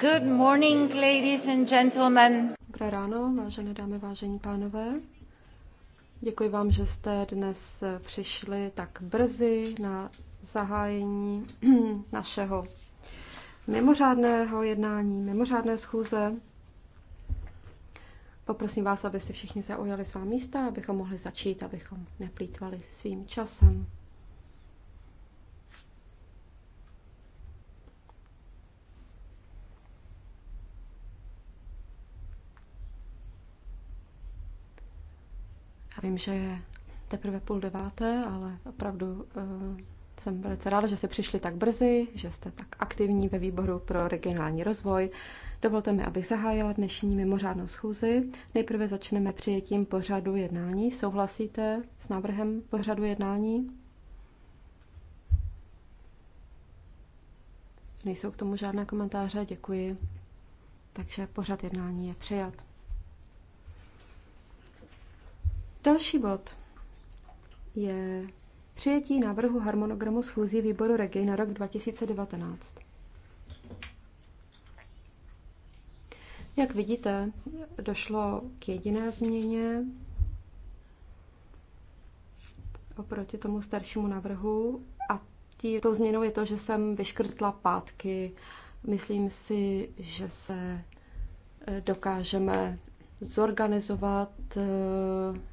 Good morning, ladies and gentlemen. Dobré ráno, vážené dámy, vážení pánové. Děkuji vám, že jste dnes přišli tak brzy na zahájení našeho mimořádného jednání, mimořádné schůze. Poprosím vás, abyste všichni zaujali svá místa, abychom mohli začít, abychom neplýtvali svým časem. A vím, že je teprve půl deváté, ale opravdu eh, jsem velice ráda, že jste přišli tak brzy, že jste tak aktivní ve výboru pro regionální rozvoj. Dovolte mi, abych zahájila dnešní mimořádnou schůzi. Nejprve začneme přijetím pořadu jednání. Souhlasíte s návrhem pořadu jednání? Nejsou k tomu žádné komentáře, děkuji. Takže pořad jednání je přijat. Další bod je přijetí návrhu harmonogramu schůzí výboru Regi na rok 2019. Jak vidíte, došlo k jediné změně oproti tomu staršímu návrhu a tí, tou změnou je to, že jsem vyškrtla pátky. Myslím si, že se eh, dokážeme zorganizovat, eh,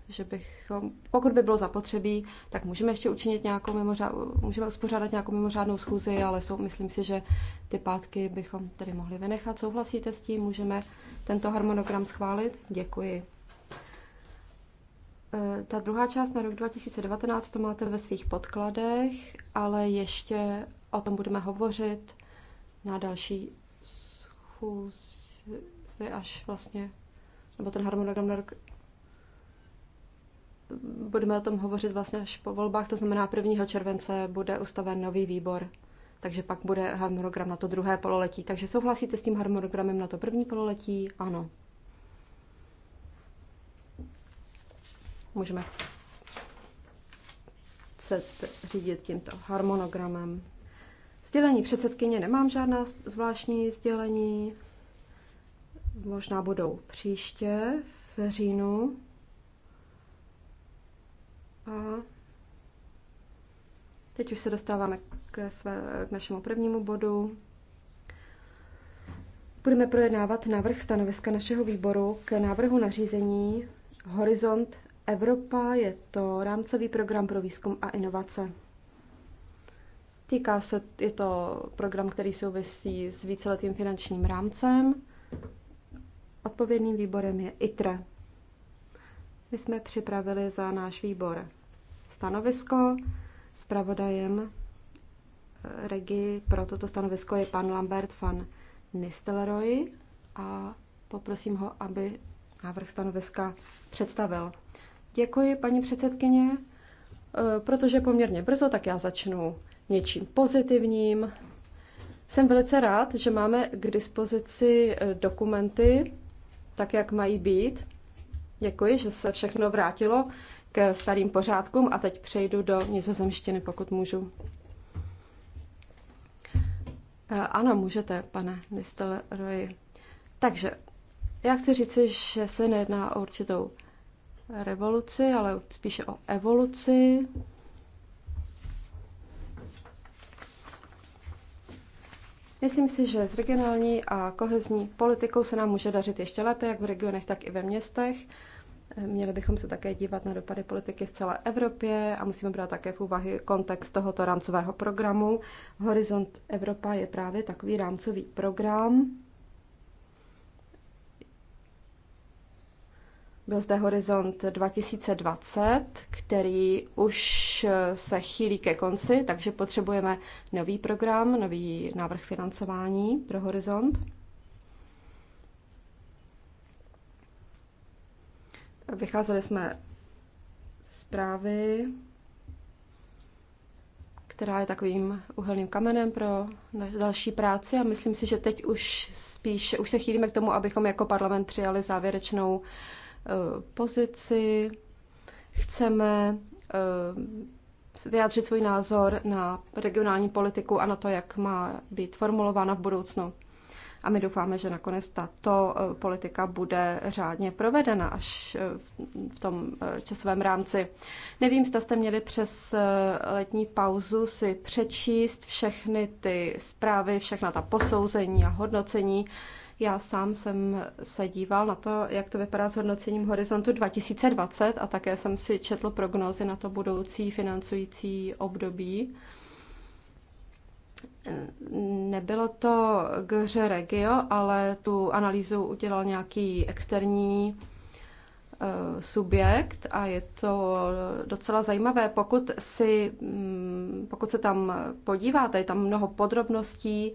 že bychom, pokud by bylo zapotřebí, tak můžeme ještě učinit nějakou mimořádnou, můžeme uspořádat nějakou mimořádnou schůzi, ale jsou, myslím si, že ty pátky bychom tedy mohli vynechat. Souhlasíte s tím? Můžeme tento harmonogram schválit? Děkuji. Eh, ta druhá část na rok 2019 to máte ve svých podkladech, ale ještě o tom budeme hovořit na další schůzi, až vlastně nebo ten harmonogram na rok, budeme o tom hovořit vlastně až po volbách, to znamená 1. července bude ustaven nový výbor, takže pak bude harmonogram na to druhé pololetí. Takže souhlasíte s tím harmonogramem na to první pololetí? Ano. Můžeme se řídit tímto harmonogramem. Sdělení předsedkyně nemám žádná zvláštní sdělení možná budou příště v říjnu. A teď už se dostáváme k, své, k našemu prvnímu bodu. Budeme projednávat návrh stanoviska našeho výboru k návrhu nařízení Horizont Evropa je to rámcový program pro výzkum a inovace. Týká se, je to program, který souvisí s víceletým finančním rámcem Odpovědným výborem je ITRE. My jsme připravili za náš výbor stanovisko. Spravodajem eh, regi pro toto stanovisko je pan Lambert van Nistelrooy a poprosím ho, aby návrh stanoviska představil. Děkuji, paní předsedkyně. Eh, protože poměrně brzo, tak já začnu něčím pozitivním. Jsem velice rád, že máme k dispozici eh, dokumenty tak, jak mají být. Děkuji, že se všechno vrátilo k starým pořádkům a teď přejdu do nizozemštiny, pokud můžu. E, ano, můžete, pane Nistelroji. Takže já chci říci, že se nejedná o určitou revoluci, ale spíše o evoluci Myslím si, že s regionální a kohezní politikou se nám může dařit ještě lépe, jak v regionech, tak i ve městech. Měli bychom se také dívat na dopady politiky v celé Evropě a musíme brát také v úvahy kontext tohoto rámcového programu. Horizont Evropa je právě takový rámcový program, Byl zde Horizont 2020, který už se chýlí ke konci, takže potřebujeme nový program, nový návrh financování pro Horizont. Vycházeli jsme zprávy, která je takovým uhelným kamenem pro další práci a myslím si, že teď už spíš, už se chýlíme k tomu, abychom jako parlament přijali závěrečnou uh, Eh, pozici, chceme eh, vyjádřit svůj názor na regionální politiku a na to, jak má být formulována v budoucnu. A my doufáme, že nakonec tato eh, politika bude řádně provedena až v tom časovém rámci. Nevím, zda jste měli přes letní pauzu si přečíst všechny ty zprávy, všechna ta posouzení a hodnocení, já sám jsem se díval na to, jak to vypadá s hodnocením horizontu 2020 a také jsem si četl prognózy na to budoucí financující období. Nebylo to GŘ Regio, ale tu analýzu udělal nějaký externí eh, subjekt a je to docela zajímavé. Pokud, si, mm, pokud se tam podíváte, je tam mnoho podrobností,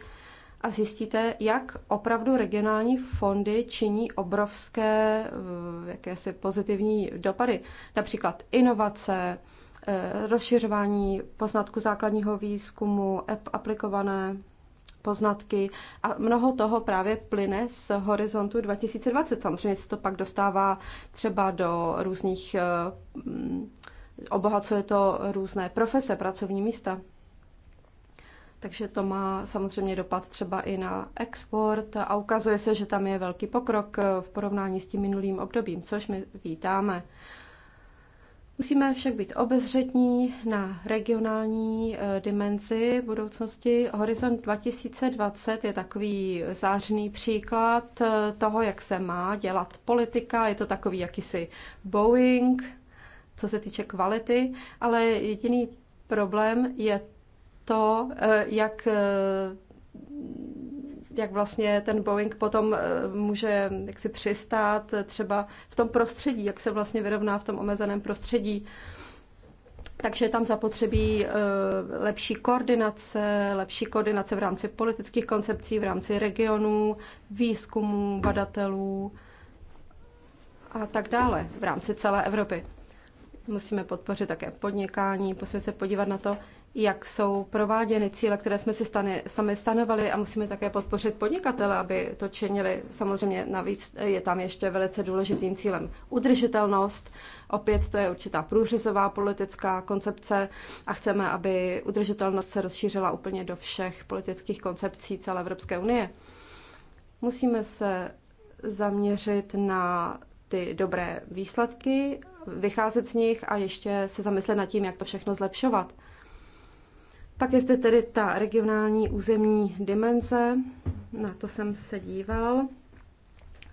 a zjistíte, jak opravdu regionální fondy činí obrovské eh, jakési pozitivní dopady. Například inovace, eh, rozšiřování poznatku základního výzkumu, aplikované poznatky a mnoho toho právě plyne z horizontu 2020. Samozřejmě se to pak dostává třeba do různých, eh, obohacuje to různé profese, pracovní místa takže to má samozřejmě dopad třeba i na export a ukazuje se, že tam je velký pokrok eh, v porovnání s tím minulým obdobím, což my vítáme. Musíme však být obezřetní na regionální eh, dimenzi budoucnosti. Horizont 2020 je takový zářný příklad eh, toho, jak se má dělat politika. Je to takový jakýsi Boeing, co se týče kvality, ale jediný problém je to, eh, jak eh, jak vlastně ten Boeing potom eh, může jaksi přistát třeba v tom prostředí, jak se vlastně vyrovná v tom omezeném prostředí. Takže tam zapotřebí lepší koordinace, lepší koordinace v rámci politických koncepcí, v rámci regionů, výzkumů, badatelů a tak dále v rámci celé Evropy. Musíme podpořit také podnikání, musíme se podívat na to, jak jsou prováděny cíle, které jsme si stane, sami stanovali a musíme také podpořit podnikatele, aby to činili. Samozřejmě navíc je tam ještě velice důležitým cílem udržitelnost. Opět to je určitá průřezová politická koncepce a chceme, aby udržitelnost se rozšířila úplně do všech politických koncepcí celé Evropské unie. Musíme se zaměřit na ty dobré výsledky, vycházet z nich a ještě se zamyslet nad tím, jak to všechno zlepšovat. Pak je zde tedy ta regionální územní dimenze, na to jsem se díval.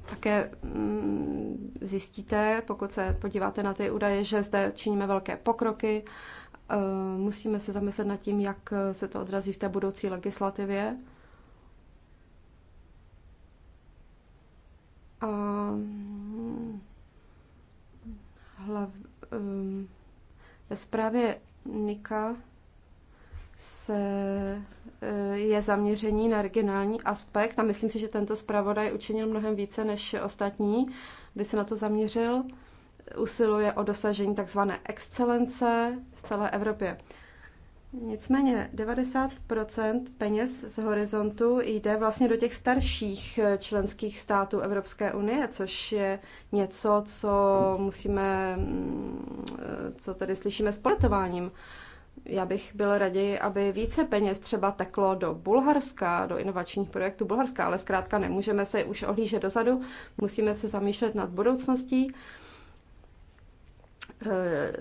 Také mm, zjistíte, pokud se podíváte na ty údaje, že zde činíme velké pokroky. E, musíme se zamyslet nad tím, jak se to odrazí v té budoucí legislativě. A mm, hlav, e, ve zprávě Nika se, eh, je zaměření na regionální aspekt a myslím si, že tento zpravodaj učinil mnohem více než ostatní, by se na to zaměřil. Usiluje o dosažení tzv. excelence v celé Evropě. Nicméně 90 peněz z horizontu jde vlastně do těch starších eh, členských států Evropské unie, což je něco, co musíme, mm, eh, co tedy slyšíme s politováním. Uh, já bych byl raději, aby více peněz třeba teklo do Bulharska, do inovačních projektů Bulharska, ale zkrátka nemůžeme se už ohlížet dozadu, musíme se zamýšlet nad budoucností. E,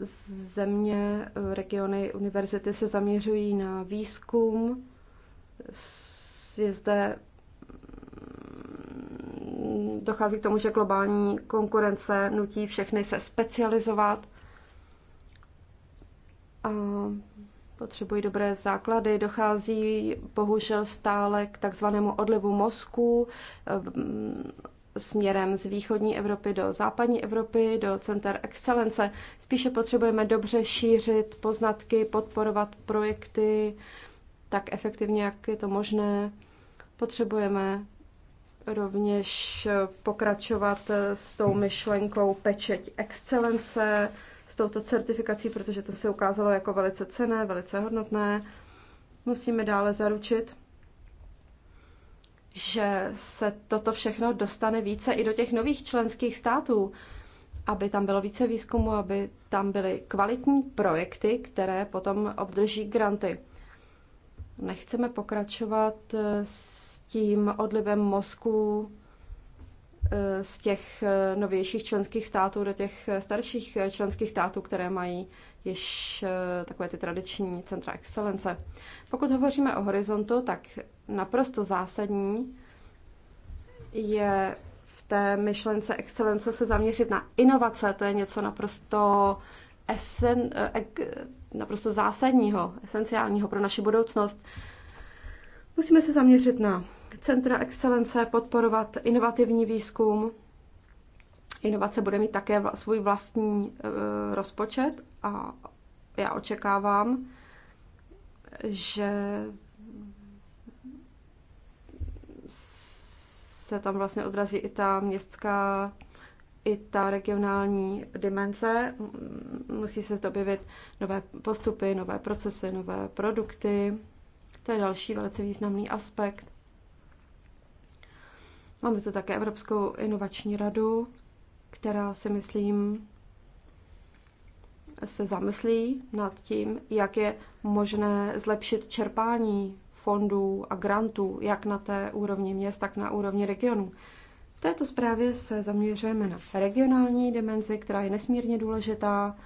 země, e, regiony, univerzity se zaměřují na výzkum, je zde mm, dochází k tomu, že globální konkurence nutí všechny se specializovat – a potřebují dobré základy. Dochází bohužel stále k takzvanému odlivu mozku eh, směrem z východní Evropy do západní Evropy, do center excelence. Spíše potřebujeme dobře šířit poznatky, podporovat projekty tak efektivně, jak je to možné. Potřebujeme rovněž pokračovat s tou myšlenkou pečeť excelence, touto certifikací, protože to se ukázalo jako velice cené, velice hodnotné. Musíme dále zaručit, že se toto všechno dostane více i do těch nových členských států, aby tam bylo více výzkumu, aby tam byly kvalitní projekty, které potom obdrží granty. Nechceme pokračovat eh, s tím odlivem mozku Eh, z těch eh, novějších členských států do těch eh, starších členských států, které mají již takové ty tradiční centra excelence. Pokud hovoříme o horizontu, tak naprosto zásadní je v té myšlence excelence se zaměřit na inovace. To je něco naprosto, esen, naprosto zásadního, esenciálního pro naši budoucnost. Musíme se zaměřit na centra excelence podporovat inovativní výzkum. Inovace bude mít také svůj vlastní eh, rozpočet a já očekávám, že se tam vlastně odrazí i ta městská, i ta regionální dimenze. Musí se objevit nové postupy, nové procesy, nové produkty. To je další velice významný aspekt. Máme zde také Evropskou inovační radu, která si myslím se zamyslí nad tím, jak je možné zlepšit čerpání fondů a grantů, jak na té úrovni měst, tak na úrovni regionů. V této zprávě se zaměřujeme na regionální dimenzi, která je nesmírně důležitá.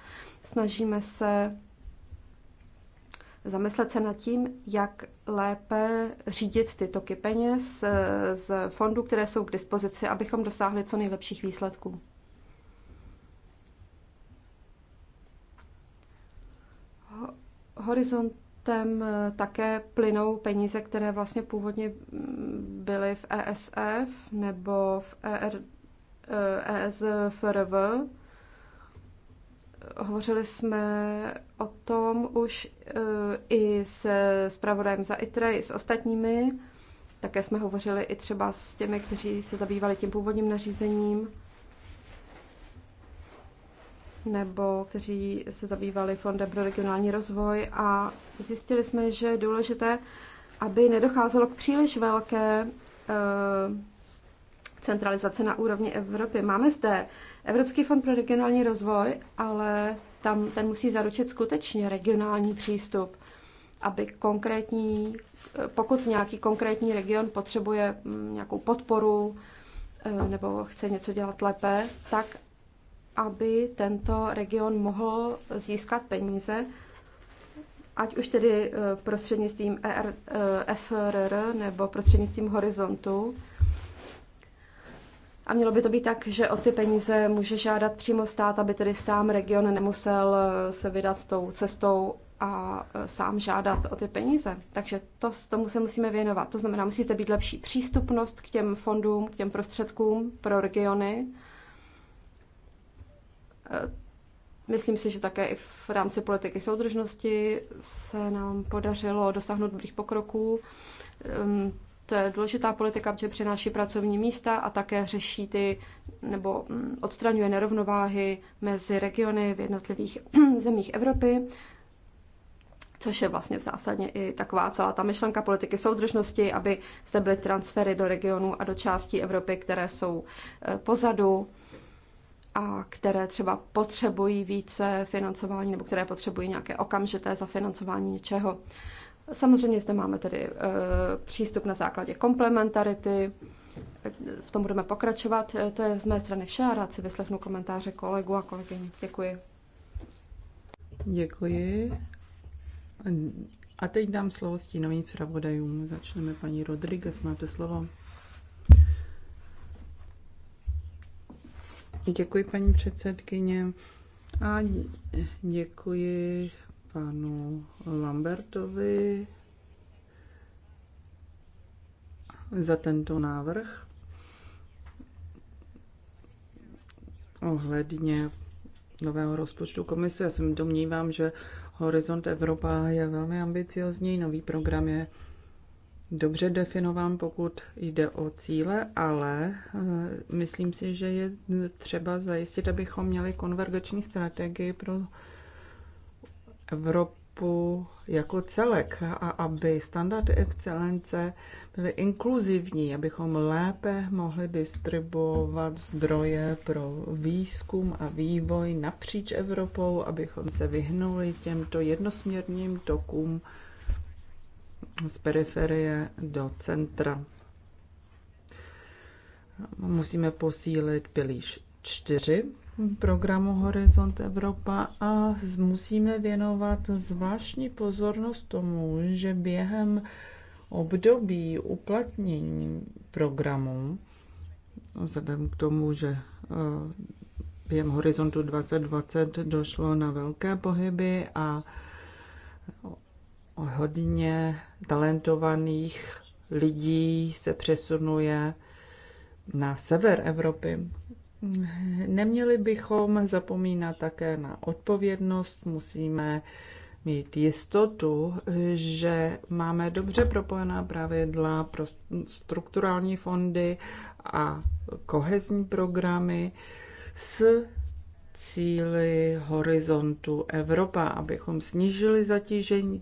Snažíme se zamyslet se nad tím, jak lépe řídit ty toky peněz eh, z fondů, které jsou k dispozici, abychom dosáhli co nejlepších výsledků. Horizontem eh, také plynou peníze, které vlastně původně mm, byly v ESF nebo v ER, ESFRV, eh, e Hovořili jsme o tom už eh, i se zpravodajem za ITRE, i s ostatními. Také jsme hovořili i třeba s těmi, kteří se zabývali tím původním nařízením nebo kteří se zabývali Fondem pro regionální rozvoj a zjistili jsme, že je důležité, aby nedocházelo k příliš velké eh, centralizace na úrovni Evropy. Máme zde Evropský fond pro regionální rozvoj, ale tam ten musí zaručit skutečně regionální přístup, aby konkrétní, pokud nějaký konkrétní region potřebuje mm, nějakou podporu e, nebo chce něco dělat lépe, tak aby tento region mohl získat peníze, ať už tedy e, prostřednictvím ER, e FRR nebo prostřednictvím Horizontu, a mělo by to být tak, že o ty peníze může žádat přímo stát, aby tedy sám region nemusel eh, se vydat tou cestou a eh, sám žádat o ty peníze. Takže to, tomu se musíme věnovat. To znamená, musíte být lepší přístupnost k těm fondům, k těm prostředkům pro regiony. Eh, myslím si, že také i v rámci politiky soudržnosti se nám podařilo dosáhnout dobrých pokroků. Ehm, to je důležitá politika, protože přináší pracovní místa a také řeší ty nebo mm, odstraňuje nerovnováhy mezi regiony v jednotlivých zemích Evropy, což je vlastně v zásadně i taková celá ta myšlenka politiky soudržnosti, aby zde byly transfery do regionů a do částí Evropy, které jsou e, pozadu a které třeba potřebují více financování nebo které potřebují nějaké okamžité zafinancování něčeho. Samozřejmě zde máme tedy eh, přístup na základě komplementarity, v tom budeme pokračovat. Eh, to je z mé strany vše a rád si vyslechnu komentáře kolegu a kolegyň. Děkuji. Děkuji. A teď dám slovo stínovým zpravodajům. Začneme paní Rodriguez, máte slovo. Děkuji, paní předsedkyně. A děkuji panu Lambertovi za tento návrh ohledně nového rozpočtu komise. Já se domnívám, že Horizont Evropa je velmi ambiciozní, nový program je dobře definován, pokud jde o cíle, ale eh, myslím si, že je třeba zajistit, abychom měli konvergační strategii pro Evropu jako celek a aby standardy excelence byly inkluzivní, abychom lépe mohli distribuovat zdroje pro výzkum a vývoj napříč Evropou, abychom se vyhnuli těmto jednosměrným tokům z periferie do centra. Musíme posílit pilíř 4, programu Horizont Evropa a musíme věnovat zvláštní pozornost tomu, že během období uplatnění programu, vzhledem k tomu, že eh, během horizontu 2020 došlo na velké pohyby a hodně talentovaných lidí se přesunuje na sever Evropy. Neměli bychom zapomínat také na odpovědnost, musíme mít jistotu, že máme dobře propojená pravidla pro strukturální fondy a kohezní programy s cíly horizontu Evropa, abychom snížili zatížení,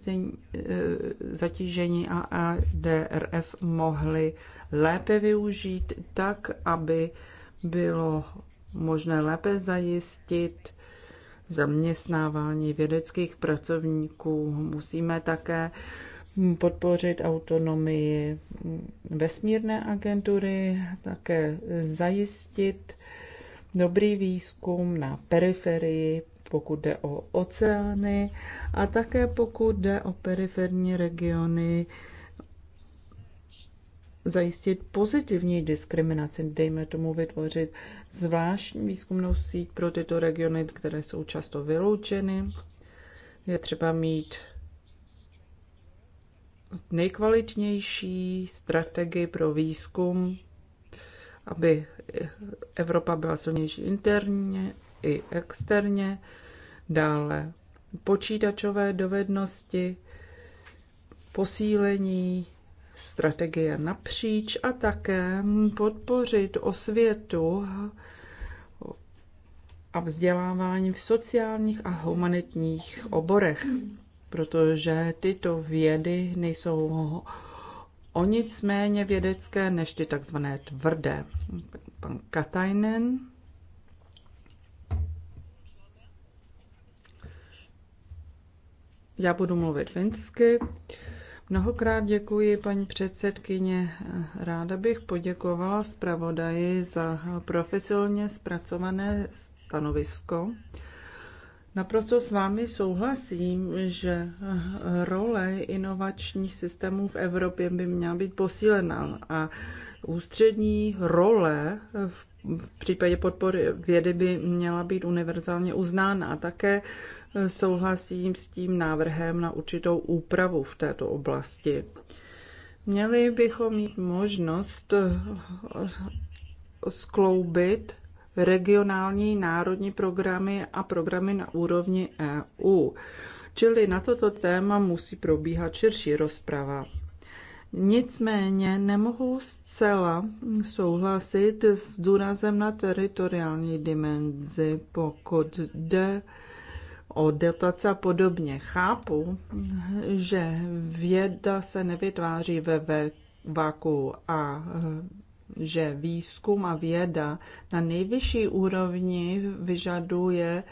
zatížení a DRF mohli lépe využít tak, aby bylo možné lépe zajistit zaměstnávání vědeckých pracovníků. Musíme také podpořit autonomii vesmírné agentury, také zajistit dobrý výzkum na periferii, pokud jde o oceány a také pokud jde o periferní regiony zajistit pozitivní diskriminaci, dejme tomu vytvořit zvláštní výzkumnou síť pro tyto regiony, které jsou často vyloučeny. Je třeba mít nejkvalitnější strategii pro výzkum, aby Evropa byla silnější interně i externě. Dále počítačové dovednosti, posílení strategie napříč a také podpořit osvětu a vzdělávání v sociálních a humanitních oborech, protože tyto vědy nejsou o nic méně vědecké než ty takzvané tvrdé. Pan Katajnen. Já budu mluvit finsky. Uh, Mnohokrát děkuji, paní předsedkyně. Ráda bych poděkovala zpravodaji za profesionálně zpracované stanovisko. Naprosto s vámi souhlasím, že role inovačních systémů v Evropě by měla být posílena a ústřední role v v případě podpory vědy by měla být univerzálně uznána. A také souhlasím s tím návrhem na určitou úpravu v této oblasti. Měli bychom mít možnost skloubit regionální národní programy a programy na úrovni EU. Čili na toto téma musí probíhat širší rozprava. Nicméně nemohu zcela souhlasit s důrazem na teritoriální dimenzi, pokud jde o dotace a podobně. Chápu, že věda se nevytváří ve vaku a eh, že výzkum a věda na nejvyšší úrovni vyžaduje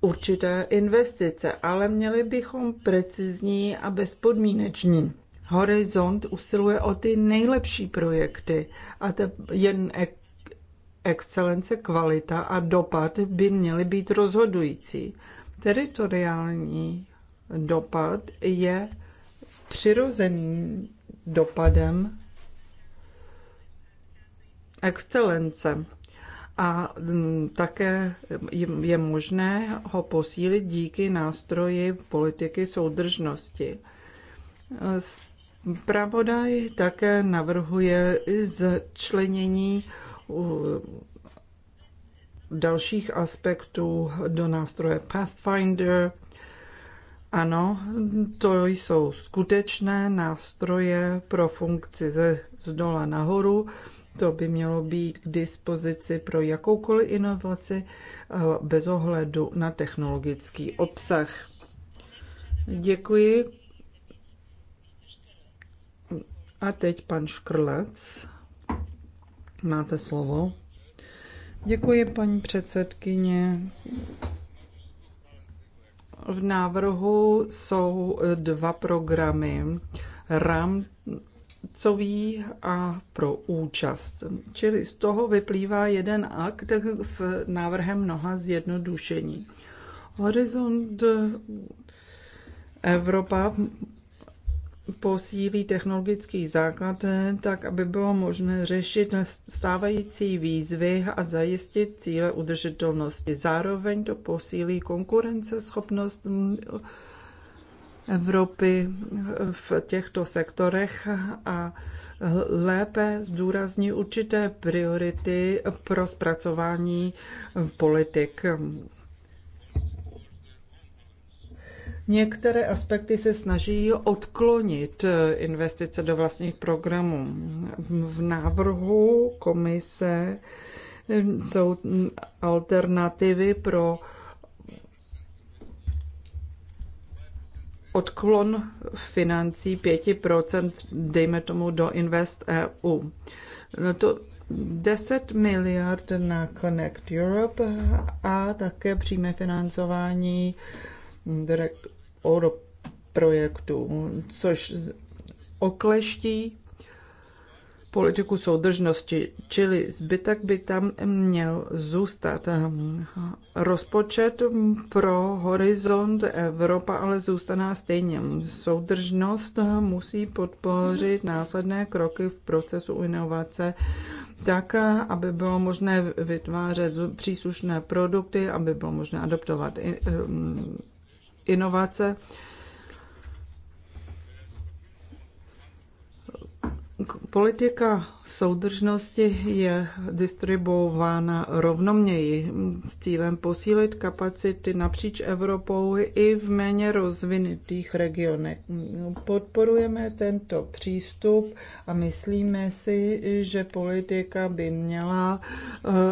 určité investice, ale měli bychom precizní a bezpodmíneční. Horizont usiluje o ty nejlepší projekty a te jen ek excelence, kvalita a dopad by měly být rozhodující. Teritoriální dopad je přirozeným dopadem excelence a mm, také je možné ho posílit díky nástroji politiky soudržnosti. Pravodaj také navrhuje zčlenění dalších aspektů do nástroje Pathfinder. Ano, to jsou skutečné nástroje pro funkci ze zdola nahoru. To by mělo být k dispozici pro jakoukoliv inovaci eh, bez ohledu na technologický obsah. Děkuji. A teď pan Škrlec. Máte slovo. Děkuji, paní předsedkyně. V návrhu jsou dva programy. RAM a pro účast. Čili z toho vyplývá jeden akt s návrhem mnoha zjednodušení. Horizont Evropa posílí technologický základ eh, tak, aby bylo možné řešit stávající výzvy a zajistit cíle udržitelnosti. Zároveň to posílí konkurenceschopnost mm, Evropy eh, v těchto sektorech a lépe zdůrazní určité priority pro zpracování politik. Některé aspekty se snaží odklonit eh, investice do vlastních programů. V návrhu komise eh, jsou alternativy pro odklon financí 5%, dejme tomu, do Invest EU. No to 10 miliard na Connect Europe a také přímé financování direktor projektu, což okleští politiku soudržnosti, čili zbytek by tam měl zůstat. Rozpočet pro horizont Evropa ale zůstaná stejně. Soudržnost musí podpořit následné kroky v procesu inovace tak, aby bylo možné vytvářet příslušné produkty, aby bylo možné adoptovat inovace. Politika soudržnosti je distribuována rovnoměji s cílem posílit kapacity napříč Evropou i v méně rozvinutých regionech. Podporujeme tento přístup a myslíme si, že politika by měla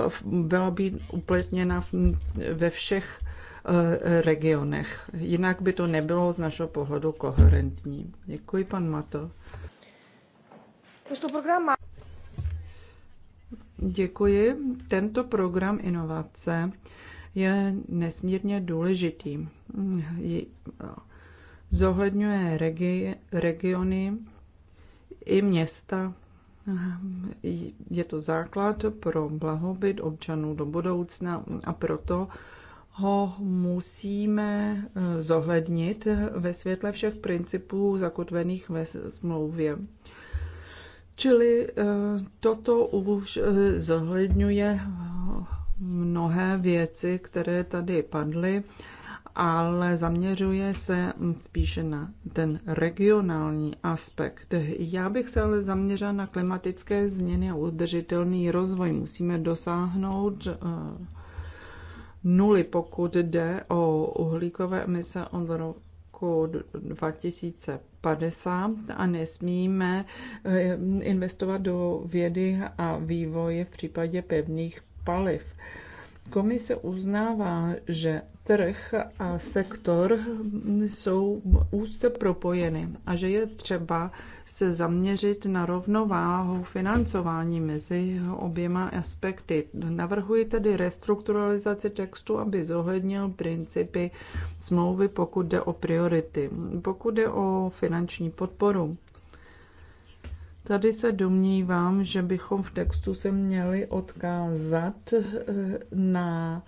eh, byla být uplatněna ve všech Eh, regionech. Jinak by to nebylo z našeho pohledu koherentní. Děkuji, pan Mato. Děkuji. Tento program inovace je nesmírně důležitý. Zohledňuje regi- regiony i města. Je to základ pro blahobyt občanů do budoucna a proto ho musíme eh, zohlednit ve světle všech principů zakotvených ve smlouvě. Čili eh, toto už eh, zohledňuje mnohé věci, které tady padly, ale zaměřuje se spíše na ten regionální aspekt. Já bych se ale zaměřila na klimatické změny a udržitelný rozvoj. Musíme dosáhnout nuly, pokud jde o uhlíkové emise od roku 2050 a nesmíme eh, investovat do vědy a vývoje v případě pevných paliv. Komise uznává, že trh a sektor jsou úzce propojeny a že je třeba se zaměřit na rovnováhu financování mezi oběma aspekty. Navrhuji tedy restrukturalizaci textu, aby zohlednil principy smlouvy, pokud jde o priority. Pokud jde o finanční podporu, Tady se domnívám, že bychom v textu se měli odkázat eh, na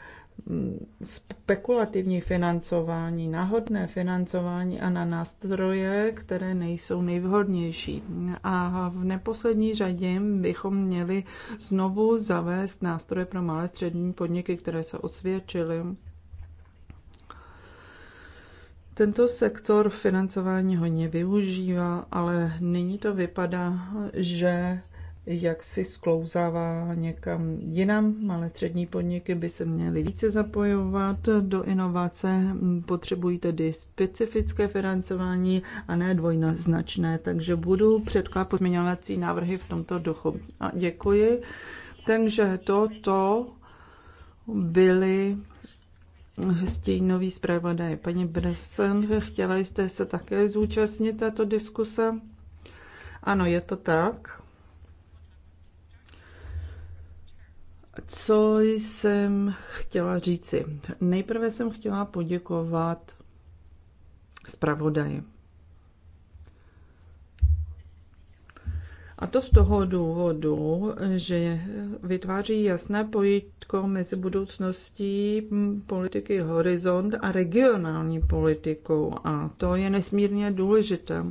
spekulativní financování, náhodné financování a na nástroje, které nejsou nejvhodnější. A v neposlední řadě bychom měli znovu zavést nástroje pro malé střední podniky, které se osvědčily. Tento sektor financování hodně využívá, ale nyní to vypadá, že jak si sklouzává někam jinam. Malé střední podniky by se měly více zapojovat do inovace, potřebují tedy specifické financování a ne dvojnaznačné, takže budu předkládat pozměňovací návrhy v tomto duchu. A děkuji. Takže toto byly stínový zpravodaj. Paní Bresen, chtěla jste se také zúčastnit této diskuse? Ano, je to tak. Co jsem chtěla říci? Nejprve jsem chtěla poděkovat zpravodaji. A to z toho důvodu, že vytváří jasné pojítko mezi budoucností politiky Horizont a regionální politikou. A to je nesmírně důležité.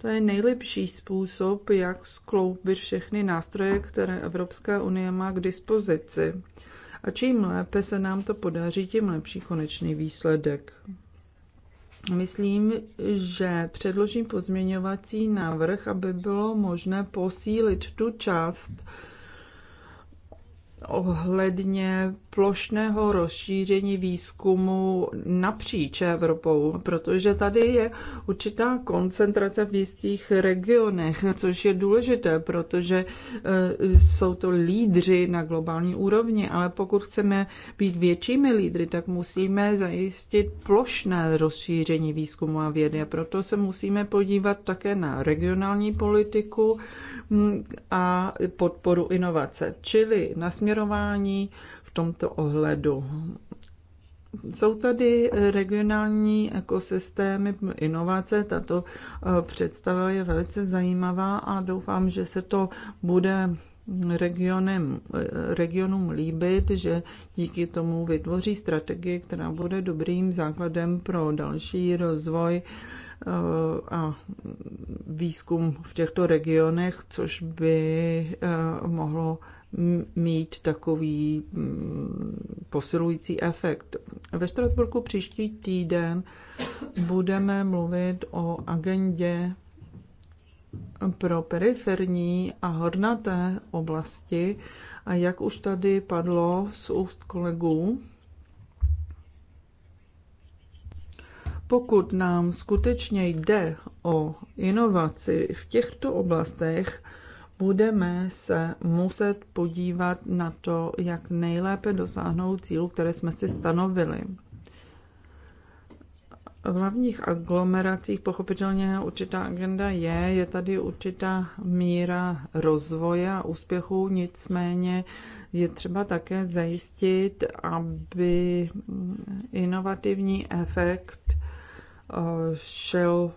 To je nejlepší způsob, jak skloubit všechny nástroje, které Evropská unie má k dispozici. A čím lépe se nám to podaří, tím lepší konečný výsledek. Myslím, že předložím pozměňovací návrh, aby bylo možné posílit tu část, ohledně plošného rozšíření výzkumu napříč Evropou, protože tady je určitá koncentrace v jistých regionech, což je důležité, protože e, jsou to lídři na globální úrovni, ale pokud chceme být většími lídry, tak musíme zajistit plošné rozšíření výzkumu a vědy a proto se musíme podívat také na regionální politiku, a podporu inovace, čili nasměrování v tomto ohledu. Jsou tady regionální ekosystémy inovace. Tato eh, představa je velice zajímavá a doufám, že se to bude regionem, eh, regionům líbit, že díky tomu vytvoří strategii, která bude dobrým základem pro další rozvoj Eh, a výzkum v těchto regionech, což by eh, mohlo mít takový mm, posilující efekt. Ve Štrasburku příští týden budeme mluvit o agendě pro periferní a hornaté oblasti. A jak už tady padlo z úst kolegů, Pokud nám skutečně jde o inovaci v těchto oblastech, budeme se muset podívat na to, jak nejlépe dosáhnout cílů, které jsme si stanovili. V hlavních aglomeracích pochopitelně určitá agenda je, je tady určitá míra rozvoje a úspěchu, nicméně je třeba také zajistit, aby inovativní efekt Eh, šel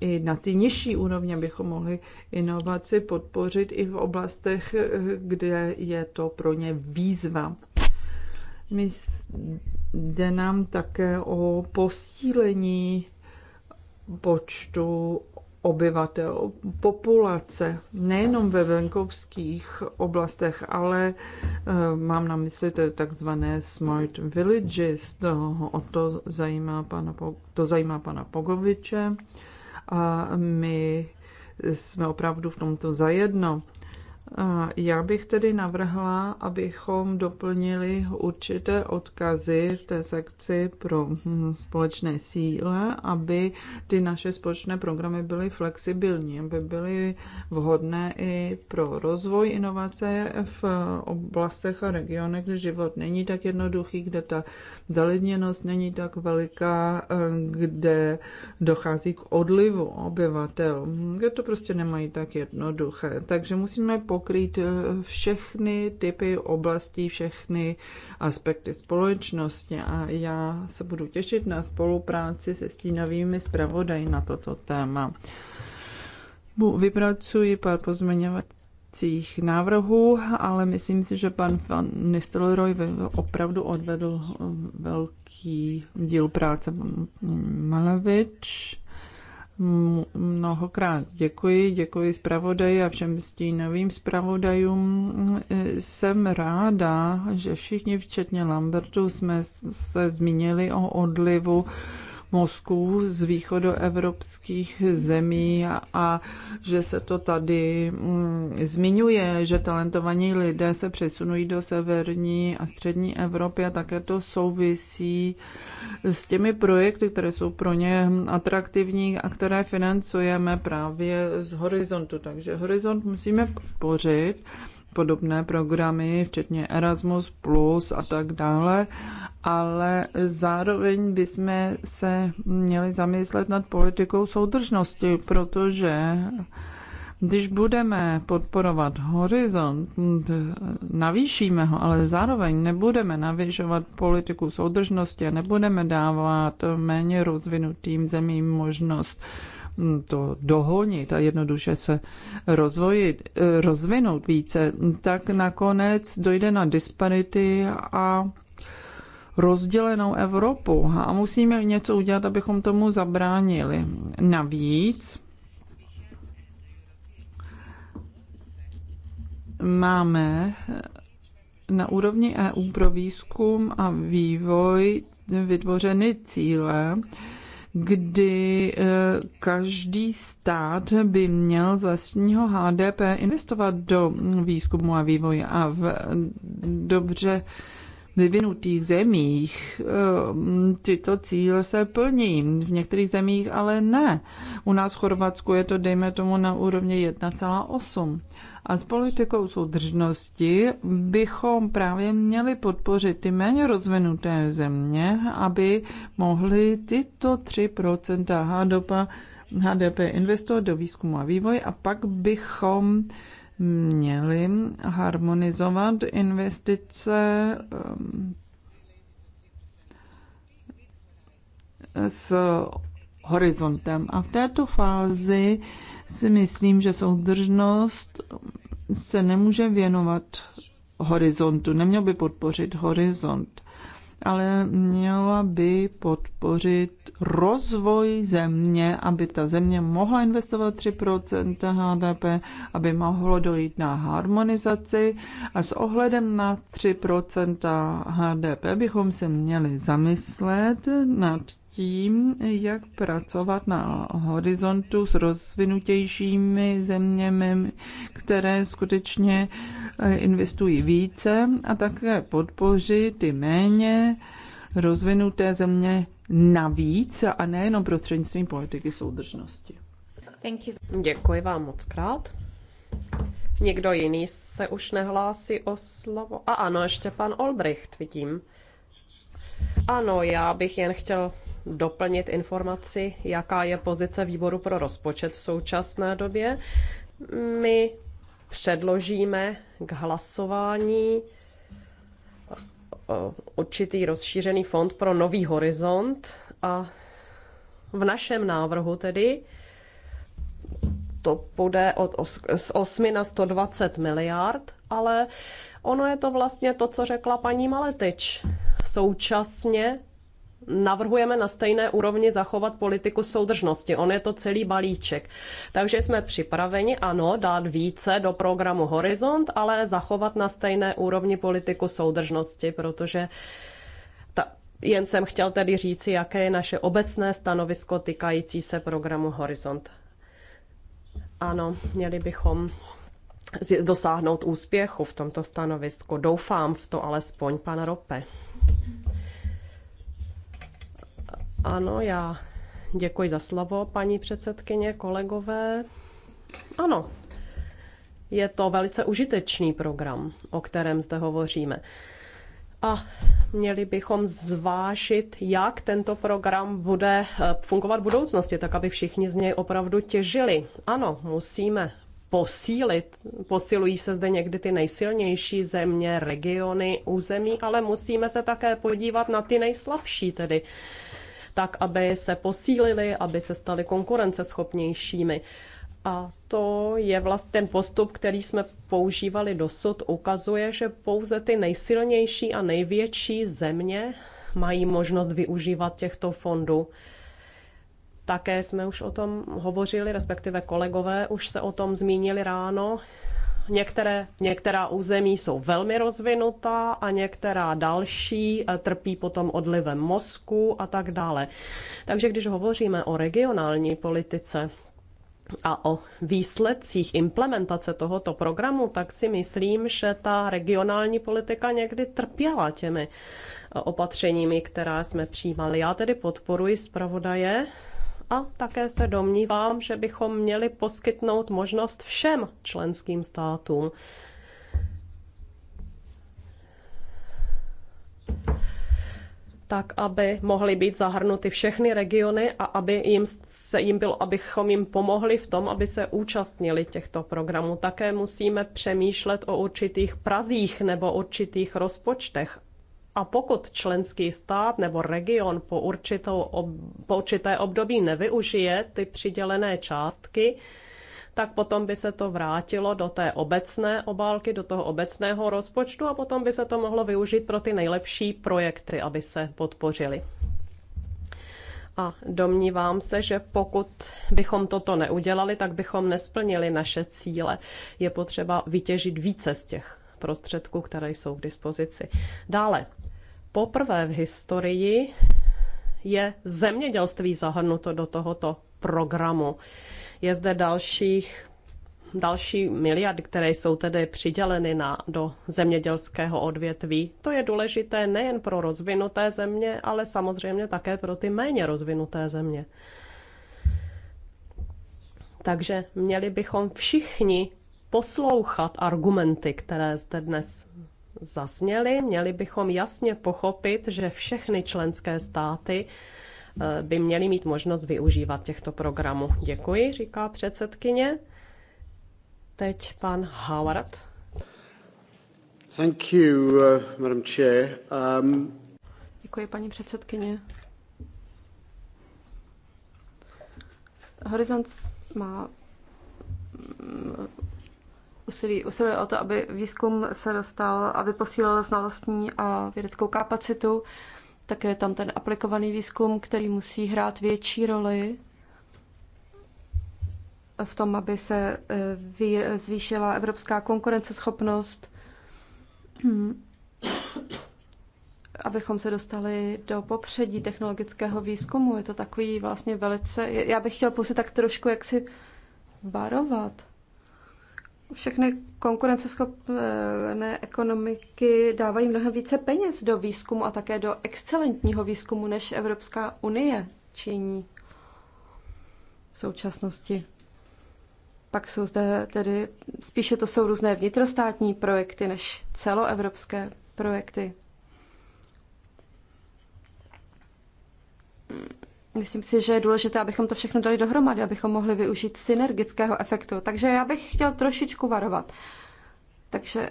i na ty nižší úrovně, abychom mohli inovaci podpořit i v oblastech, eh, kde je to pro ně výzva. My jde nám také o posílení počtu obyvatel, populace, nejenom ve venkovských oblastech, ale eh, mám na mysli to takzvané smart villages, to, o to zajímá pana, to zajímá pana Pogoviče a my jsme opravdu v tomto zajedno. Já bych tedy navrhla, abychom doplnili určité odkazy v té sekci pro společné síle, aby ty naše společné programy byly flexibilní, aby byly vhodné i pro rozvoj inovace v oblastech a regionech, kde život není tak jednoduchý, kde ta zalidněnost není tak veliká, eh, kde dochází k odlivu obyvatel, kde to prostě nemají tak jednoduché. Takže musíme pokrýt eh, všechny typy oblastí, všechny aspekty společnosti a já se budu těšit na spolupráci se stínovými zpravodaji na toto téma. Vypracuji pár pozměňovat pozměňovacích návrhů, ale myslím si, že pan Van Nistelrooy opravdu odvedl eh, velký díl práce. Malevič, mnohokrát děkuji, děkuji zpravodaji a všem stínovým zpravodajům. Jsem ráda, že všichni, včetně Lambertu, jsme se zmínili o odlivu mozků z východoevropských zemí a, a že se to tady mm, zmiňuje, že talentovaní lidé se přesunují do severní a střední Evropy a také to souvisí s těmi projekty, které jsou pro ně atraktivní a které financujeme právě z horizontu. Takže horizont musíme podpořit podobné programy, včetně Erasmus Plus a tak dále, ale zároveň bychom se měli zamyslet nad politikou soudržnosti, protože když budeme podporovat horizont, navýšíme ho, ale zároveň nebudeme navyšovat politiku soudržnosti a nebudeme dávat méně rozvinutým zemím možnost Hm, to dohonit a jednoduše se rozvojit, eh, rozvinout více, tak nakonec dojde na disparity a rozdělenou Evropu a musíme něco udělat, abychom tomu zabránili. Navíc máme na úrovni EU pro výzkum a vývoj vytvořeny cíle, kdy eh, každý stát by měl z vlastního HDP investovat do výzkumu a vývoje a v dobře vyvinutých zemích ehm, tyto cíle se plní, v některých zemích ale ne. U nás v Chorvatsku je to, dejme tomu, na úrovni 1,8. A s politikou soudržnosti bychom právě měli podpořit ty méně rozvinuté země, aby mohly tyto 3% HDP investovat do výzkumu a vývoje a pak bychom měli harmonizovat investice um, s horizontem. A v této fázi si myslím, že soudržnost se nemůže věnovat horizontu, neměl by podpořit horizont ale měla by podpořit rozvoj země, aby ta země mohla investovat 3% HDP, aby mohlo dojít na harmonizaci a s ohledem na 3% HDP bychom se měli zamyslet nad tím, jak pracovat na horizontu s rozvinutějšími zeměmi, které skutečně eh, investují více a také podpořit ty méně rozvinuté země navíc a nejenom prostřednictvím politiky soudržnosti. Thank you. Děkuji vám moc krát. Někdo jiný se už nehlásí o slovo. A ano, ještě pan Olbricht, vidím. Ano, já bych jen chtěl doplnit informaci, jaká je pozice výboru pro rozpočet v současné době. My předložíme k hlasování eh, určitý rozšířený fond pro Nový horizont a v našem návrhu tedy to půjde od os, z 8 na 120 miliard, ale ono je to vlastně to, co řekla paní Maletič. Současně navrhujeme na stejné úrovni zachovat politiku soudržnosti. On je to celý balíček. Takže jsme připraveni, ano, dát více do programu Horizont, ale zachovat na stejné úrovni politiku soudržnosti, protože ta, jen jsem chtěl tedy říci, jaké je naše obecné stanovisko týkající se programu Horizont. Ano, měli bychom dosáhnout úspěchu v tomto stanovisku. Doufám v to alespoň, pan Rope. Ano, já děkuji za slovo, paní předsedkyně, kolegové. Ano, je to velice užitečný program, o kterém zde hovoříme. A měli bychom zvážit, jak tento program bude eh, fungovat v budoucnosti, tak aby všichni z něj opravdu těžili. Ano, musíme posílit. Posilují se zde někdy ty nejsilnější země, regiony, území, ale musíme se také podívat na ty nejslabší, tedy tak aby se posílili, aby se stali konkurenceschopnějšími. A to je vlastně ten postup, který jsme používali dosud, ukazuje, že pouze ty nejsilnější a největší země mají možnost využívat těchto fondů. Také jsme už o tom hovořili, respektive kolegové už se o tom zmínili ráno. Některé, některá území jsou velmi rozvinutá a některá další eh, trpí potom odlivem mozku a tak dále. Takže když hovoříme o regionální politice, a o výsledcích implementace tohoto programu, tak si myslím, že ta regionální politika někdy trpěla těmi eh, opatřeními, která jsme přijímali. Já tedy podporuji zpravodaje a také se domnívám, že bychom měli poskytnout možnost všem členským státům. tak, aby mohly být zahrnuty všechny regiony a aby jim se jim bylo, abychom jim pomohli v tom, aby se účastnili těchto programů. Také musíme přemýšlet o určitých prazích nebo určitých rozpočtech a pokud členský stát nebo region po, určitou, ob, po určité období nevyužije ty přidělené částky, tak potom by se to vrátilo do té obecné obálky, do toho obecného rozpočtu a potom by se to mohlo využít pro ty nejlepší projekty, aby se podpořili. A domnívám se, že pokud bychom toto neudělali, tak bychom nesplnili naše cíle. Je potřeba vytěžit více z těch prostředků, které jsou k dispozici. Dále, poprvé v historii je zemědělství zahrnuto do tohoto programu. Je zde dalších další miliard, které jsou tedy přiděleny na, do zemědělského odvětví. To je důležité nejen pro rozvinuté země, ale samozřejmě také pro ty méně rozvinuté země. Takže měli bychom všichni poslouchat argumenty, které zde dnes zazněly, měli bychom jasně pochopit, že všechny členské státy eh, by měly mít možnost využívat těchto programů. Děkuji, říká předsedkyně. Teď pan Howard. Thank you, uh, Madam Chair. Um... Děkuji, paní předsedkyně. Horizont má usilí, usiluje o to, aby výzkum se dostal, aby posílil znalostní a vědeckou kapacitu. Také je tam ten aplikovaný výzkum, který musí hrát větší roli v tom, aby se eh, zvýšila evropská konkurenceschopnost, abychom se dostali do popředí technologického výzkumu. Je to takový vlastně velice... Já bych chtěl pouze tak trošku jaksi varovat všechny konkurenceschopné ekonomiky dávají mnohem více peněz do výzkumu a také do excelentního výzkumu, než Evropská unie činí v současnosti. Pak jsou zde tedy, spíše to jsou různé vnitrostátní projekty než celoevropské projekty. Myslím si, že je důležité, abychom to všechno dali dohromady, abychom mohli využít synergického efektu. Takže já bych chtěl trošičku varovat. Takže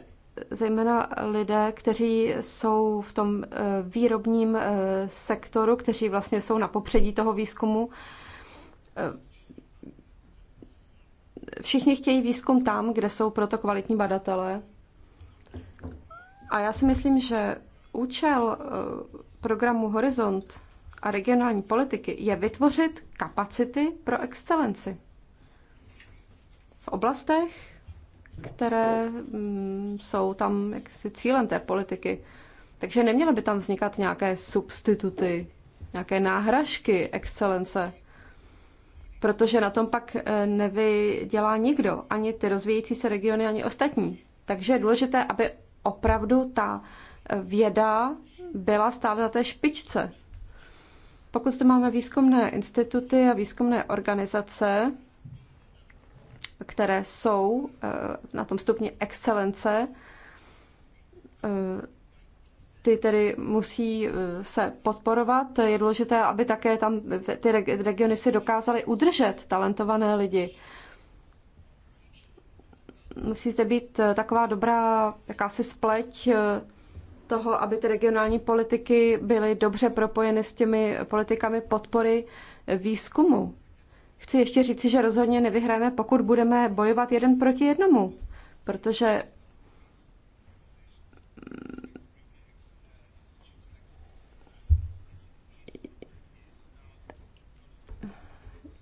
zejména lidé, kteří jsou v tom eh, výrobním eh, sektoru, kteří vlastně jsou na popředí toho výzkumu. Eh, všichni chtějí výzkum tam, kde jsou proto kvalitní badatelé. A já si myslím, že účel programu Horizont a regionální politiky je vytvořit kapacity pro excelenci. V oblastech, které mm, jsou tam jaksi cílem té politiky. Takže neměly by tam vznikat nějaké substituty, nějaké náhražky excelence, protože na tom pak eh, nevydělá nikdo, ani ty rozvíjející se regiony, ani ostatní. Takže je důležité, aby opravdu ta eh, věda byla stále na té špičce. Pokud zde máme výzkumné instituty a výzkumné organizace, které jsou eh, na tom stupni excelence, eh, ty tedy musí eh, se podporovat. Je důležité, aby také tam ty regiony si dokázaly udržet talentované lidi. Musí zde být taková dobrá jakási spleť toho, aby ty regionální politiky byly dobře propojeny s těmi politikami podpory výzkumu. Chci ještě říci, že rozhodně nevyhráme, pokud budeme bojovat jeden proti jednomu, protože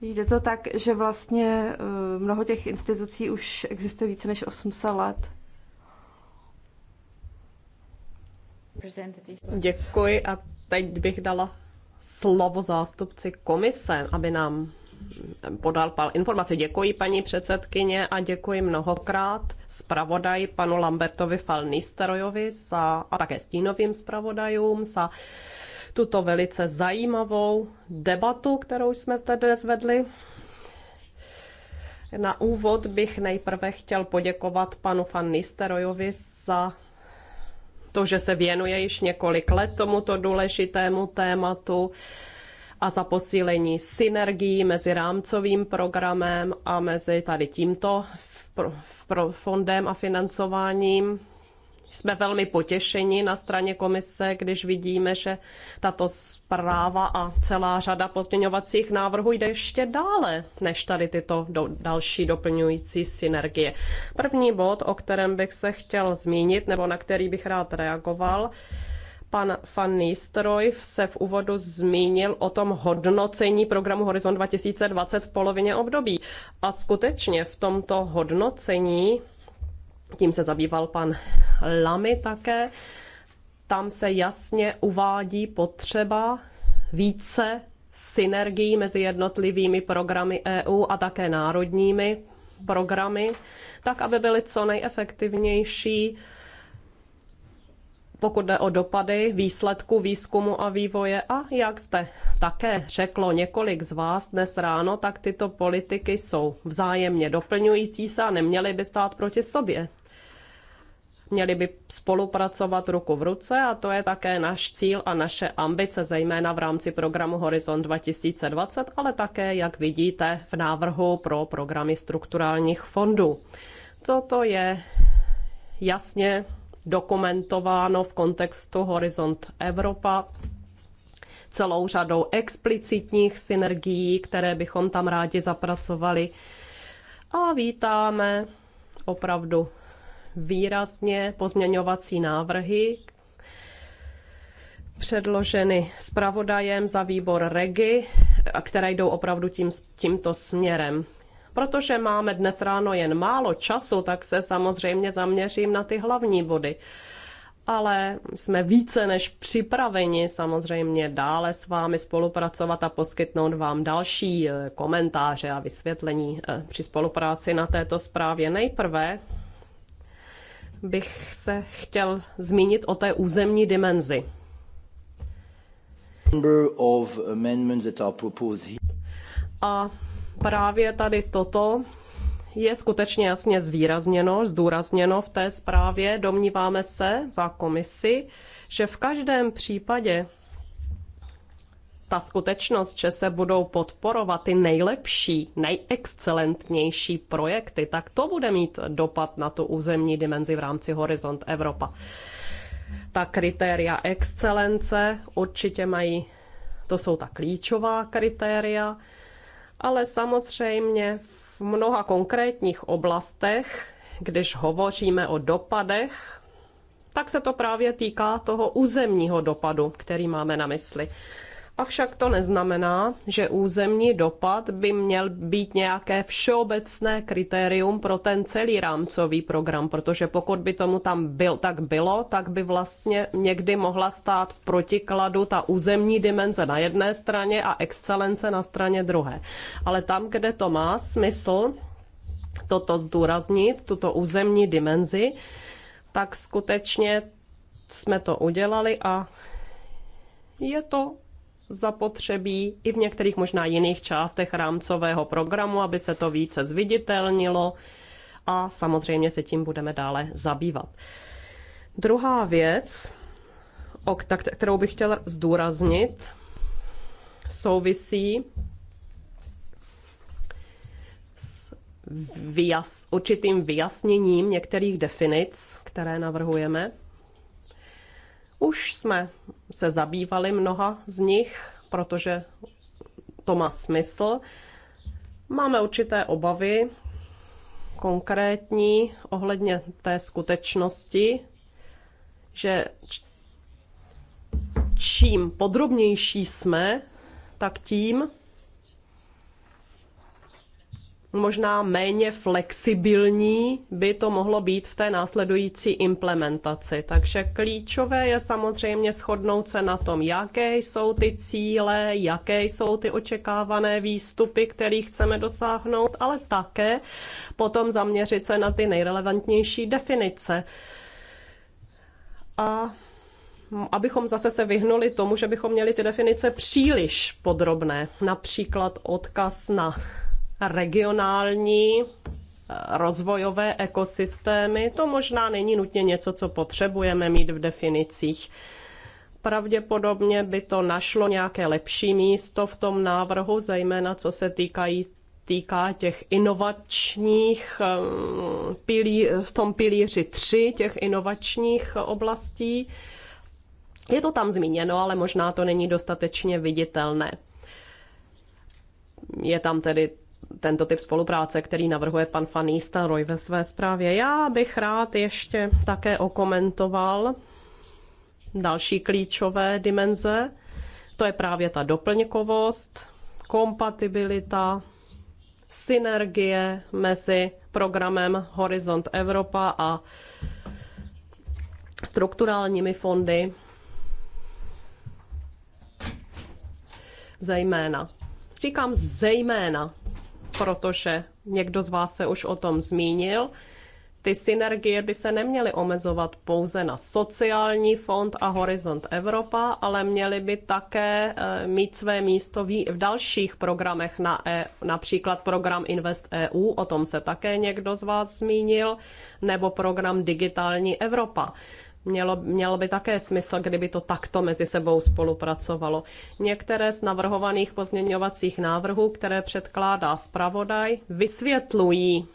Jde to tak, že vlastně eh, mnoho těch institucí už existuje více než 800 let. Děkuji a teď bych dala slovo zástupci komise, aby nám eh, podal pal informace. Děkuji paní předsedkyně a děkuji mnohokrát zpravodaji panu Lambertovi Falnisterojovi za, a také stínovým zpravodajům za tuto velice zajímavou debatu, kterou jsme zde dnes vedli. Na úvod bych nejprve chtěl poděkovat panu Van Nisterojovi za to, že se věnuje již několik let tomuto důležitému tématu a za posílení synergií mezi rámcovým programem a mezi tady tímto fondem a financováním jsme velmi potěšeni na straně komise, když vidíme, že tato zpráva a celá řada pozměňovacích návrhů jde ještě dále než tady tyto do, další doplňující synergie. První bod, o kterém bych se chtěl zmínit, nebo na který bych rád reagoval, pan Van Nistelrooy se v úvodu zmínil o tom hodnocení programu Horizon 2020 v polovině období. A skutečně v tomto hodnocení tím se zabýval pan Lamy také, tam se jasně uvádí potřeba více synergií mezi jednotlivými programy EU a také národními programy, tak aby byly co nejefektivnější, pokud jde o dopady výsledku výzkumu a vývoje. A jak jste také řeklo několik z vás dnes ráno, tak tyto politiky jsou vzájemně doplňující se a neměly by stát proti sobě. Měli by spolupracovat ruku v ruce a to je také náš cíl a naše ambice, zejména v rámci programu Horizon 2020, ale také, jak vidíte, v návrhu pro programy strukturálních fondů. Toto je jasně dokumentováno v kontextu Horizont Evropa celou řadou explicitních synergií, které bychom tam rádi zapracovali. A vítáme opravdu výrazně pozměňovací návrhy předloženy zpravodajem za výbor REGI, které jdou opravdu tím, tímto směrem. Protože máme dnes ráno jen málo času, tak se samozřejmě zaměřím na ty hlavní body ale jsme více než připraveni samozřejmě dále s vámi spolupracovat a poskytnout vám další eh, komentáře a vysvětlení eh, při spolupráci na této zprávě. Nejprve bych se chtěl zmínit o té územní dimenzi. A právě tady toto je skutečně jasně zvýrazněno, zdůrazněno v té zprávě. Domníváme se za komisi, že v každém případě ta skutečnost, že se budou podporovat ty nejlepší, nejexcelentnější projekty, tak to bude mít dopad na tu územní dimenzi v rámci Horizont Evropa. Ta kritéria excelence určitě mají, to jsou ta klíčová kritéria, ale samozřejmě v mnoha konkrétních oblastech, když hovoříme o dopadech tak se to právě týká toho územního dopadu, který máme na mysli. Avšak to neznamená, že územní dopad by měl být nějaké všeobecné kritérium pro ten celý rámcový program, protože pokud by tomu tam byl, tak bylo, tak by vlastně někdy mohla stát v protikladu ta územní dimenze na jedné straně a excelence na straně druhé. Ale tam, kde to má smysl, toto zdůraznit, tuto územní dimenzi, tak skutečně jsme to udělali a je to zapotřebí i v některých možná jiných částech rámcového programu, aby se to více zviditelnilo a samozřejmě se tím budeme dále zabývat. Druhá věc, kterou bych chtěla zdůraznit, souvisí s vyjas, určitým vyjasněním některých definic, které navrhujeme. Už jsme se zabývali mnoha z nich, protože to má smysl. Máme určité obavy, konkrétní ohledně té skutečnosti, že čím podrobnější jsme, tak tím možná méně flexibilní by to mohlo být v té následující implementaci. Takže klíčové je samozřejmě shodnout se na tom, jaké jsou ty cíle, jaké jsou ty očekávané výstupy, které chceme dosáhnout, ale také potom zaměřit se na ty nejrelevantnější definice. A abychom zase se vyhnuli tomu, že bychom měli ty definice příliš podrobné, například odkaz na regionální eh, rozvojové ekosystémy. To možná není nutně něco, co potřebujeme mít v definicích. Pravděpodobně by to našlo nějaké lepší místo v tom návrhu, zejména co se týkají týká těch inovačních eh, pilí, v tom pilíři 3 těch inovačních oblastí. Je to tam zmíněno, ale možná to není dostatečně viditelné. Je tam tedy tento typ spolupráce, který navrhuje pan Fanista Roy ve své zprávě. Já bych rád ještě také okomentoval další klíčové dimenze. To je právě ta doplňkovost, kompatibilita, synergie mezi programem Horizont Evropa a strukturálními fondy, zejména. Říkám zejména, protože někdo z vás se už o tom zmínil, ty synergie by se neměly omezovat pouze na sociální fond a Horizont Evropa, ale měly by také eh, mít své místo v dalších programech, na e, například program Invest EU, o tom se také někdo z vás zmínil, nebo program Digitální Evropa. Mělo, mělo by také smysl, kdyby to takto mezi sebou spolupracovalo. Některé z navrhovaných pozměňovacích návrhů, které předkládá zpravodaj, vysvětlují,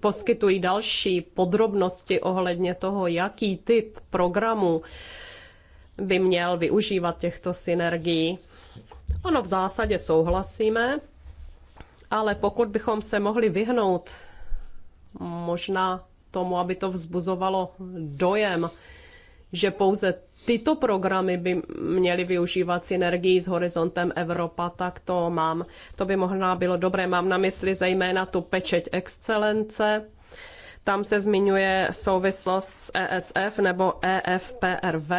poskytují další podrobnosti ohledně toho, jaký typ programu by měl využívat těchto synergií. Ono v zásadě souhlasíme, ale pokud bychom se mohli vyhnout možná tomu, aby to vzbuzovalo dojem, že pouze tyto programy by měly využívat synergii s Horizontem Evropa, tak to mám. To by možná bylo dobré. Mám na mysli zejména tu pečeť excelence. Tam se zmiňuje souvislost s ESF nebo EFPRV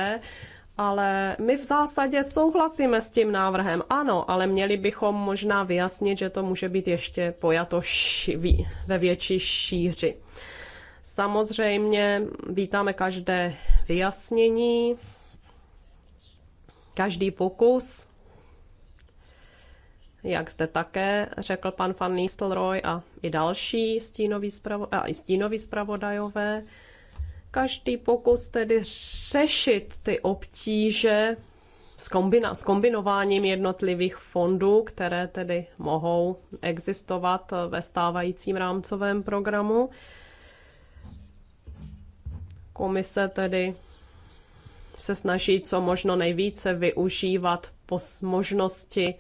ale my v zásadě souhlasíme s tím návrhem, ano, ale měli bychom možná vyjasnit, že to může být ještě pojato šiví, ve větší šíři. Samozřejmě vítáme každé vyjasnění. Každý pokus, jak zde také řekl pan Van Nistelrooy a i další stínoví, spravo, a i stínoví spravodajové, každý pokus tedy řešit ty obtíže s, kombina, s kombinováním jednotlivých fondů, které tedy mohou existovat ve stávajícím rámcovém programu, Komise tedy se snaží co možno nejvíce využívat možnosti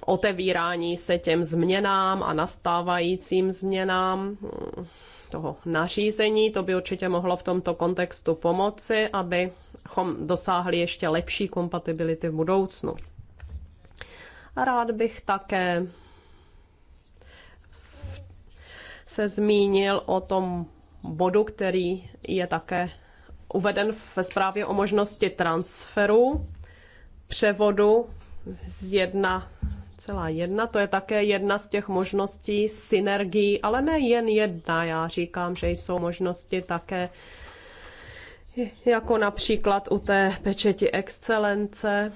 otevírání se těm změnám a nastávajícím změnám mm, toho nařízení. To by určitě mohlo v tomto kontextu pomoci, abychom dosáhli ještě lepší kompatibility v budoucnu. A rád bych také se zmínil o tom bodu, který je také uveden ve zprávě o možnosti transferu, převodu z 1,1. To je také jedna z těch možností synergií, ale ne jen jedna. Já říkám, že jsou možnosti také jako například u té pečeti excelence,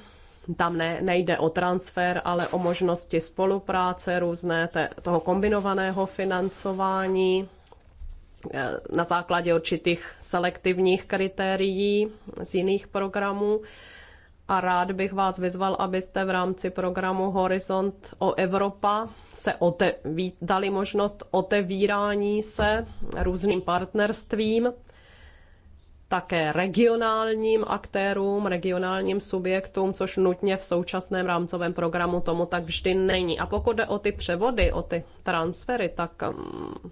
tam ne, nejde o transfer, ale o možnosti spolupráce, různé te, toho kombinovaného financování, Eh, na základě určitých selektivních kritérií z jiných programů. A rád bych vás vyzval, abyste v rámci programu Horizont o Evropa se ote- dali možnost otevírání se různým partnerstvím, také regionálním aktérům, regionálním subjektům, což nutně v současném rámcovém programu tomu tak vždy není. A pokud jde o ty převody, o ty transfery, tak mm,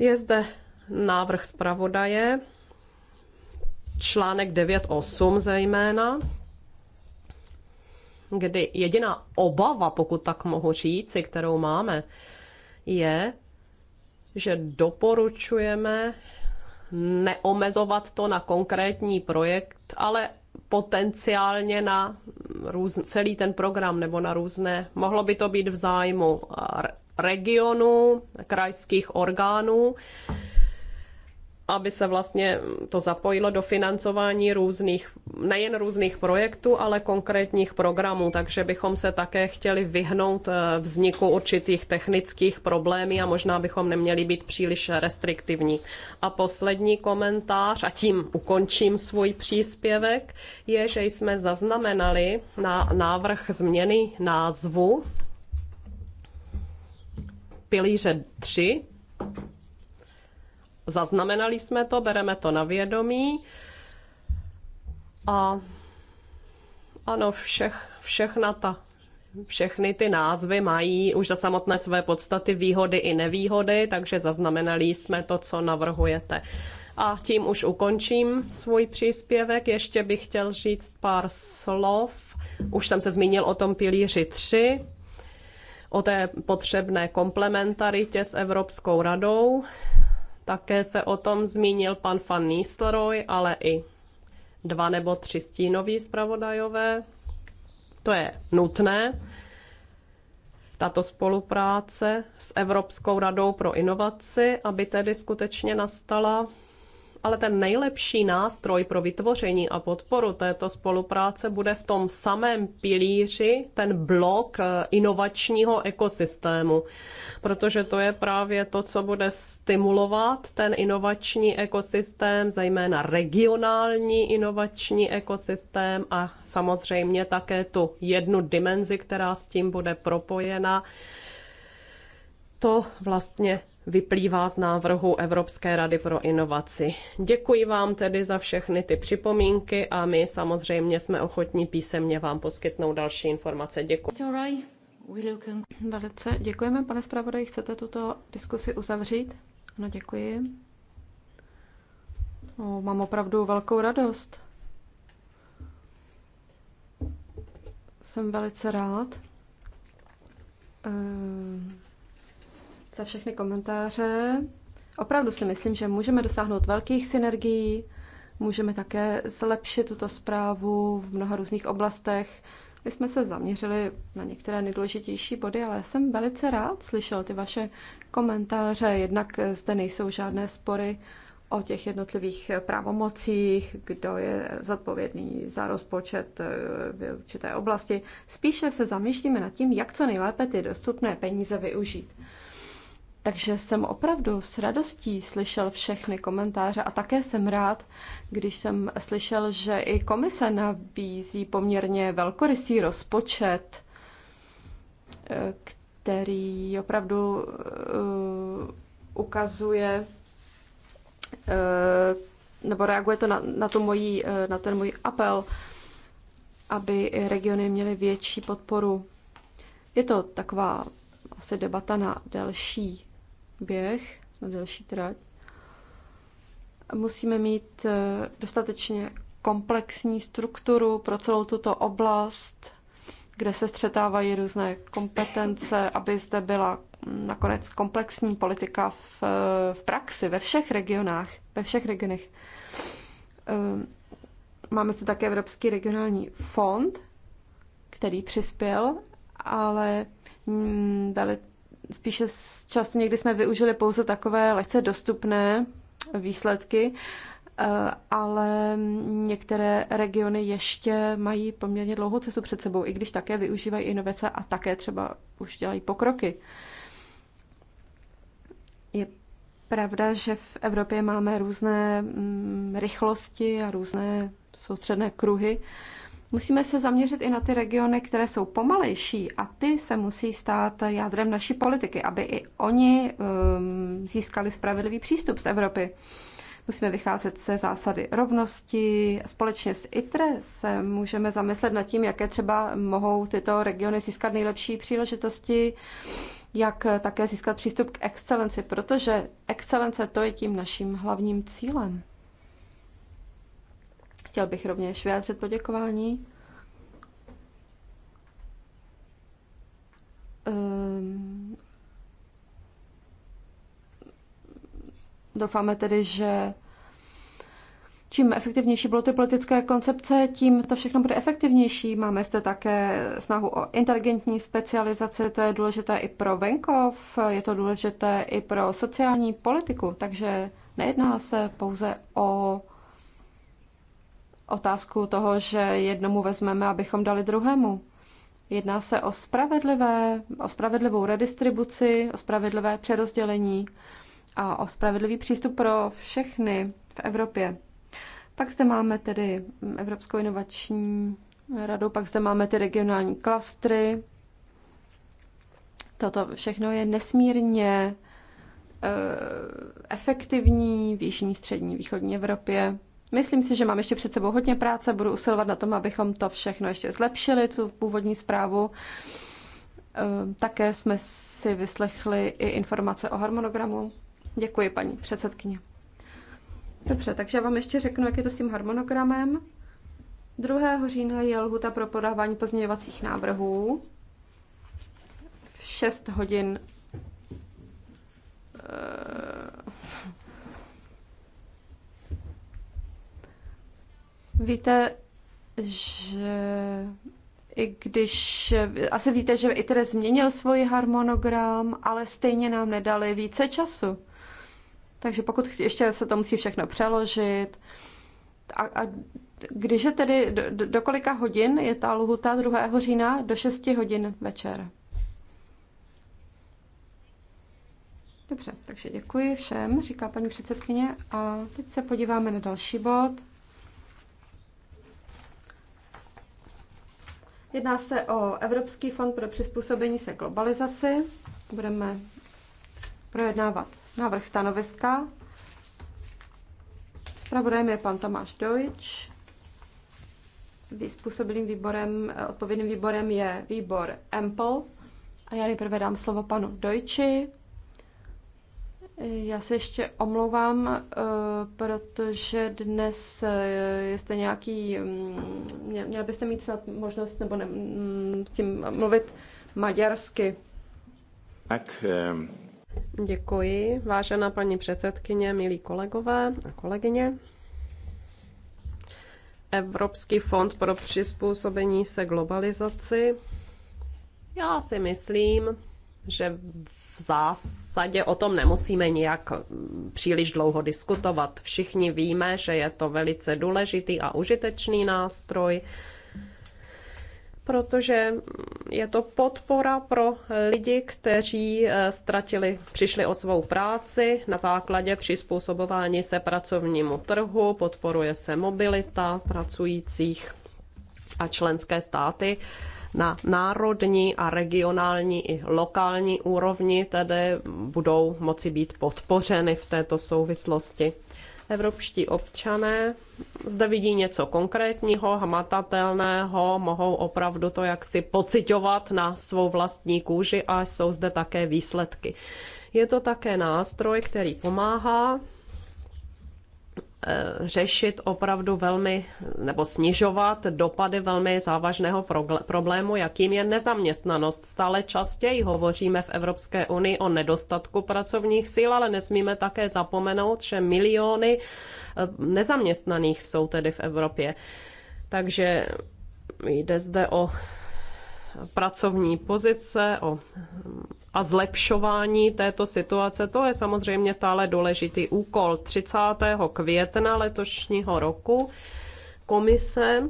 je zde návrh zpravodaje, článek 9.8 zejména, kdy jediná obava, pokud tak mohu říci, kterou máme, je, že doporučujeme neomezovat to na konkrétní projekt, ale potenciálně na růz, celý ten program nebo na různé. Mohlo by to být v zájmu regionů, krajských orgánů, aby se vlastně to zapojilo do financování různých, nejen různých projektů, ale konkrétních programů. Takže bychom se také chtěli vyhnout eh, vzniku určitých technických problémů a možná bychom neměli být příliš restriktivní. A poslední komentář, a tím ukončím svůj příspěvek, je, že jsme zaznamenali na návrh změny názvu pilíře 3. Zaznamenali jsme to, bereme to na vědomí. A ano, všech, všechna ta všechny ty názvy mají už za samotné své podstaty výhody i nevýhody, takže zaznamenali jsme to, co navrhujete. A tím už ukončím svůj příspěvek. Ještě bych chtěl říct pár slov. Už jsem se zmínil o tom pilíři 3 o té potřebné komplementaritě s Evropskou radou. Také se o tom zmínil pan Van Nistelrooy, ale i dva nebo tři stínoví zpravodajové. To je nutné. Tato spolupráce s Evropskou radou pro inovaci, aby tedy skutečně nastala ale ten nejlepší nástroj pro vytvoření a podporu této spolupráce bude v tom samém pilíři ten blok eh, inovačního ekosystému, protože to je právě to, co bude stimulovat ten inovační ekosystém, zejména regionální inovační ekosystém a samozřejmě také tu jednu dimenzi, která s tím bude propojena to vlastně vyplývá z návrhu Evropské rady pro inovaci. Děkuji vám tedy za všechny ty připomínky a my samozřejmě jsme ochotní písemně vám poskytnout další informace. Děkuji. Velice děkujeme, pane zpravodaj. Chcete tuto diskusi uzavřít? Ano, děkuji. O, mám opravdu velkou radost. Jsem velice rád. Ehm za všechny komentáře. Opravdu si myslím, že můžeme dosáhnout velkých synergií, můžeme také zlepšit tuto zprávu v mnoha různých oblastech. My jsme se zaměřili na některé nejdůležitější body, ale jsem velice rád slyšel ty vaše komentáře. Jednak zde nejsou žádné spory o těch jednotlivých právomocích, kdo je zodpovědný za rozpočet eh, v určité oblasti. Spíše se zamýšlíme nad tím, jak co nejlépe ty dostupné peníze využít. Takže jsem opravdu s radostí slyšel všechny komentáře a také jsem rád, když jsem slyšel, že i komise nabízí poměrně velkorysý rozpočet, který opravdu eh, ukazuje eh, nebo reaguje to na, na, to mojí, eh, na ten můj apel, aby regiony měly větší podporu. Je to taková asi debata na delší běh, na delší trať, musíme mít eh, dostatečně komplexní strukturu pro celou tuto oblast, kde se střetávají různé kompetence, aby zde byla nakonec komplexní politika v, eh, v praxi ve všech regionách, ve všech regionech. Eh, máme se také Evropský regionální fond, který přispěl, ale mm, spíše často někdy jsme využili pouze takové lehce dostupné výsledky, eh, ale některé regiony ještě mají poměrně dlouhou cestu před sebou, i když také využívají inovace a také třeba už dělají pokroky. Je pravda, že v Evropě máme různé mm, rychlosti a různé soustředné kruhy, Musíme se zaměřit i na ty regiony, které jsou pomalejší a ty se musí stát jádrem naší politiky, aby i oni um, získali spravedlivý přístup z Evropy. Musíme vycházet ze zásady rovnosti. Společně s ITRE se můžeme zamyslet nad tím, jaké třeba mohou tyto regiony získat nejlepší příležitosti, jak také získat přístup k excelenci, protože excelence to je tím naším hlavním cílem. Chtěl bych rovněž vyjádřit poděkování Um, doufáme tedy, že čím efektivnější budou ty politické koncepce, tím to všechno bude efektivnější. Máme zde také snahu o inteligentní specializaci, to je důležité i pro venkov, je to důležité i pro sociální politiku, takže nejedná se pouze o otázku toho, že jednomu vezmeme, abychom dali druhému. Jedná se o, spravedlivé, o spravedlivou redistribuci, o spravedlivé přerozdělení a o spravedlivý přístup pro všechny v Evropě. Pak zde máme tedy Evropskou inovační radu, pak zde máme ty regionální klastry. Toto všechno je nesmírně eh, efektivní v jižní, střední, východní Evropě. Myslím si, že mám ještě před sebou hodně práce, budu usilovat na tom, abychom to všechno ještě zlepšili, tu původní zprávu. Ehm, také jsme si vyslechli i informace o harmonogramu. Děkuji, paní předsedkyně. Dobře, takže já vám ještě řeknu, jak je to s tím harmonogramem. 2. října je lhuta pro podávání pozměňovacích návrhů. V 6 hodin Víte, že i když asi víte, že ITRE změnil svůj harmonogram, ale stejně nám nedali více času. Takže pokud ještě se to musí všechno přeložit. A, a když je tedy, do, do kolika hodin je ta lhuta 2. října? Do 6 hodin večer. Dobře, takže děkuji všem, říká paní předsedkyně. A teď se podíváme na další bod. Jedná se o Evropský fond pro přizpůsobení se globalizaci. Budeme projednávat návrh stanoviska. Spravodajem je pan Tomáš Dojč. Vyspůsobilým výborem, eh, odpovědným výborem je výbor EMPL. A já nejprve dám slovo panu Dojči, já se ještě omlouvám, eh, protože dnes eh, jste nějaký, mm, měl byste mít snad možnost nebo ne, mm, s tím mluvit maďarsky. Tak. Eh, Děkuji, vážená paní předsedkyně, milí kolegové a kolegyně. Evropský fond pro přizpůsobení se globalizaci. Já si myslím, že zásadě o tom nemusíme nijak mm, příliš dlouho diskutovat. Všichni víme, že je to velice důležitý a užitečný nástroj, protože mm, je to podpora pro lidi, kteří eh, ztratili, přišli o svou práci na základě přizpůsobování se pracovnímu trhu, podporuje se mobilita pracujících a členské státy na národní a regionální i lokální úrovni tedy budou moci být podpořeny v této souvislosti. Evropští občané zde vidí něco konkrétního, hmatatelného, mohou opravdu to jaksi pocitovat na svou vlastní kůži a jsou zde také výsledky. Je to také nástroj, který pomáhá Eh, řešit opravdu velmi nebo snižovat dopady velmi závažného problému, jakým je nezaměstnanost. Stále častěji hovoříme v Evropské unii o nedostatku pracovních sil, ale nesmíme také zapomenout, že miliony eh, nezaměstnaných jsou tedy v Evropě. Takže jde zde o pracovní pozice, o a zlepšování této situace, to je samozřejmě stále důležitý úkol. 30. května letošního roku komise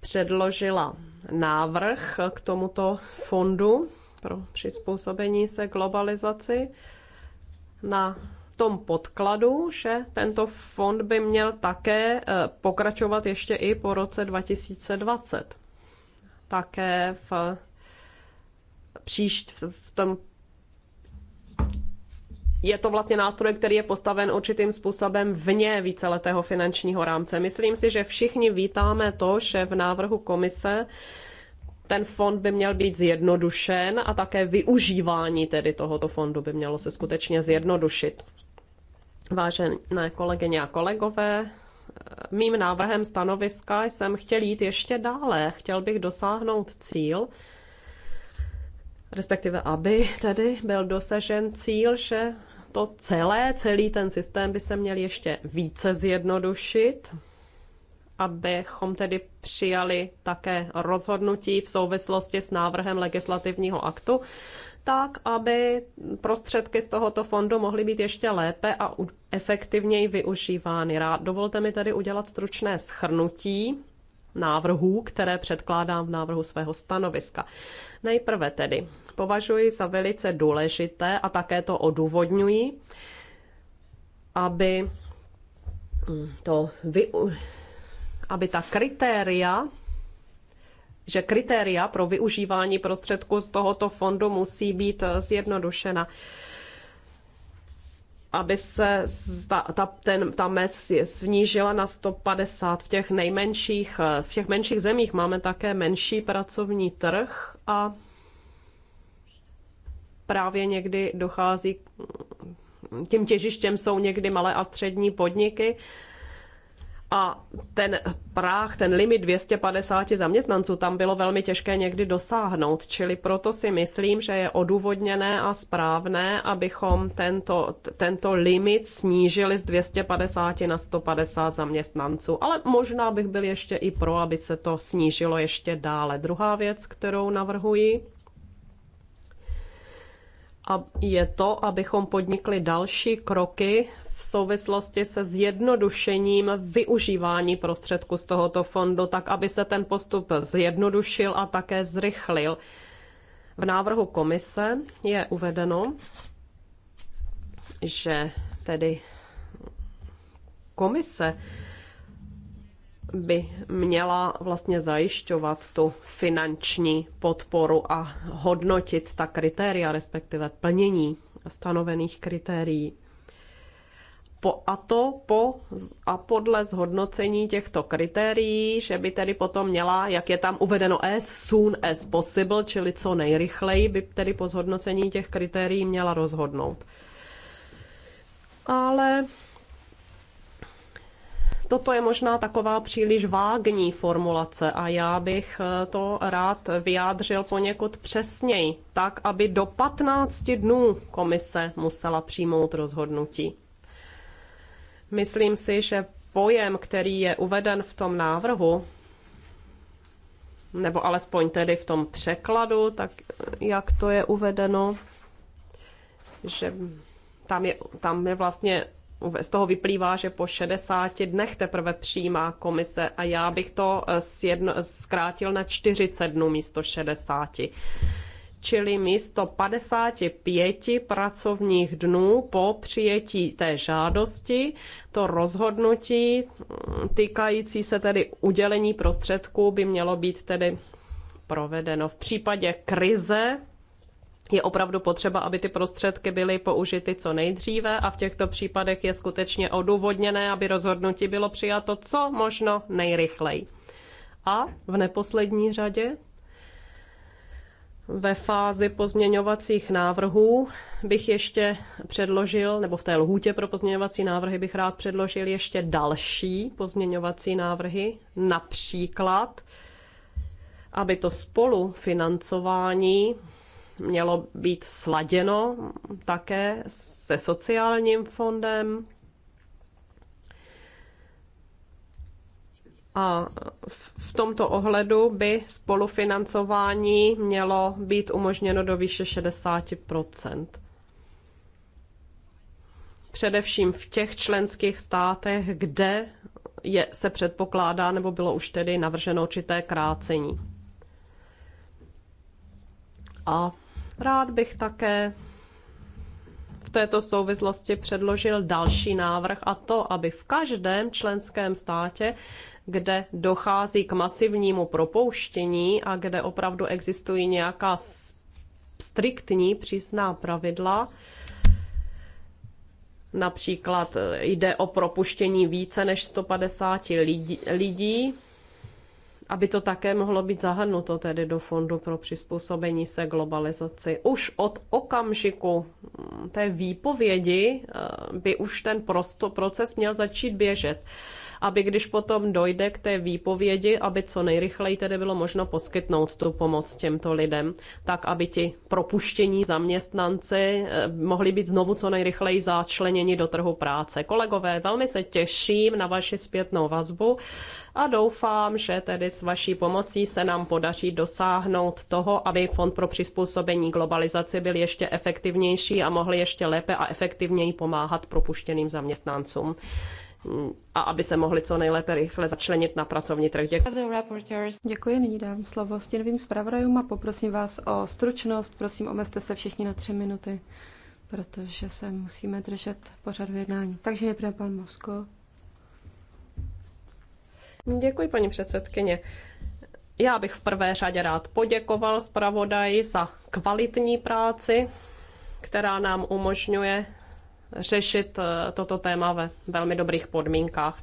předložila návrh k tomuto fondu pro přizpůsobení se globalizaci na tom podkladu, že tento fond by měl také eh, pokračovat ještě i po roce 2020 také v, v, v tom je to vlastně nástroj, který je postaven určitým způsobem vně víceletého finančního rámce. Myslím si, že všichni vítáme to, že v návrhu komise ten fond by měl být zjednodušen a také využívání tedy tohoto fondu by mělo se skutečně zjednodušit. Vážené kolegyně a kolegové, mým návrhem stanoviska jsem chtěl jít ještě dále. Chtěl bych dosáhnout cíl, respektive aby tedy byl dosažen cíl, že to celé, celý ten systém by se měl ještě více zjednodušit, abychom tedy přijali také rozhodnutí v souvislosti s návrhem legislativního aktu, tak, aby prostředky z tohoto fondu mohly být ještě lépe a efektivněji využívány. Rád dovolte mi tady udělat stručné schrnutí návrhů, které předkládám v návrhu svého stanoviska. Nejprve tedy považuji za velice důležité a také to odůvodňuji, aby to vy, aby ta kritéria že kritéria pro využívání prostředků z tohoto fondu musí být eh, zjednodušena aby se ta, ta, ten, ta mes je snížila na 150 v těch nejmenších, eh, v těch menších zemích máme také menší pracovní trh a právě někdy dochází, mm, tím těžištěm jsou někdy malé a střední podniky a ten práh, ten limit 250 zaměstnanců, tam bylo velmi těžké někdy dosáhnout, čili proto si myslím, že je odůvodněné a správné, abychom tento, tento limit snížili z 250 na 150 zaměstnanců. Ale možná bych byl ještě i pro, aby se to snížilo ještě dále. Druhá věc, kterou navrhuji, a je to, abychom podnikli další kroky v souvislosti se zjednodušením využívání prostředků z tohoto fondu, tak aby se ten postup zjednodušil a také zrychlil. V návrhu komise je uvedeno, že tedy komise by měla vlastně zajišťovat tu finanční podporu a hodnotit ta kritéria, respektive plnění stanovených kritérií po, a to po a podle zhodnocení těchto kritérií, že by tedy potom měla, jak je tam uvedeno as soon as possible, čili co nejrychleji by tedy po zhodnocení těch kritérií měla rozhodnout. Ale toto je možná taková příliš vágní formulace a já bych eh, to rád vyjádřil poněkud přesněji, tak aby do 15 dnů komise musela přijmout rozhodnutí. Myslím si, že pojem, který je uveden v tom návrhu, nebo alespoň tedy v tom překladu, tak jak to je uvedeno, že tam je, tam je vlastně, z toho vyplývá, že po 60 dnech teprve přijímá komise a já bych to eh, zkrátil na 40 dnů místo 60 čili místo 55 pracovních dnů po přijetí té žádosti, to rozhodnutí týkající se tedy udělení prostředků by mělo být tedy provedeno. V případě krize je opravdu potřeba, aby ty prostředky byly použity co nejdříve a v těchto případech je skutečně odůvodněné, aby rozhodnutí bylo přijato co možno nejrychleji. A v neposlední řadě ve fázi pozměňovacích návrhů bych ještě předložil, nebo v té lhůtě pro pozměňovací návrhy bych rád předložil ještě další pozměňovací návrhy, například, aby to spolufinancování mělo být sladěno také se sociálním fondem, A v tomto ohledu by spolufinancování mělo být umožněno do výše 60 Především v těch členských státech, kde je, se předpokládá nebo bylo už tedy navrženo určité krácení. A rád bych také v této souvislosti předložil další návrh a to, aby v každém členském státě, kde dochází k masivnímu propouštění a kde opravdu existují nějaká striktní přísná pravidla, například e, jde o propuštění více než 150 lidí, lidí aby to také mohlo být zahrnuto tedy do Fondu pro přizpůsobení se globalizaci. Už od okamžiku mm, té výpovědi eh, by už ten prosto proces měl začít běžet aby když potom dojde k té výpovědi, aby co nejrychleji tedy bylo možno poskytnout tu pomoc těmto lidem, tak aby ti propuštění zaměstnanci eh, mohli být znovu co nejrychleji začleněni do trhu práce. Kolegové, velmi se těším na vaši zpětnou vazbu a doufám, že tedy s vaší pomocí se nám podaří dosáhnout toho, aby Fond pro přizpůsobení globalizaci byl ještě efektivnější a mohli ještě lépe a efektivněji pomáhat propuštěným zaměstnancům a aby se mohli co nejlépe rychle začlenit na pracovní trh. Děkuji. nyní dám slovo stěnovým zpravodajům a poprosím vás o stručnost. Prosím, omezte se všichni na tři minuty, protože se musíme držet pořadu jednání. Takže nejprve pan Mosko. Děkuji, paní předsedkyně. Já bych v prvé řadě rád poděkoval zpravodaji za kvalitní práci, která nám umožňuje řešit eh, toto téma ve velmi dobrých podmínkách.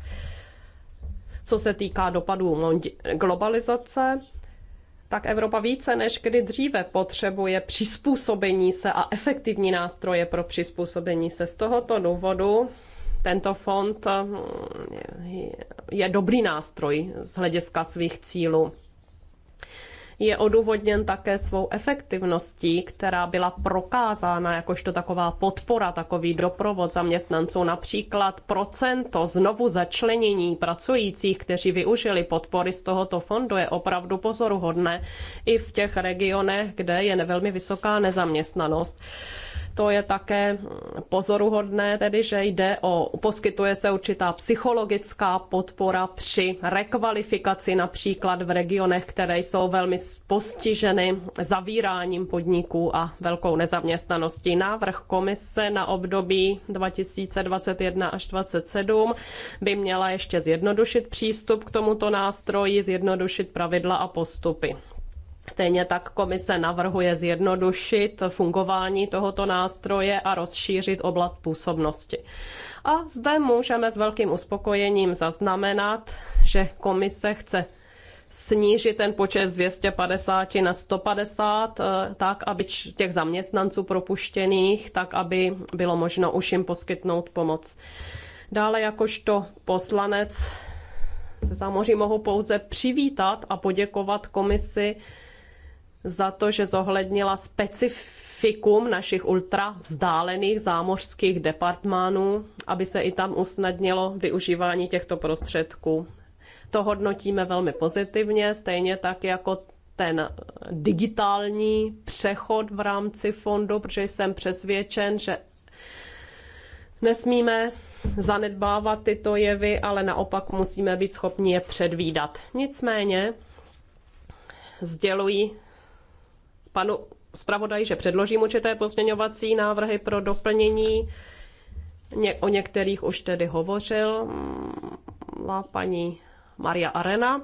Co se týká dopadů globalizace, tak Evropa více než kdy dříve potřebuje přizpůsobení se a efektivní nástroje pro přizpůsobení se. Z tohoto důvodu tento fond eh, je dobrý nástroj z hlediska svých cílů je odůvodněn také svou efektivností, která byla prokázána jakožto taková podpora, takový doprovod zaměstnanců, například procento znovu začlenění pracujících, kteří využili podpory z tohoto fondu, je opravdu pozoruhodné i v těch regionech, kde je velmi vysoká nezaměstnanost to je také pozoruhodné, tedy že jde o, poskytuje se určitá psychologická podpora při rekvalifikaci například v regionech, které jsou velmi postiženy zavíráním podniků a velkou nezaměstnaností. Návrh komise na období 2021 až 2027 by měla ještě zjednodušit přístup k tomuto nástroji, zjednodušit pravidla a postupy. Stejně tak komise navrhuje zjednodušit fungování tohoto nástroje a rozšířit oblast působnosti. A zde můžeme s velkým uspokojením zaznamenat, že komise chce snížit ten počet z 250 na 150, eh, tak aby těch zaměstnanců propuštěných, tak aby bylo možno už jim poskytnout pomoc. Dále jakožto poslanec se samozřejmě mohu pouze přivítat a poděkovat komisi za to, že zohlednila specifikum našich ultra vzdálených zámořských departmánů, aby se i tam usnadnilo využívání těchto prostředků. To hodnotíme velmi pozitivně, stejně tak jako ten digitální přechod v rámci fondu, protože jsem přesvědčen, že nesmíme zanedbávat tyto jevy, ale naopak musíme být schopni je předvídat. Nicméně sdělují panu zpravodaji, že předložím určité pozměňovací návrhy pro doplnění. Ně, o některých už tedy hovořil paní Maria Arena,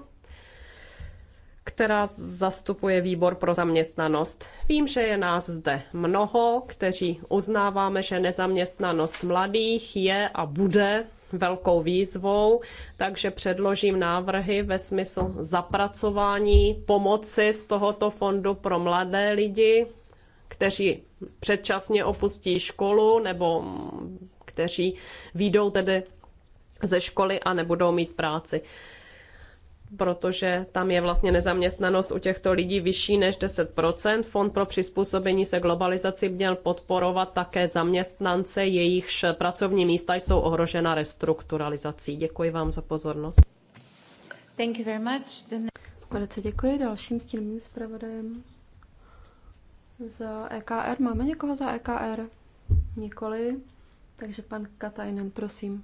která zastupuje výbor pro zaměstnanost. Vím, že je nás zde mnoho, kteří uznáváme, že nezaměstnanost mladých je a bude velkou výzvou, takže předložím návrhy ve smyslu zapracování pomoci z tohoto fondu pro mladé lidi, kteří předčasně opustí školu nebo kteří výjdou tedy ze školy a nebudou mít práci protože tam je vlastně nezaměstnanost u těchto lidí vyšší než 10%. Fond pro přizpůsobení se globalizaci měl podporovat také zaměstnance, jejichž pracovní místa jsou ohrožena restrukturalizací. Děkuji vám za pozornost. Thank you very much. The... Velice děkuji dalším stínovým zpravodajem. Za EKR máme někoho za EKR? Nikoli. Takže pan Katajnen, prosím.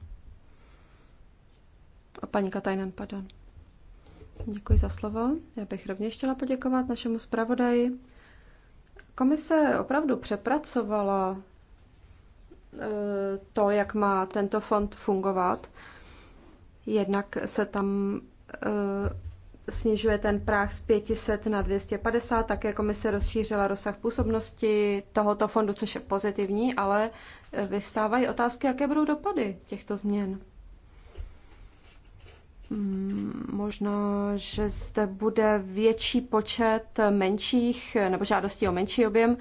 A paní Katajnen, pardon. Děkuji za slovo. Já bych rovněž chtěla poděkovat našemu zpravodaji. Komise opravdu přepracovala eh, to, jak má tento fond fungovat. Jednak se tam eh, snižuje ten práh z 500 na 250, také komise rozšířila rozsah působnosti tohoto fondu, což je pozitivní, ale eh, vystávají otázky, jaké budou dopady těchto změn. Mm, možná, že zde bude větší počet menších nebo žádostí o menší objem.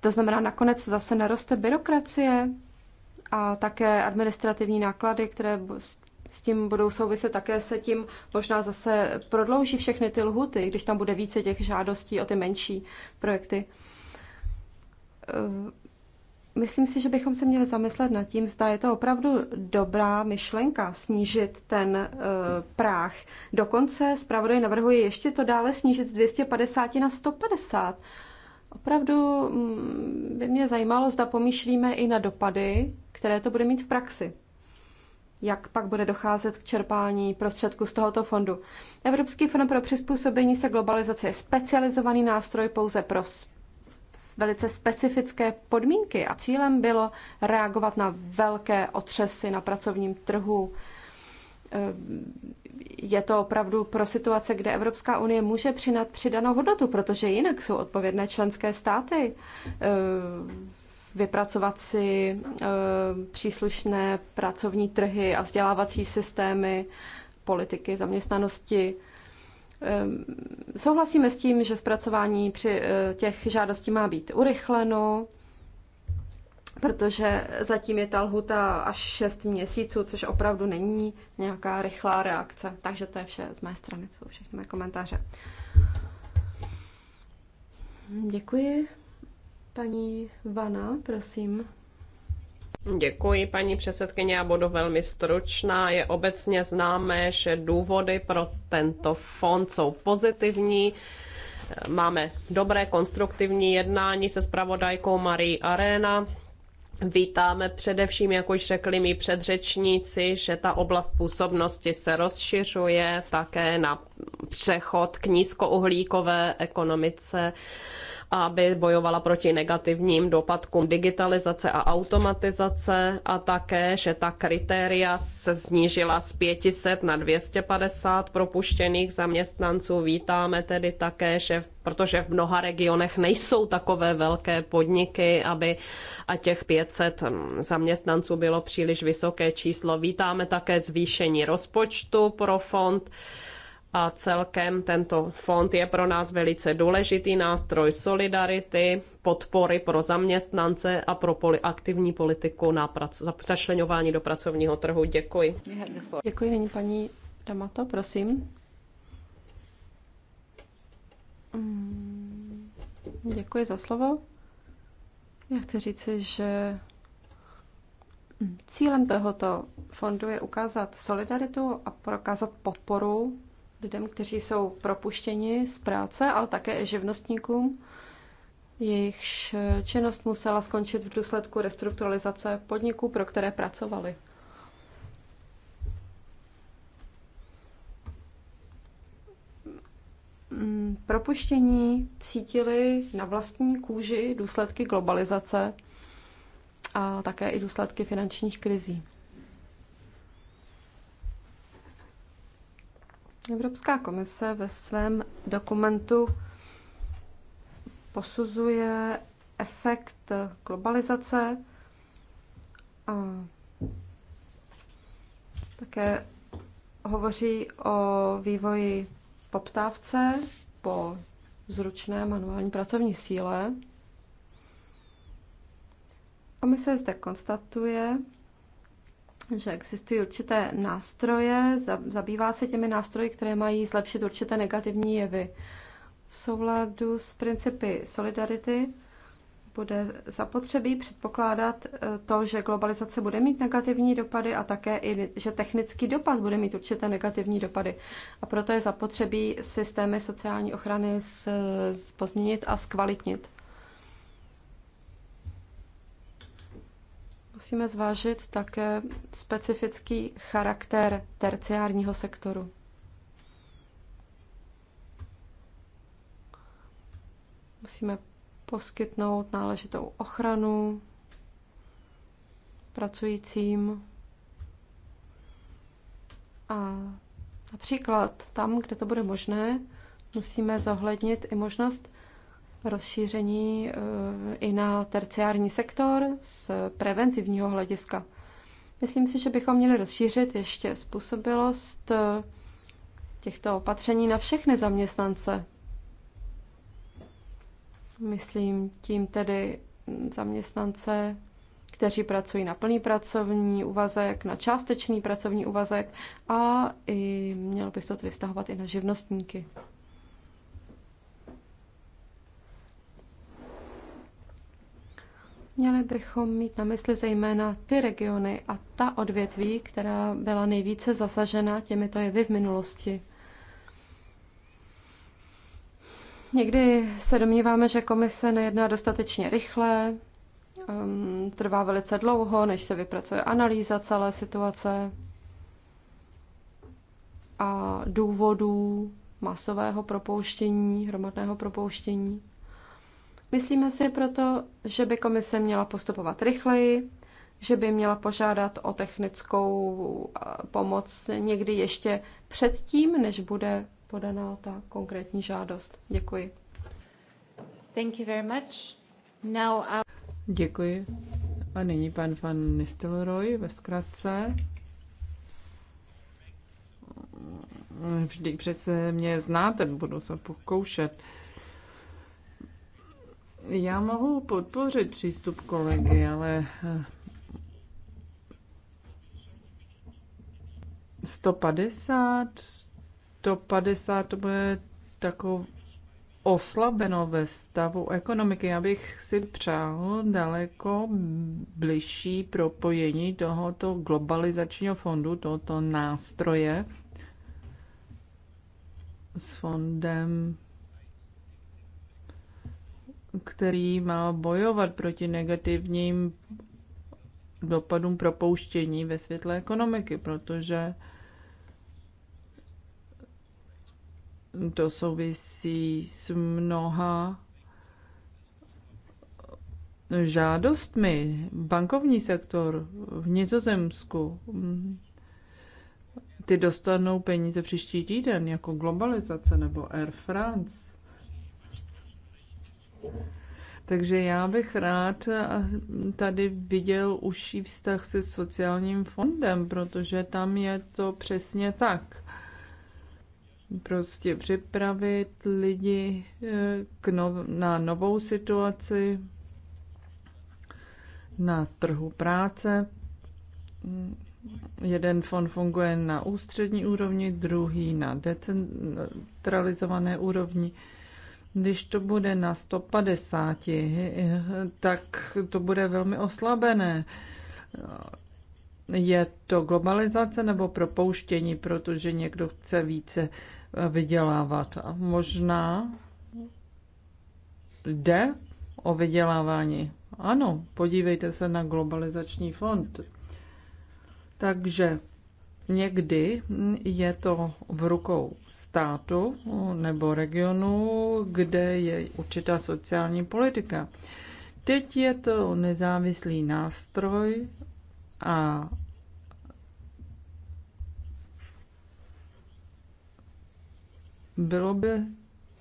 To znamená, nakonec zase naroste byrokracie a také administrativní náklady, které s tím budou souviset, také se tím možná zase prodlouží všechny ty lhuty, když tam bude více těch žádostí o ty menší projekty. Myslím si, že bychom se měli zamyslet nad tím, zda je to opravdu dobrá myšlenka snížit ten uh, práh. Dokonce zpravodaj navrhuje ještě to dále snížit z 250 na 150. Opravdu mm, by mě zajímalo, zda pomýšlíme i na dopady, které to bude mít v praxi. Jak pak bude docházet k čerpání prostředků z tohoto fondu? Evropský fond pro přizpůsobení se globalizaci je specializovaný nástroj pouze pro velice specifické podmínky a cílem bylo reagovat na velké otřesy na pracovním trhu. Ehm, je to opravdu pro situace, kde Evropská unie může přinat přidanou hodnotu, protože jinak jsou odpovědné členské státy ehm, vypracovat si ehm, příslušné pracovní trhy a vzdělávací systémy, politiky zaměstnanosti. Ehm, souhlasíme s tím, že zpracování při eh, těch žádostí má být urychleno, protože zatím je ta lhuta až 6 měsíců, což opravdu není nějaká rychlá reakce. Takže to je vše z mé strany, to jsou všechny mé komentáře. Děkuji. Paní Vana, prosím. Děkuji, paní předsedkyně, já budu velmi stručná. Je obecně známé, že důvody pro tento fond jsou pozitivní. Máme dobré konstruktivní jednání se spravodajkou Marie Arena. Vítáme především, jak už řekli mi předřečníci, že ta oblast působnosti se rozšiřuje také na přechod k nízkouhlíkové ekonomice aby bojovala proti negativním dopadkům digitalizace a automatizace a také, že ta kritéria se snížila z 500 na 250 propuštěných zaměstnanců. Vítáme tedy také, že protože v mnoha regionech nejsou takové velké podniky, aby a těch 500 hm, zaměstnanců bylo příliš vysoké číslo. Vítáme také zvýšení rozpočtu pro fond a celkem tento fond je pro nás velice důležitý nástroj solidarity, podpory pro zaměstnance a pro poli- aktivní politiku na prac- začlenování do pracovního trhu. Děkuji. Děkuji, nyní paní Damato, prosím. Mm, děkuji za slovo. Já chci říci, že cílem tohoto fondu je ukázat solidaritu a prokázat podporu lidem, kteří jsou propuštěni z práce, ale také živnostníkům. Jejichž činnost musela skončit v důsledku restrukturalizace podniků, pro které pracovali. Mm, propuštění cítili na vlastní kůži důsledky globalizace a také i důsledky finančních krizí. Evropská komise ve svém dokumentu posuzuje efekt globalizace a také hovoří o vývoji poptávce po zručné manuální pracovní síle. Komise zde konstatuje, že existují určité nástroje, zabývá se těmi nástroji, které mají zlepšit určité negativní jevy. V souladu s principy solidarity bude zapotřebí předpokládat eh, to, že globalizace bude mít negativní dopady a také i, že technický dopad bude mít určité negativní dopady. A proto je zapotřebí systémy sociální ochrany pozměnit a zkvalitnit. Musíme zvážit také specifický charakter terciárního sektoru. Musíme poskytnout náležitou ochranu pracujícím a například tam, kde to bude možné, musíme zohlednit i možnost rozšíření eh, i na terciární sektor z preventivního hlediska. Myslím si, že bychom měli rozšířit ještě způsobilost eh, těchto opatření na všechny zaměstnance. Myslím tím tedy zaměstnance, kteří pracují na plný pracovní úvazek, na částečný pracovní úvazek a i mělo by se to tedy vztahovat i na živnostníky. Měli bychom mít na mysli zejména ty regiony a ta odvětví, která byla nejvíce zasažena těmito jevy v minulosti. Někdy se domníváme, že komise nejedná dostatečně rychle, um, trvá velice dlouho, než se vypracuje analýza celé situace a důvodů masového propouštění, hromadného propouštění. Myslíme si proto, že by komise měla postupovat rychleji, že by měla požádat o technickou eh, pomoc někdy ještě předtím, než bude podaná ta konkrétní žádost. Děkuji. Thank you very much. Now I... Uh, Děkuji. A nyní pan van Nistelrooy ve zkratce. Vždyť přece mě znáte, budu se pokoušet. Uh, já mohu podpořit přístup kolegy, ale 150, eh, 150 to bude takové oslabeno ve stavu ekonomiky. Já bych si přál daleko bližší propojení tohoto globalizačního fondu, tohoto nástroje s fondem který má bojovat proti negativním dopadům propouštění ve světle ekonomiky, protože to souvisí s mnoha žádostmi. Bankovní sektor v Nizozemsku, mm, ty dostanou peníze příští týden, jako globalizace nebo Air France takže já bych rád eh, tady viděl užší vztah se sociálním fondem, protože tam je to přesně tak. Prostě připravit lidi eh, k no, na novou situaci na trhu práce. Jeden fond funguje na ústřední úrovni, druhý na decentralizované úrovni. Když to bude na 150, tak to bude velmi oslabené. Je to globalizace nebo propouštění, protože někdo chce více vydělávat. A možná jde o vydělávání. Ano, podívejte se na globalizační fond. Takže Někdy je to v rukou státu nebo regionu, kde je určitá sociální politika. Teď je to nezávislý nástroj a bylo by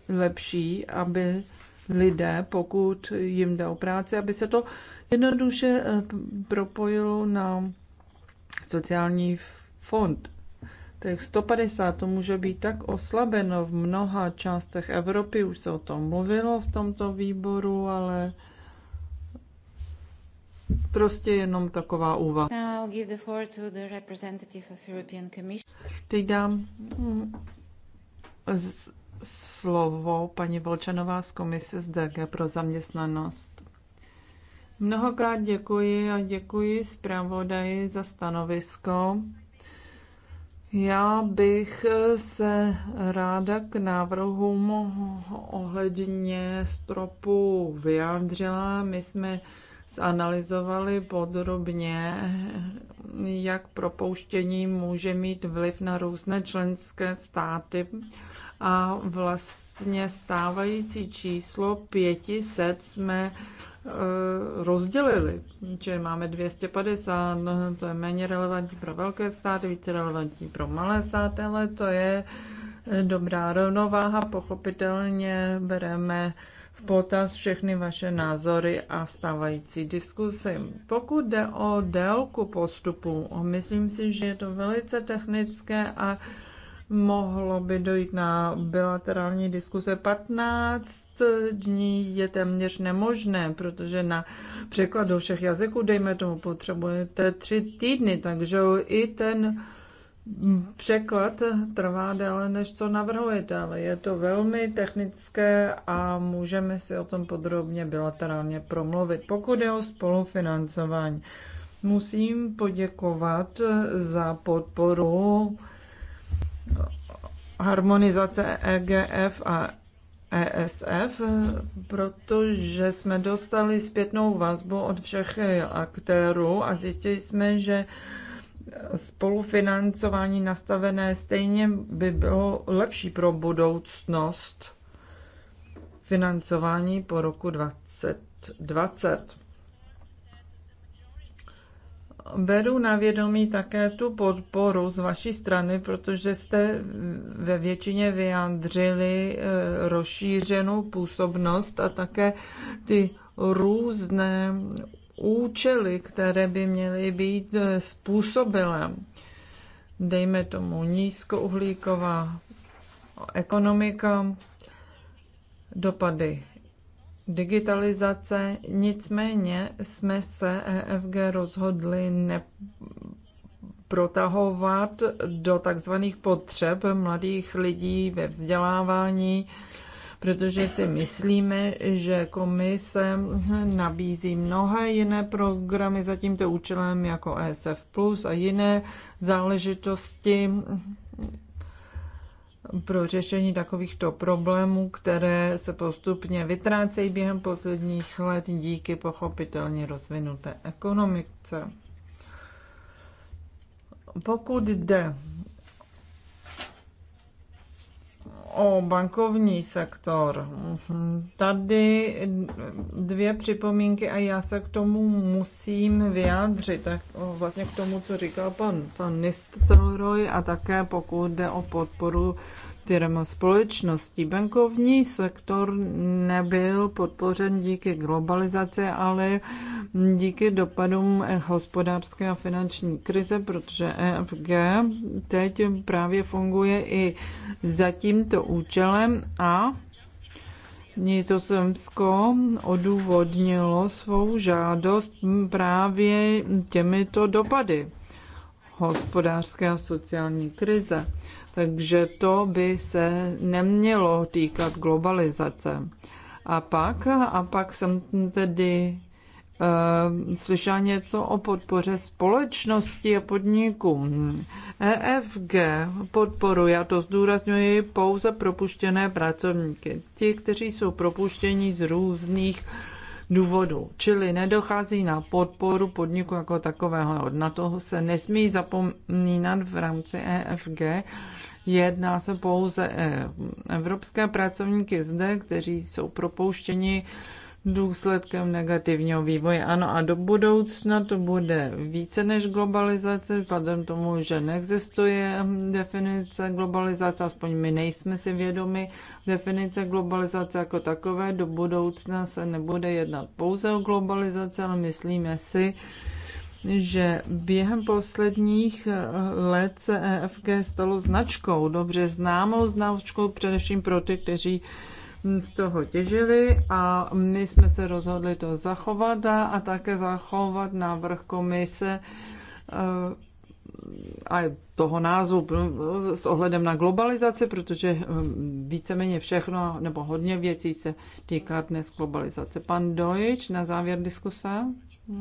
lepší, aby lidé, pokud jim jde o práci, aby se to jednoduše propojilo na sociální fond. Těch 150 to může být tak oslabeno v mnoha částech Evropy, už se o tom mluvilo v tomto výboru, ale prostě jenom taková úvaha. Teď dám hm, slovo paní Volčanová z komise z DG pro zaměstnanost. Mnohokrát děkuji a děkuji zpravodaji za stanovisko. Já bych se ráda k návrhům ohledně stropu vyjádřila. My jsme zanalizovali podrobně, jak propouštění může mít vliv na různé členské státy a vlastně stávající číslo 500 jsme Eh, rozdělili. že máme 250, no, to je méně relevantní pro velké státy, více relevantní pro malé státy, ale to je eh, dobrá rovnováha. Pochopitelně bereme v potaz všechny vaše názory a stávající diskusy. Pokud jde o délku postupu, myslím si, že je to velice technické a mohlo by dojít na bilaterální diskuse 15 dní je téměř nemožné, protože na překlad do všech jazyků, dejme tomu, potřebujete tři týdny, takže i ten překlad trvá déle, než co navrhujete, ale je to velmi technické a můžeme si o tom podrobně bilaterálně promluvit. Pokud je o spolufinancování, musím poděkovat za podporu harmonizace EGF a ESF, protože jsme dostali zpětnou vazbu od všech aktérů a zjistili jsme, že spolufinancování nastavené stejně by bylo lepší pro budoucnost financování po roku 2020 beru na vědomí také tu podporu z vaší strany, protože jste ve většině vyjádřili eh, rozšířenou působnost a také ty různé účely, které by měly být eh, způsobilé. Dejme tomu nízkouhlíková ekonomika, dopady digitalizace. Nicméně jsme se EFG rozhodli neprotahovat do takzvaných potřeb mladých lidí ve vzdělávání, protože si myslíme, že komise nabízí mnohé jiné programy za tímto účelem jako ESF Plus a jiné záležitosti pro řešení takovýchto problémů, které se postupně vytrácejí během posledních let díky pochopitelně rozvinuté ekonomice. Pokud jde o bankovní sektor. Tady dvě připomínky a já se k tomu musím vyjádřit. Tak vlastně k tomu, co říkal pan, pan Nistelrooy a také pokud jde o podporu firm společností. Bankovní sektor nebyl podpořen díky globalizaci, ale díky dopadům hospodářské a finanční krize, protože EFG teď právě funguje i za tímto účelem a Nizozemsko odůvodnilo svou žádost právě těmito dopady hospodářské a sociální krize. Takže to by se nemělo týkat globalizace. A pak, a pak jsem tedy uh, slyšela něco o podpoře společnosti a podniků. EFG podporuje, a to zdůrazňuji, pouze propuštěné pracovníky. Ti, kteří jsou propuštěni z různých uh, důvodů. Čili nedochází na podporu podniku jako takového. Na toho se nesmí zapomínat v rámci EFG. Jedná se pouze eh, evropské pracovníky zde, kteří jsou propouštěni důsledkem negativního vývoje. Ano, a do budoucna to bude více než globalizace, vzhledem tomu, že neexistuje definice globalizace, aspoň my nejsme si vědomi definice globalizace jako takové. Do budoucna se nebude jednat pouze o globalizaci, ale myslíme si, že během posledních let se EFG stalo značkou, dobře známou značkou, především pro ty, kteří z toho těžili a my jsme se rozhodli to zachovat a, a také zachovat návrh komise eh, a toho názvu eh, s ohledem na globalizaci, protože eh, víceméně všechno nebo hodně věcí se týká dnes globalizace. Pan Dojč na závěr diskuse.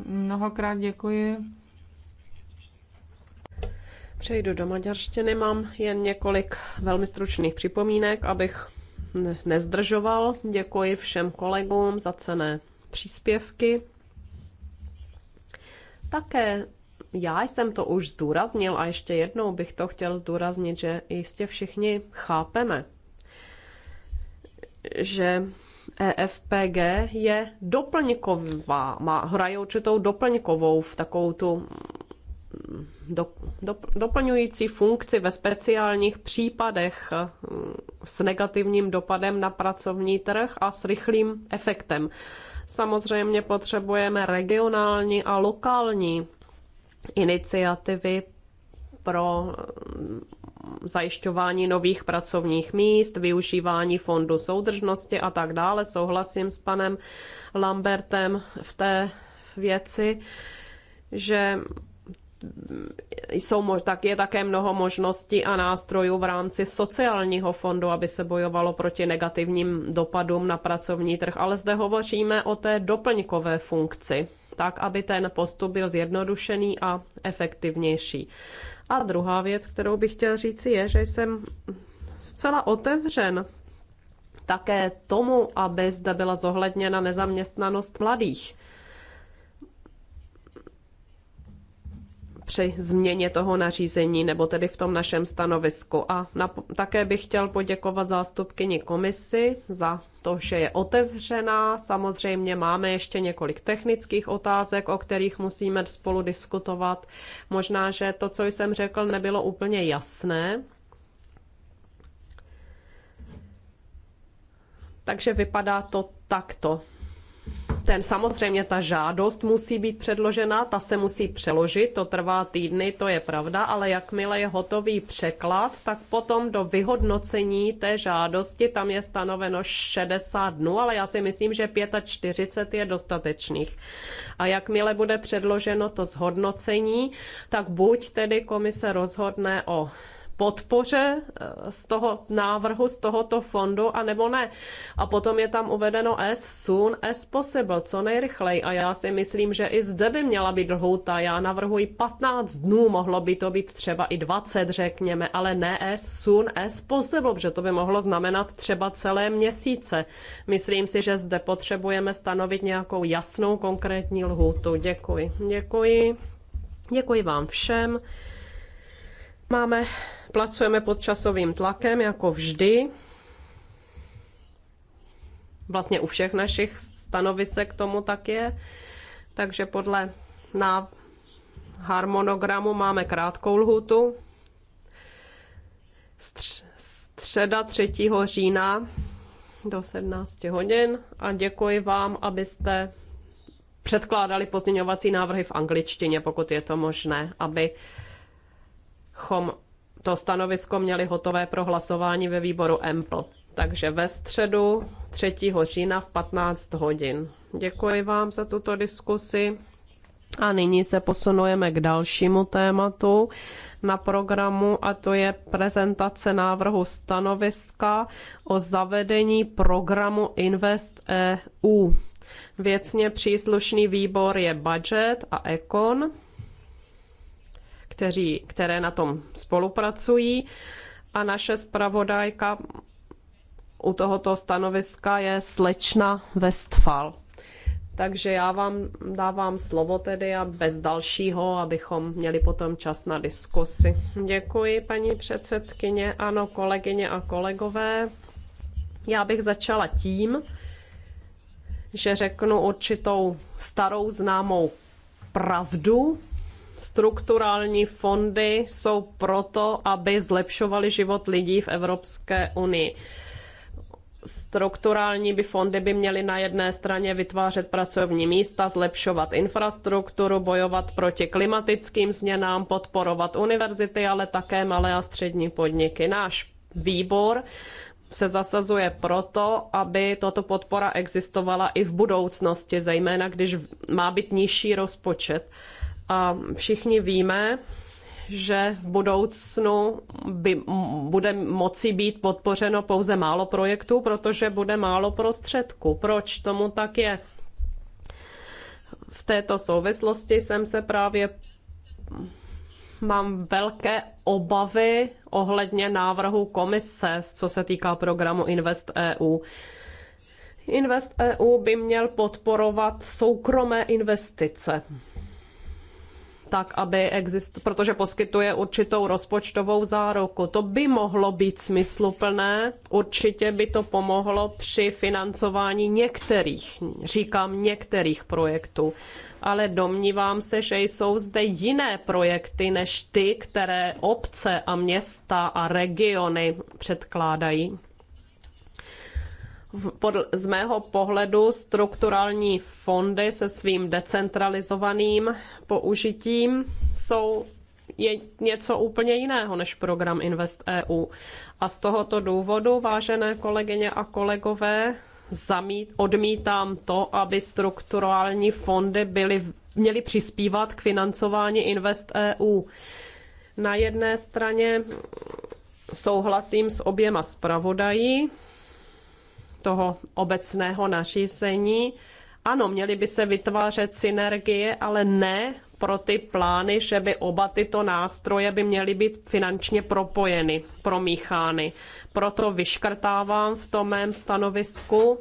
Mnohokrát děkuji. Přejdu do maďarštiny. Mám jen několik velmi stručných připomínek, abych nezdržoval. Děkuji všem kolegům za cené příspěvky. Také já jsem to už zdůraznil a ještě jednou bych to chtěl zdůraznit, že jistě všichni chápeme, že EFPG je doplňková, má, hraje určitou doplňkovou v takovou tu do, do, doplňující funkci ve speciálních případech eh, s negativním dopadem na pracovní trh a s rychlým efektem. Samozřejmě potřebujeme regionální a lokální iniciativy pro eh, zajišťování nových pracovních míst, využívání fondu soudržnosti a tak dále. Souhlasím s panem Lambertem v té věci, že jsou, tak je také mnoho možností a nástrojů v rámci sociálního fondu, aby se bojovalo proti negativním dopadům na pracovní trh. Ale zde hovoříme o té doplňkové funkci, tak aby ten postup byl zjednodušený a efektivnější. A druhá věc, kterou bych chtěl říci, je, že jsem zcela otevřen také tomu, aby zde byla zohledněna nezaměstnanost mladých při změně toho nařízení nebo tedy v tom našem stanovisku. A na, také bych chtěl poděkovat zástupkyni komisi za to, že je otevřená. Samozřejmě máme ještě několik technických otázek, o kterých musíme spolu diskutovat. Možná, že to, co jsem řekl, nebylo úplně jasné, Takže vypadá to takto ten samozřejmě ta žádost musí být předložena, ta se musí přeložit, to trvá týdny, to je pravda, ale jakmile je hotový překlad, tak potom do vyhodnocení té žádosti tam je stanoveno 60 dnů, ale já si myslím, že 45 je dostatečných. A jakmile bude předloženo to zhodnocení, tak buď tedy komise rozhodne o podpoře eh, z toho návrhu, z tohoto fondu, a nebo ne. A potom je tam uvedeno as soon as possible, co nejrychleji. A já si myslím, že i zde by měla být lhůta. Já navrhuji 15 dnů, mohlo by to být třeba i 20, řekněme, ale ne as soon as possible, protože to by mohlo znamenat třeba celé měsíce. Myslím si, že zde potřebujeme stanovit nějakou jasnou konkrétní lhůtu. Děkuji. Děkuji. Děkuji vám všem. Máme, pracujeme pod časovým tlakem, jako vždy. Vlastně u všech našich stanovisek tomu tak je. Takže podle na harmonogramu máme krátkou lhutu. Středa 3. října do 17 hodin a děkuji vám, abyste předkládali pozměňovací návrhy v angličtině, pokud je to možné, aby bychom to stanovisko měli hotové pro hlasování ve výboru EMPL. Takže ve středu 3. října v 15 hodin. Děkuji vám za tuto diskusi. A nyní se posunujeme k dalšímu tématu na programu a to je prezentace návrhu stanoviska o zavedení programu Invest EU. Věcně příslušný výbor je budget a ekon kteří, které na tom spolupracují. A naše zpravodajka u tohoto stanoviska je slečna Westfal. Takže já vám dávám slovo tedy a bez dalšího, abychom měli potom čas na diskusi. Děkuji, paní předsedkyně. Ano, kolegyně a kolegové, já bych začala tím, že řeknu určitou starou známou pravdu, strukturální fondy jsou proto, aby zlepšovaly život lidí v Evropské unii. Strukturální by fondy by měly na jedné straně vytvářet pracovní místa, zlepšovat infrastrukturu, bojovat proti klimatickým změnám, podporovat univerzity, ale také malé a střední podniky. Náš výbor se zasazuje proto, aby tato podpora existovala i v budoucnosti, zejména když má být nižší rozpočet. A všichni víme, že v budoucnu by, bude moci být podpořeno pouze málo projektů, protože bude málo prostředků. Proč tomu tak je? V této souvislosti jsem se právě mám velké obavy ohledně návrhu komise, co se týká programu Invest EU. Invest EU by měl podporovat soukromé investice tak aby existoval, protože poskytuje určitou rozpočtovou záruku. To by mohlo být smysluplné, určitě by to pomohlo při financování některých, říkám některých projektů, ale domnívám se, že jsou zde jiné projekty než ty, které obce a města a regiony předkládají z mého pohledu strukturální fondy se svým decentralizovaným použitím jsou je něco úplně jiného než program Invest EU. A z tohoto důvodu, vážené kolegyně a kolegové, zamít, odmítám to, aby strukturální fondy byly, měly přispívat k financování Invest EU. Na jedné straně souhlasím s oběma zpravodají, toho obecného nařízení. Ano, měly by se vytvářet synergie, ale ne pro ty plány, že by oba tyto nástroje by měly být finančně propojeny, promíchány. Proto vyškrtávám v tom mém stanovisku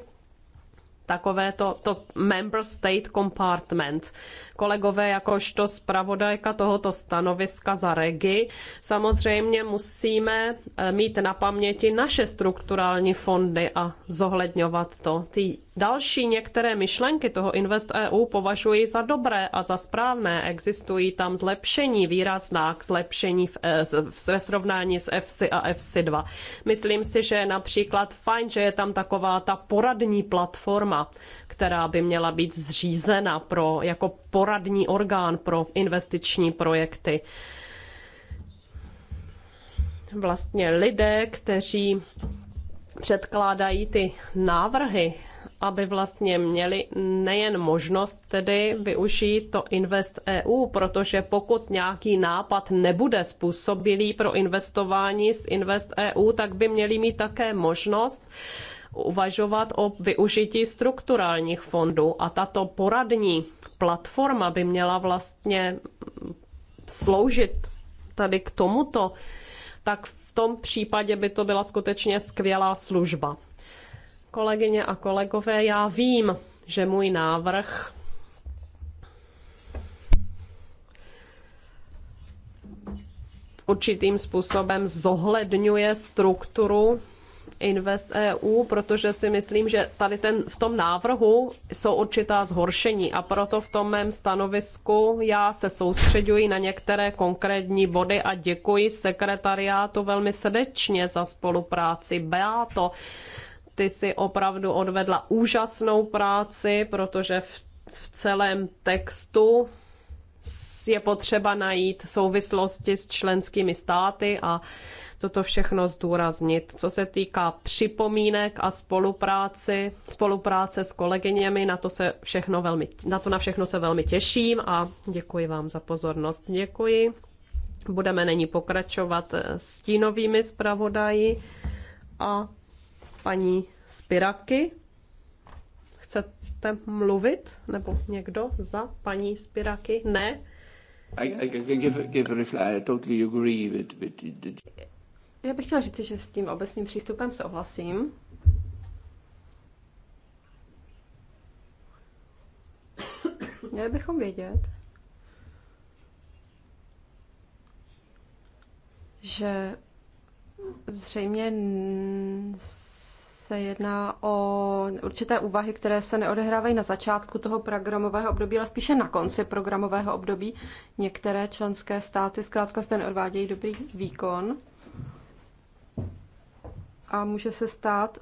to, to member state compartment. Kolegové, jakožto zpravodajka tohoto stanoviska za regi, samozřejmě musíme eh, mít na paměti naše strukturální fondy a zohledňovat to. Ty Další některé myšlenky toho Invest EU považuji za dobré a za správné. Existují tam zlepšení, výrazná k zlepšení v, e, ve srovnání s FC a FC2. Myslím si, že je například fajn, že je tam taková ta poradní platforma, která by měla být zřízena pro, jako poradní orgán pro investiční projekty. Vlastně lidé, kteří předkládají ty návrhy, aby vlastně měli nejen možnost tedy využít to Invest EU, protože pokud nějaký nápad nebude způsobilý pro investování z Invest EU, tak by měli mít také možnost uvažovat o využití strukturálních fondů a tato poradní platforma by měla vlastně sloužit tady k tomuto, tak v tom případě by to byla skutečně skvělá služba. Kolegyně a kolegové, já vím, že můj návrh určitým způsobem zohledňuje strukturu Invest EU, protože si myslím, že tady ten, v tom návrhu jsou určitá zhoršení a proto v tom mém stanovisku já se soustředuji na některé konkrétní body a děkuji sekretariátu velmi srdečně za spolupráci. Beato, ty si opravdu odvedla úžasnou práci, protože v, v celém textu je potřeba najít souvislosti s členskými státy a toto všechno zdůraznit. Co se týká připomínek a spolupráci, spolupráce s kolegyněmi, na to, se všechno velmi, na to na všechno se velmi těším a děkuji vám za pozornost. Děkuji. Budeme nyní pokračovat eh, s tínovými zpravodaji a paní Spiraky. Chcete mluvit? Nebo někdo za paní Spiraky? Ne? I, I can give, give a reply. I totally agree with, with já bych chtěla říct, že s tím obecným přístupem souhlasím. Měli bychom vědět, že zřejmě se jedná o určité úvahy, které se neodehrávají na začátku toho programového období, ale spíše na konci programového období. Některé členské státy zkrátka zde neodvádějí dobrý výkon a může se stát,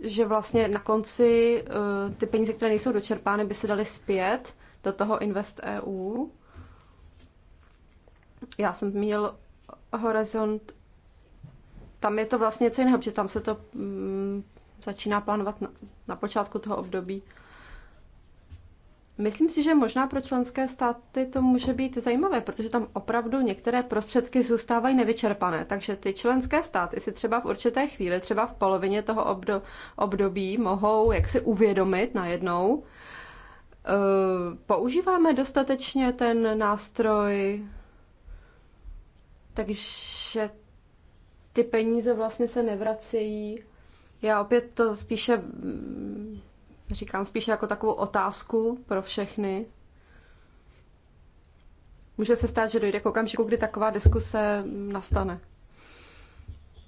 že vlastně na konci eh, ty peníze, které nejsou dočerpány, by se daly zpět do toho Invest EU. Já jsem měl horizont, tam je to vlastně něco jiného, protože tam se to um, začíná plánovat na, na počátku toho období. Myslím si, že možná pro členské státy to může být zajímavé, protože tam opravdu některé prostředky zůstávají nevyčerpané. Takže ty členské státy si třeba v určité chvíli, třeba v polovině toho období, mohou jak si uvědomit najednou, eh, používáme dostatečně ten nástroj, takže ty peníze vlastně se nevracejí. Já opět to spíše mm, říkám spíše jako takovou otázku pro všechny. Může se stát, že dojde k okamžiku, kdy taková diskuse nastane.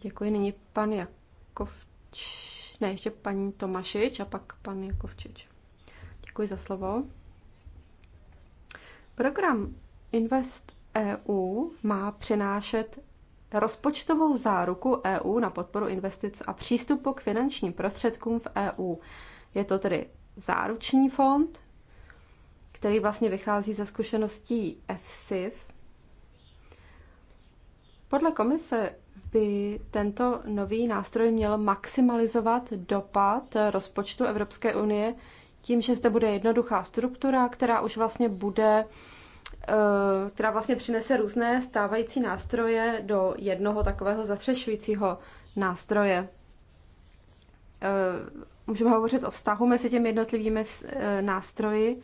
Děkuji. Nyní pan Jakovč. Ne, ještě paní Tomašič a pak pan Jakovčič. Děkuji za slovo. Program Invest EU má přinášet rozpočtovou záruku EU na podporu investic a přístupu k finančním prostředkům v EU. Je to tedy záruční fond, který vlastně vychází ze zkušeností FSIF. Podle komise by tento nový nástroj měl maximalizovat dopad rozpočtu Evropské unie tím, že zde bude jednoduchá struktura, která už vlastně bude eh, která vlastně přinese různé stávající nástroje do jednoho takového zastřešujícího nástroje. Eh, Můžeme hovořit o vztahu mezi těmi jednotlivými eh, nástroji.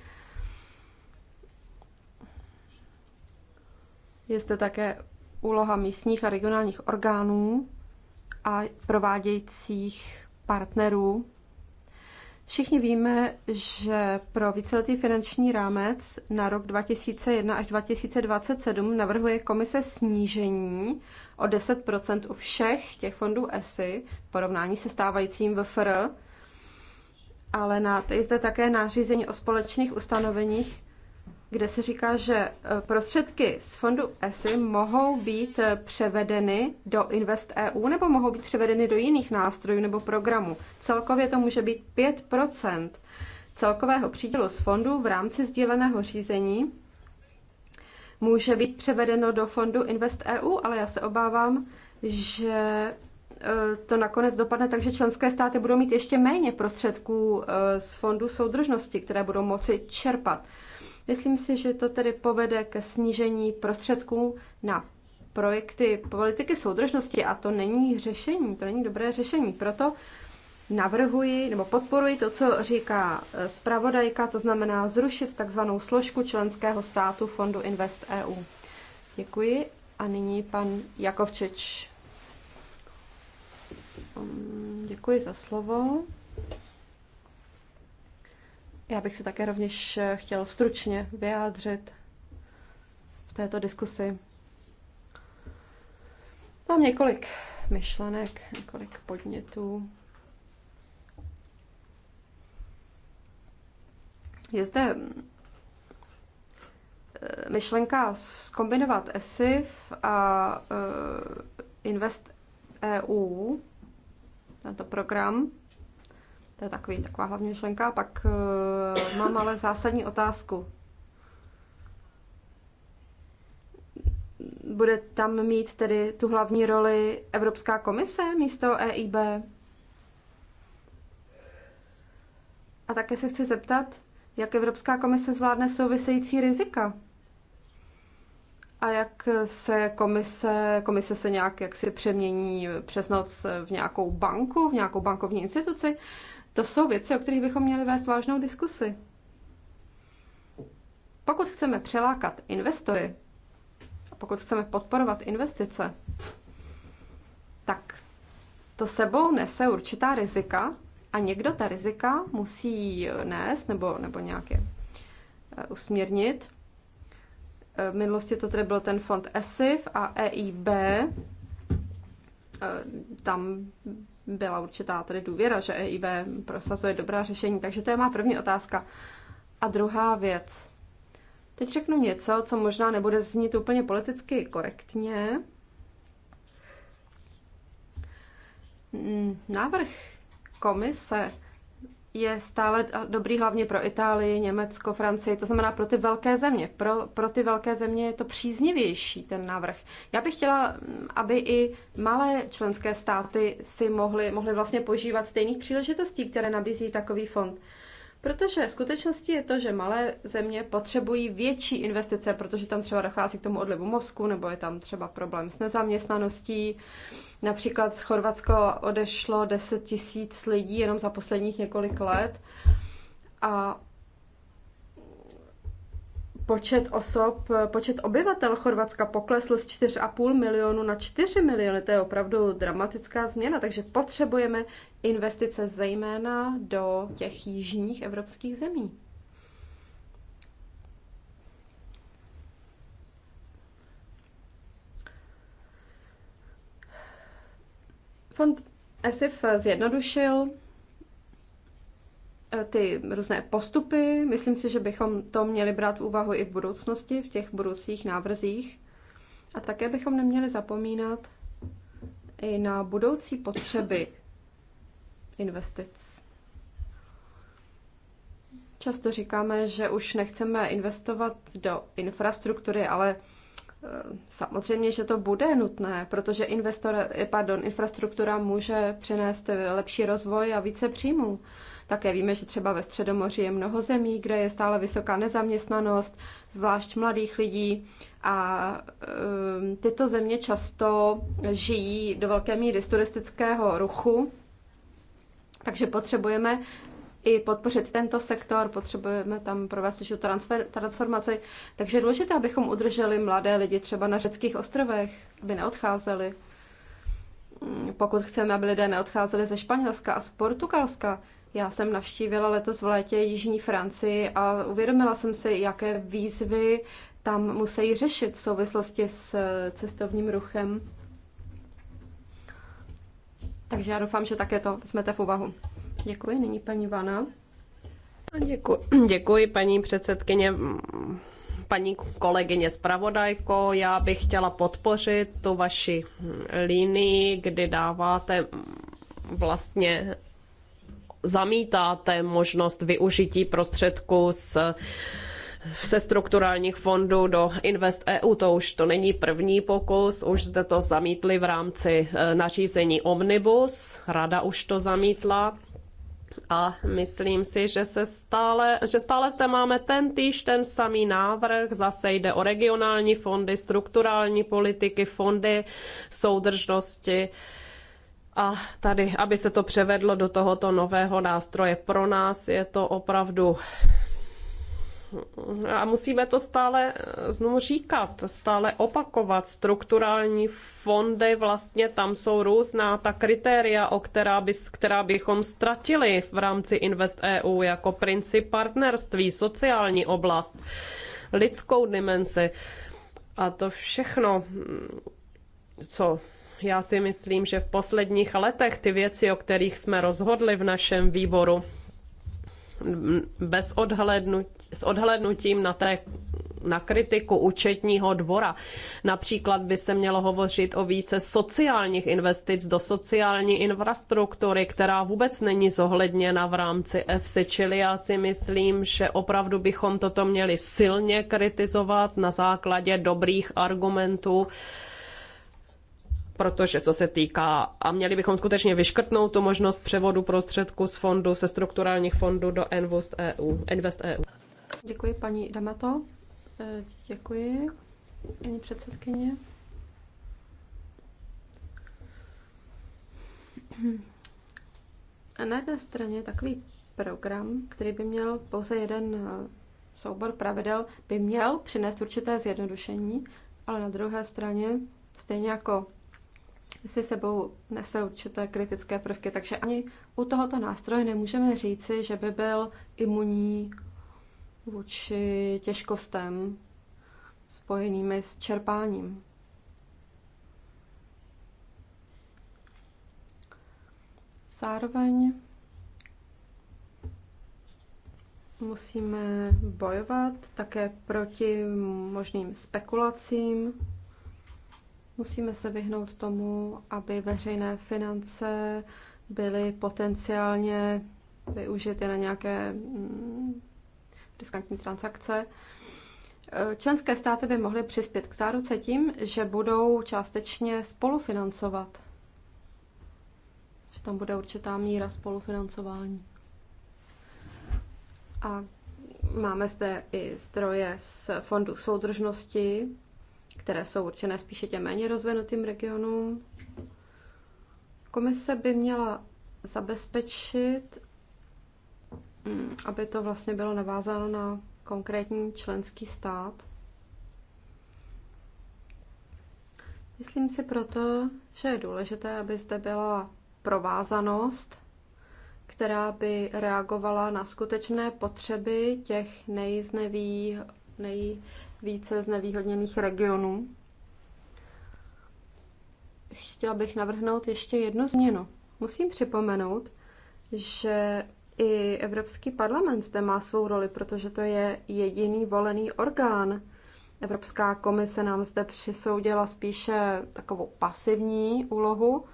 Je zde také úloha místních a regionálních orgánů a provádějících partnerů. Všichni víme, že pro víceletý finanční rámec na rok 2001 až 2027 navrhuje komise snížení o 10 u všech těch fondů ESI v porovnání se stávajícím VFR ale na, je zde také nářízení o společných ustanoveních, kde se říká, že e, prostředky z fondu ESI mohou být e, převedeny do Invest EU nebo mohou být převedeny do jiných nástrojů nebo programů. Celkově to může být 5 celkového přídělu z fondu v rámci sdíleného řízení může být převedeno do fondu Invest EU, ale já se obávám, že Eh, to nakonec dopadne tak, že členské státy budou mít ještě méně prostředků eh, z fondu soudržnosti, které budou moci čerpat. Myslím si, že to tedy povede ke snížení prostředků na projekty politiky soudržnosti a to není řešení, to není dobré řešení. Proto navrhuji nebo podporuji to, co říká eh, zpravodajka, to znamená zrušit takzvanou složku členského státu Fondu Invest EU. Děkuji a nyní pan Jakovčič. Ehm, děkuji za slovo. Já bych se také rovněž eh, chtěl stručně vyjádřit v této diskusi. Mám několik myšlenek, několik podnětů. Je zde mm, eh, myšlenka skombinovat ESIF a eh, Invest EU tento program. To je takový, taková hlavní myšlenka. Pak uh, mám ale zásadní otázku. Bude tam mít tedy tu hlavní roli Evropská komise místo EIB? A také se chci zeptat, jak Evropská komise zvládne související rizika? A jak se komise, komise se nějak jak si přemění přes noc v nějakou banku, v nějakou bankovní instituci, to jsou věci, o kterých bychom měli vést vážnou diskusi. Pokud chceme přelákat investory, pokud chceme podporovat investice, tak to sebou nese určitá rizika a někdo ta rizika musí nést nebo, nebo nějaké eh, usměrnit. V minulosti to tedy byl ten fond ESIF a EIB. Tam byla určitá tedy důvěra, že EIB prosazuje dobrá řešení. Takže to je má první otázka. A druhá věc. Teď řeknu něco, co možná nebude znít úplně politicky korektně. Hmm, návrh komise je stále dobrý hlavně pro Itálii, Německo, Francii, to znamená pro ty velké země. Pro, pro ty velké země je to příznivější ten návrh. Já bych chtěla, aby i malé členské státy si mohly, mohly vlastně požívat stejných příležitostí, které nabízí takový fond. Protože skutečností je to, že malé země potřebují větší investice, protože tam třeba dochází k tomu odlivu mozku, nebo je tam třeba problém s nezaměstnaností. Například z Chorvatsko odešlo 10 tisíc lidí jenom za posledních několik let. A počet osob, počet obyvatel Chorvatska poklesl z 4,5 milionu na 4 miliony. To je opravdu dramatická změna, takže potřebujeme investice zejména do těch jižních evropských zemí. Fond ESIF zjednodušil Eh, ty různé postupy. Myslím si, že bychom to měli brát v úvahu i v budoucnosti, v těch budoucích návrzích. A také bychom neměli zapomínat i na budoucí potřeby investic. Často říkáme, že už nechceme investovat do infrastruktury, ale eh, samozřejmě, že to bude nutné, protože investor, eh, pardon, infrastruktura může přinést lepší rozvoj a více příjmů. Také víme, že třeba ve Středomoří je mnoho zemí, kde je stále vysoká nezaměstnanost, zvlášť mladých lidí. A um, tyto země často žijí do velké míry z turistického ruchu, takže potřebujeme i podpořit tento sektor, potřebujeme tam provést tu transformaci. Takže je důležité, abychom udrželi mladé lidi třeba na řeckých ostrovech, aby neodcházeli. Hm, pokud chceme, aby lidé neodcházeli ze Španělska a z Portugalska, já jsem navštívila letos v létě Jižní Francii a uvědomila jsem si, jaké výzvy tam musí řešit v souvislosti s cestovním ruchem. Takže já doufám, že také to vezmete v úvahu. Děkuji, nyní paní Vana. Děkuji, děkuji paní předsedkyně paní kolegyně zpravodajko, já bych chtěla podpořit tu vaši linii, kdy dáváte vlastně zamítáte možnost využití prostředků z se strukturálních fondů do Invest EU. To už to není první pokus, už zde to zamítli v rámci e, nařízení Omnibus, rada už to zamítla. A myslím si, že, se stále, že stále zde máme ten týž, ten samý návrh. Zase jde o regionální fondy, strukturální politiky, fondy soudržnosti. A tady, aby se to převedlo do tohoto nového nástroje, pro nás je to opravdu a musíme to stále eh, znovu říkat, stále opakovat. Strukturální fondy, vlastně tam jsou různá ta kritéria, o která, by, která bychom ztratili v rámci Invest EU jako princip partnerství, sociální oblast, lidskou dimenzi. A to všechno, mm, co já si myslím, že v posledních letech ty věci, o kterých jsme rozhodli v našem výboru, bez odhlednutí, s odhlednutím na, té, na kritiku účetního dvora. Například by se mělo hovořit o více sociálních investic do sociální infrastruktury, která vůbec není zohledněna v rámci EFSI, čili já si myslím, že opravdu bychom toto měli silně kritizovat na základě dobrých argumentů protože co se týká, a měli bychom skutečně vyškrtnout tu možnost převodu prostředků z fondu, se strukturálních fondů do Invest EU. Invest EU. Děkuji, paní Damato. E, děkuji, paní předsedkyně. A na jedné straně takový program, který by měl pouze jeden e, soubor pravidel, by měl přinést určité zjednodušení, ale na druhé straně, stejně jako si sebou nese určité kritické prvky, takže ani u tohoto nástroje nemůžeme říci, že by byl imunní vůči těžkostem spojenými s čerpáním. Zároveň musíme bojovat také proti možným spekulacím Musíme se vyhnout tomu, aby veřejné finance byly potenciálně využity na nějaké mm, riskantní transakce. E, členské státy by mohly přispět k záruce tím, že budou částečně spolufinancovat. Že tam bude určitá míra spolufinancování. A máme zde i zdroje z Fondu soudržnosti, které jsou určené spíše těm méně rozvinutým regionům. Komise by měla zabezpečit, mm, aby to vlastně bylo navázáno na konkrétní členský stát. Myslím si proto, že je důležité, aby zde byla provázanost, která by reagovala na skutečné potřeby těch nejznevý, nej, více znevýhodněných regionů. Chtěla bych navrhnout ještě jednu změnu. Musím připomenout, že i Evropský parlament zde má svou roli, protože to je jediný volený orgán. Evropská komise nám zde přisoudila spíše takovou pasivní úlohu,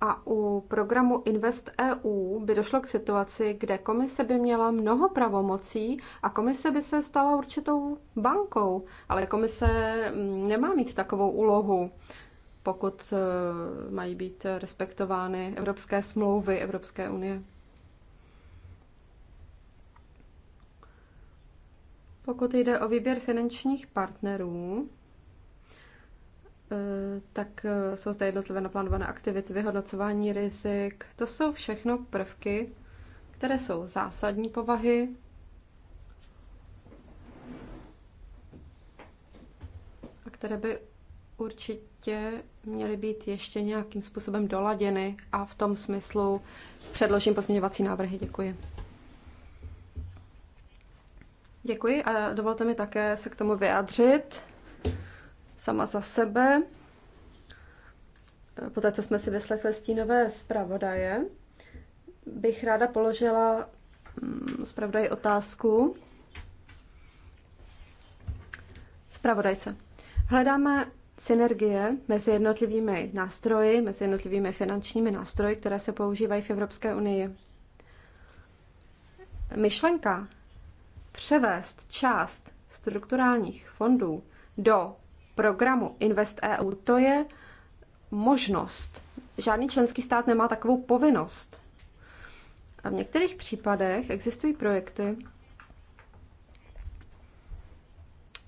a u programu Invest EU by došlo k situaci, kde komise by měla mnoho pravomocí a komise by se stala určitou bankou, ale komise mm, nemá mít takovou úlohu, pokud eh, mají být respektovány evropské smlouvy Evropské unie. Pokud jde o výběr finančních partnerů, Eh, tak eh, jsou zde jednotlivé naplánované aktivity, vyhodnocování rizik. To jsou všechno prvky, které jsou zásadní povahy. A které by určitě měly být ještě nějakým způsobem doladěny a v tom smyslu předložím pozměňovací návrhy. Děkuji. Děkuji a dovolte mi také se k tomu vyjádřit sama za sebe. E, poté, co jsme si vyslechli stínové zpravodaje, bych ráda položila mm, zpravodaj otázku. Zpravodajce. Hledáme synergie mezi jednotlivými nástroji, mezi jednotlivými finančními nástroji, které se používají v Evropské unii. Myšlenka převést část strukturálních fondů do programu Invest EU. To je možnost. Žádný členský stát nemá takovou povinnost. A v některých případech existují projekty,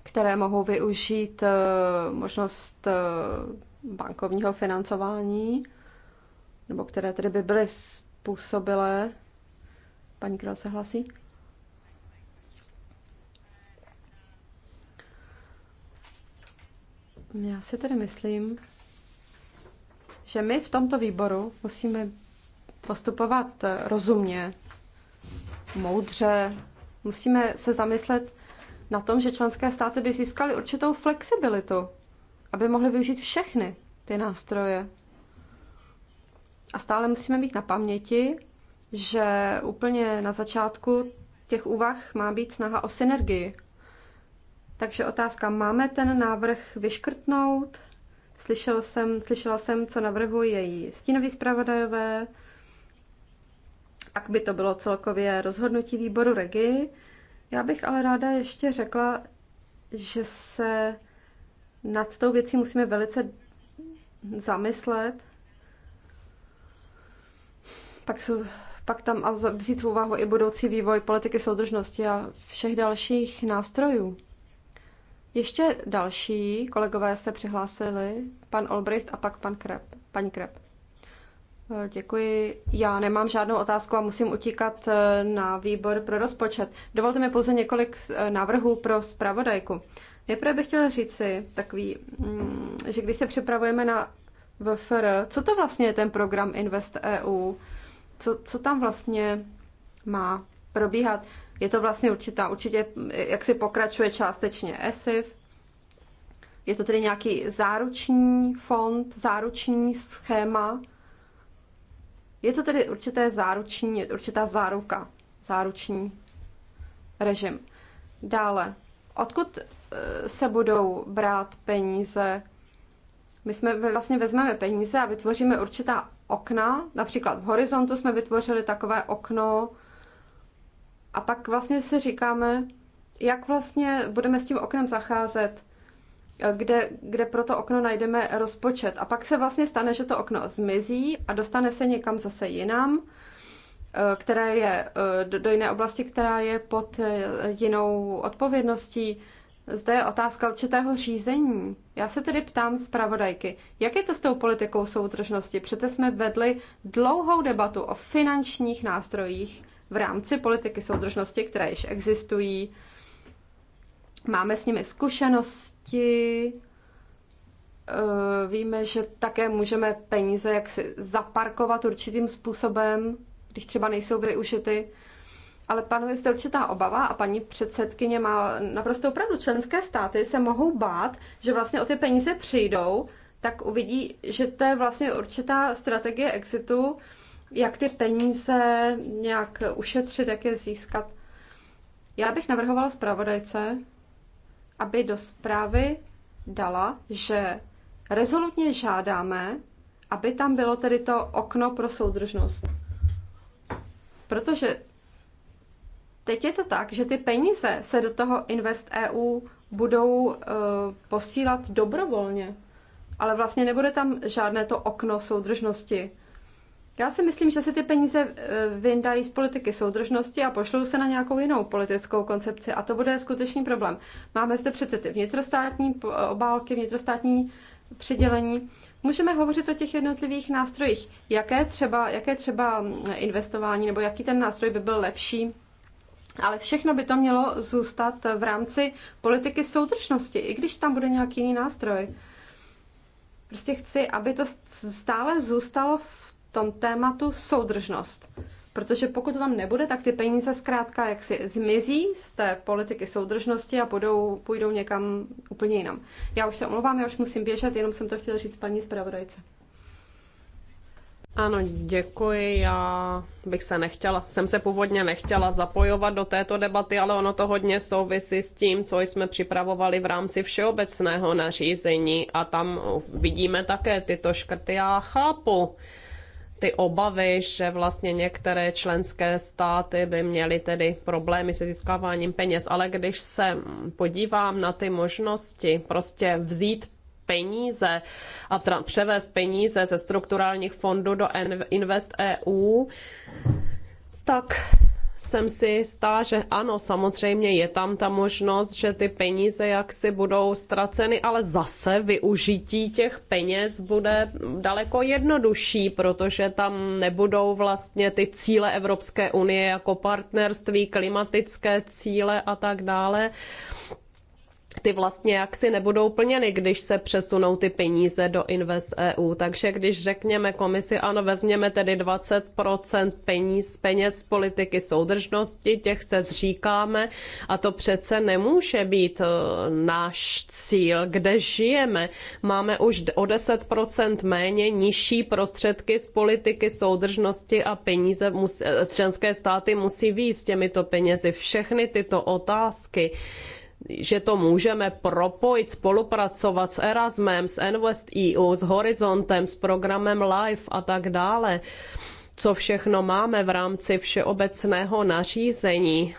které mohou využít eh, možnost eh, bankovního financování, nebo které tedy by byly způsobilé. Paní Král se hlasí. Já si tedy myslím, že my v tomto výboru musíme postupovat rozumně, moudře, musíme se zamyslet na tom, že členské státy by získaly určitou flexibilitu, aby mohly využít všechny ty nástroje. A stále musíme mít na paměti, že úplně na začátku těch úvah má být snaha o synergii takže otázka, máme ten návrh vyškrtnout? Slyšel jsem, slyšela jsem, co navrhují její stínoví zpravodajové. Tak by to bylo celkově rozhodnutí výboru Regi. Já bych ale ráda ještě řekla, že se nad tou věcí musíme velice zamyslet. Pak, jsou, pak tam a vzít v úvahu i budoucí vývoj politiky soudržnosti a všech dalších nástrojů. Ještě další kolegové se přihlásili, pan Olbricht a pak pan Krep, paní Krep. Eh, děkuji. Já nemám žádnou otázku a musím utíkat eh, na výbor pro rozpočet. Dovolte mi pouze několik eh, návrhů pro zpravodajku. Nejprve bych chtěla říci takový, mm, že když se připravujeme na VFR, co to vlastně je ten program Invest EU? Co, co tam vlastně má probíhat? Je to vlastně určitá, určitě, jak si pokračuje částečně ESIF. Je to tedy nějaký záruční fond, záruční schéma. Je to tedy určité záruční, určitá záruka, záruční režim. Dále, odkud eh, se budou brát peníze? My jsme vlastně vezmeme peníze a vytvoříme určitá okna. Například v horizontu jsme vytvořili takové okno, a pak vlastně si říkáme, jak vlastně budeme s tím oknem zacházet, kde, kde pro to okno najdeme rozpočet. A pak se vlastně stane, že to okno zmizí a dostane se někam zase jinam, eh, které je eh, do jiné oblasti, která je pod eh, jinou odpovědností. Zde je otázka určitého řízení. Já se tedy ptám zpravodajky, jak je to s tou politikou soudržnosti? Přece jsme vedli dlouhou debatu o finančních nástrojích v rámci politiky soudržnosti, které již existují. Máme s nimi zkušenosti, eh, víme, že také můžeme peníze jaksi zaparkovat určitým způsobem, když třeba nejsou využity. Ale panuje zde určitá obava a paní předsedkyně má naprosto opravdu Členské státy se mohou bát, že vlastně o ty peníze přijdou, tak uvidí, že to je vlastně určitá strategie exitu, jak ty peníze nějak ušetřit, jak je získat. Já bych navrhovala zpravodajce, aby do zprávy dala, že rezolutně žádáme, aby tam bylo tedy to okno pro soudržnost. Protože teď je to tak, že ty peníze se do toho Invest EU budou uh, posílat dobrovolně, ale vlastně nebude tam žádné to okno soudržnosti. Já si myslím, že se ty peníze eh, vyndají z politiky soudržnosti a pošlou se na nějakou jinou politickou koncepci a to bude skutečný problém. Máme zde přece ty vnitrostátní eh, obálky, vnitrostátní přidělení. Můžeme hovořit o těch jednotlivých nástrojích. Jaké třeba, jaké třeba mm, investování nebo jaký ten nástroj by byl lepší? Ale všechno by to mělo zůstat v rámci politiky soudržnosti, i když tam bude nějaký jiný nástroj. Prostě chci, aby to stále zůstalo v tom tématu soudržnost. Protože pokud to tam nebude, tak ty peníze zkrátka jaksi zmizí z té politiky soudržnosti a půjdou půjdou někam úplně jinam. Já už se omlouvám, já už musím běžet, jenom jsem to chtěla říct paní zpravodajce. Ano, děkuji. Já bych se nechtěla, jsem se původně nechtěla zapojovat do této debaty, ale ono to hodně souvisí s tím, co jsme připravovali v rámci všeobecného nařízení a tam vidíme také tyto škrty. Já chápu ty obavy, že vlastně některé členské státy by měly tedy problémy se získáváním peněz, ale když se podívám na ty možnosti prostě vzít peníze a převést peníze ze strukturálních fondů do Invest EU, tak jsem si jistá, že ano, samozřejmě je tam ta možnost, že ty peníze jaksi budou ztraceny, ale zase využití těch peněz bude daleko jednodušší, protože tam nebudou vlastně ty cíle Evropské unie jako partnerství, klimatické cíle a tak dále ty vlastně jaksi nebudou plněny, když se přesunou ty peníze do Invest EU. Takže když řekněme komisi, ano, vezměme tedy 20% peníz, peněz z politiky soudržnosti, těch se zříkáme a to přece nemůže být e, náš cíl, kde žijeme. Máme už o 10% méně nižší prostředky z politiky soudržnosti a peníze e, z členské státy musí víc těmito penězi. Všechny tyto otázky že to můžeme propojit, spolupracovat s Erasmem, s Invest EU, s Horizontem, s programem Life a tak dále, co všechno máme v rámci všeobecného nařízení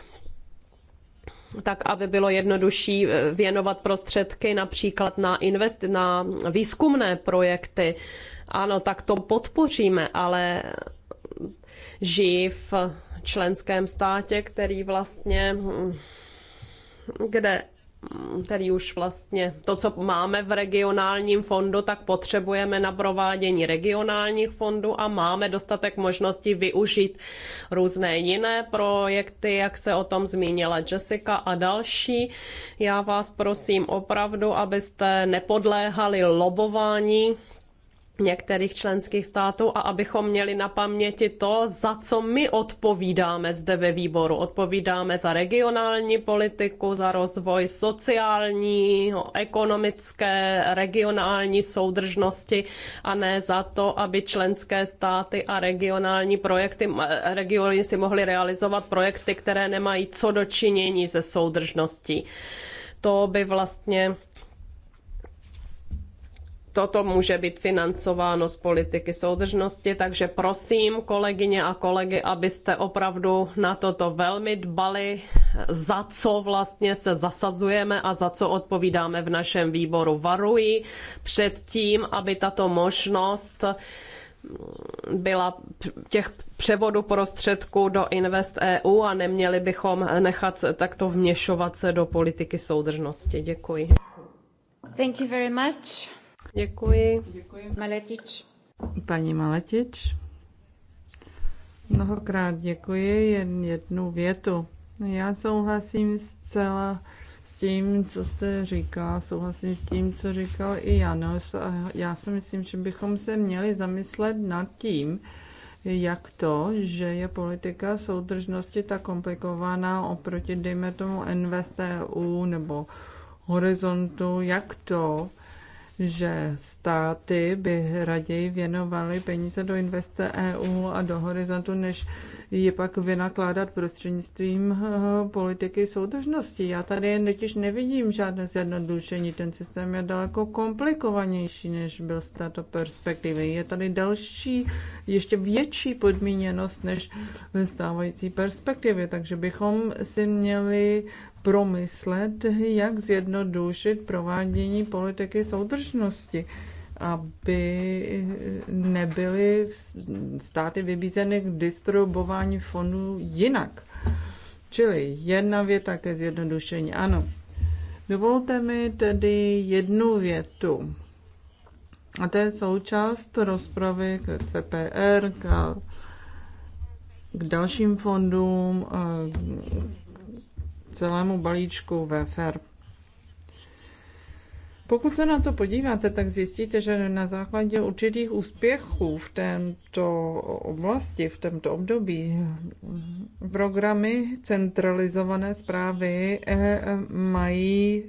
tak aby bylo jednodušší eh, věnovat prostředky například na, invest, na výzkumné projekty. Ano, tak to podpoříme, ale žijí v členském státě, který vlastně hm, kde který už vlastně to, co máme v regionálním fondu, tak potřebujeme na provádění regionálních fondů a máme dostatek možností využít různé jiné projekty, jak se o tom zmínila Jessica a další. Já vás prosím opravdu, abyste nepodléhali lobování některých členských států a abychom měli na paměti to, za co my odpovídáme zde ve výboru. Odpovídáme za regionální politiku, za rozvoj sociální, ekonomické, regionální soudržnosti a ne za to, aby členské státy a regionální projekty, eh, regiony si mohly realizovat projekty, které nemají co dočinění se soudržností. To by vlastně toto může být financováno z politiky soudržnosti, takže prosím kolegyně a kolegy, abyste opravdu na toto velmi dbali, za co vlastně se zasazujeme a za co odpovídáme v našem výboru. Varuji před tím, aby tato možnost byla těch převodu prostředků do Invest EU a neměli bychom nechat takto vměšovat se do politiky soudržnosti. Děkuji. Thank you very much. Děkuji. Děkuji. Maletič. Paní Maletič. Mnohokrát děkuji, jen jednu větu. Já souhlasím zcela s tím, co jste říkala, souhlasím s tím, co říkal i A Já si myslím, že bychom se měli zamyslet nad tím, jak to, že je politika soudržnosti tak komplikovaná oproti, dejme tomu, NVSTU nebo Horizontu, jak to, že státy by raději věnovaly peníze do investe EU a do horizontu, než je pak vynakládat prostřednictvím eh, politiky soudržnosti. Já tady totiž nevidím žádné zjednodušení. Ten systém je daleko komplikovanější, než byl z této perspektivy. Je tady další, ještě větší podmíněnost než ve stávající perspektivě, takže bychom si měli promyslet, jak zjednodušit provádění politiky soudržnosti, aby nebyly státy vybízeny k distribuování fondů jinak. Čili jedna věta ke zjednodušení. Ano. Dovolte mi tedy jednu větu. A to je součást rozpravy k CPR, k, k dalším fondům, celému balíčku VFR. Pokud se na to podíváte, tak zjistíte, že na základě určitých úspěchů v této oblasti, v tomto období, programy centralizované zprávy eh, mají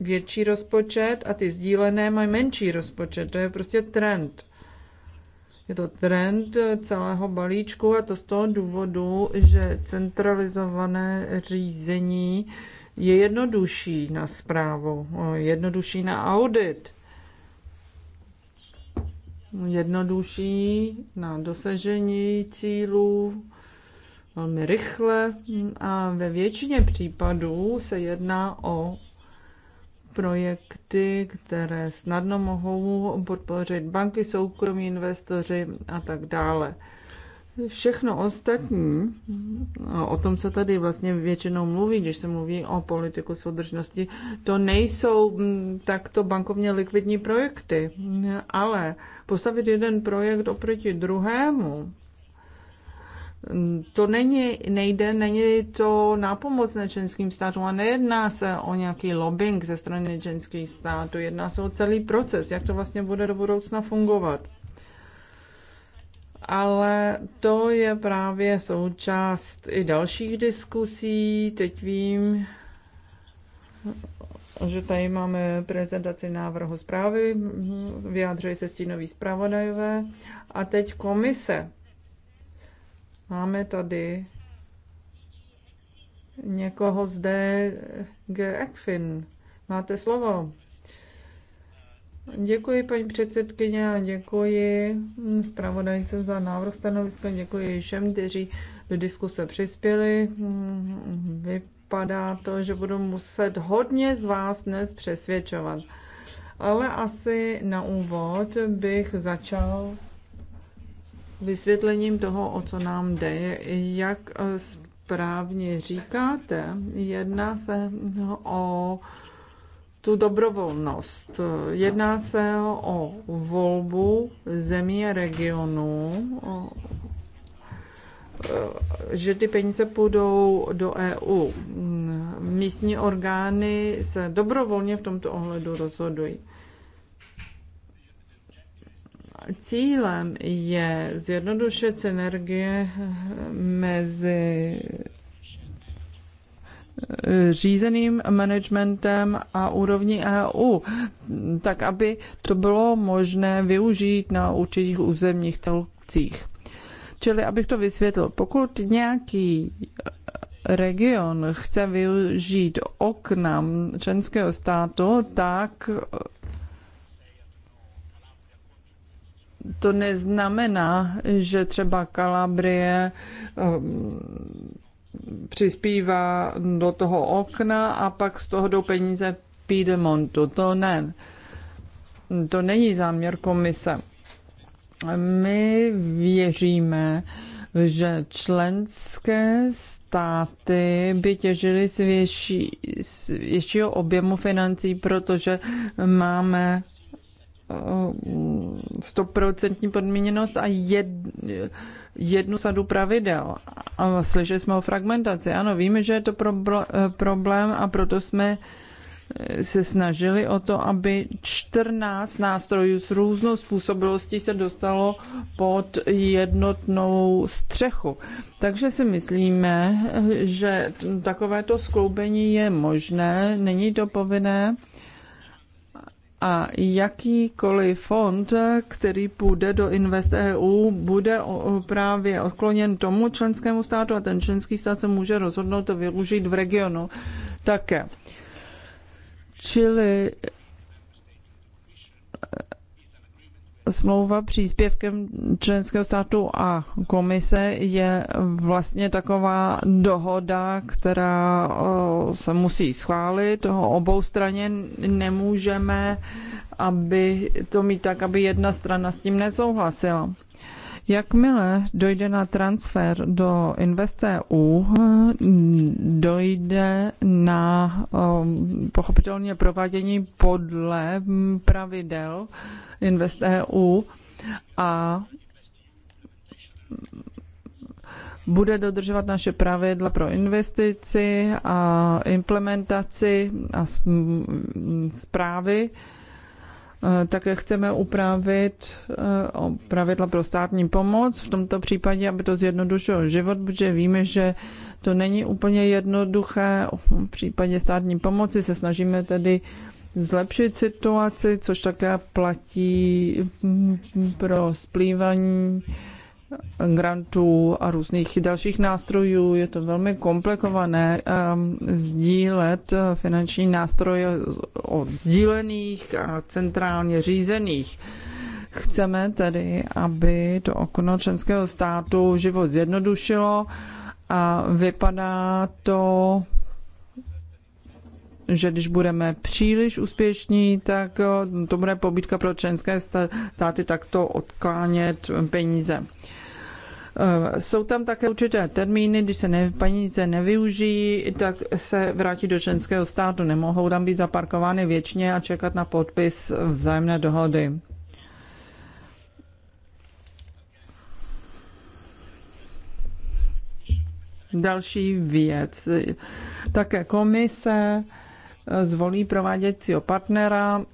větší rozpočet a ty sdílené mají menší rozpočet. To je prostě trend. Je to trend celého balíčku a to z toho důvodu, že centralizované řízení je jednodušší na zprávu, jednodušší na audit, jednodušší na dosažení cílů, velmi rychle a ve většině případů se jedná o projekty, které snadno mohou podpořit banky, soukromí investoři a tak dále. Všechno ostatní, o tom se tady vlastně většinou mluví, když se mluví o politiku soudržnosti, to nejsou mm, takto bankovně likvidní projekty, ale postavit jeden projekt oproti druhému, to není, nejde, není to nápomocné ženským státům a nejedná se o nějaký lobbying ze strany ženských států, jedná se o celý proces, jak to vlastně bude do budoucna fungovat. Ale to je právě součást i dalších diskusí. Teď vím, že tady máme prezentaci návrhu zprávy, vyjádřuje se stínový zpravodajové a teď komise Máme tady někoho zde G. Ekfin. Máte slovo. Děkuji, paní předsedkyně, a děkuji zpravodajce za návrh stanoviska. Děkuji všem, kteří do diskuse přispěli. Vypadá to, že budu muset hodně z vás dnes přesvědčovat. Ale asi na úvod bych začal vysvětlením toho, o co nám jde. Jak eh, správně říkáte, jedná se eh, o tu dobrovolnost. Eh, jedná se o volbu zemí a regionu, že ty peníze půjdou do EU. Hm, místní orgány se dobrovolně v tomto ohledu rozhodují. Cílem je zjednodušit synergie mezi řízeným managementem a úrovní EU, tak aby to bylo možné využít na určitých územních celcích. Čili abych to vysvětlil, pokud nějaký region chce využít okna členského státu, tak to neznamená, že třeba Kalabrie um, přispívá do toho okna a pak z toho jdou peníze Piedemontu. To ne. To není záměr komise. My věříme, že členské státy by těžily z, větší, z většího objemu financí, protože máme Eh, stoprocentní podmíněnost a jed, jednu sadu pravidel. A slyšeli jsme o fragmentaci. Ano, víme, že je to eh, problém a proto jsme eh, se snažili o to, aby 14 nástrojů s různou způsobilostí se dostalo pod jednotnou střechu. Takže si myslíme, že takovéto skloubení je možné, není to povinné a jakýkoliv fond, který půjde do Invest EU, bude právě odkloněn tomu členskému státu a ten členský stát se může rozhodnout to využít v regionu také. Čili smlouva příspěvkem členského státu a komise je vlastně taková dohoda, která se musí schválit toho obou straně. Nemůžeme aby to mít tak, aby jedna strana s tím nesouhlasila. Jakmile dojde na transfer do InvestEU, dojde na um, pochopitelně provádění podle pravidel InvestEU a bude dodržovat naše pravidla pro investici a implementaci a zprávy. Eh, také chceme upravit eh, pravidla pro státní pomoc, v tomto případě, aby to zjednodušilo život, protože víme, že to není úplně jednoduché. V případě státní pomoci se snažíme tedy zlepšit situaci, což také platí mm, pro splývaní grantů a různých dalších nástrojů. Je to velmi komplikované ehm, sdílet eh, finanční nástroje od sdílených a centrálně řízených. Chceme tedy, aby to okno členského státu život zjednodušilo a vypadá to že když budeme příliš úspěšní, tak eh, to bude pobídka pro členské státy takto odklánět peníze. Eh, jsou tam také určité termíny, když se ne, peníze nevyužijí, tak se vrátí do členského státu. Nemohou tam být zaparkovány věčně a čekat na podpis vzájemné dohody. Další věc. Také komise eh, zvolí prováděcího partnera.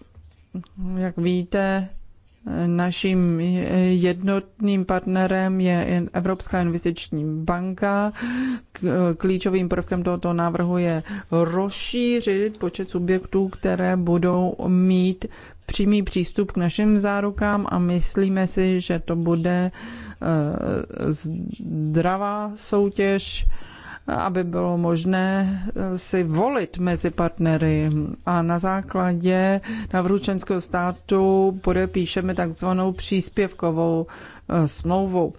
Jak víte, Naším jednotným partnerem je Evropská investiční banka. Klíčovým prvkem tohoto návrhu je rozšířit počet subjektů, které budou mít přímý přístup k našim zárukám a myslíme si, že to bude eh, zdravá soutěž aby bylo možné eh, si volit mezi partnery. A na základě návrhu členského státu podepíšeme takzvanou příspěvkovou eh, smlouvu.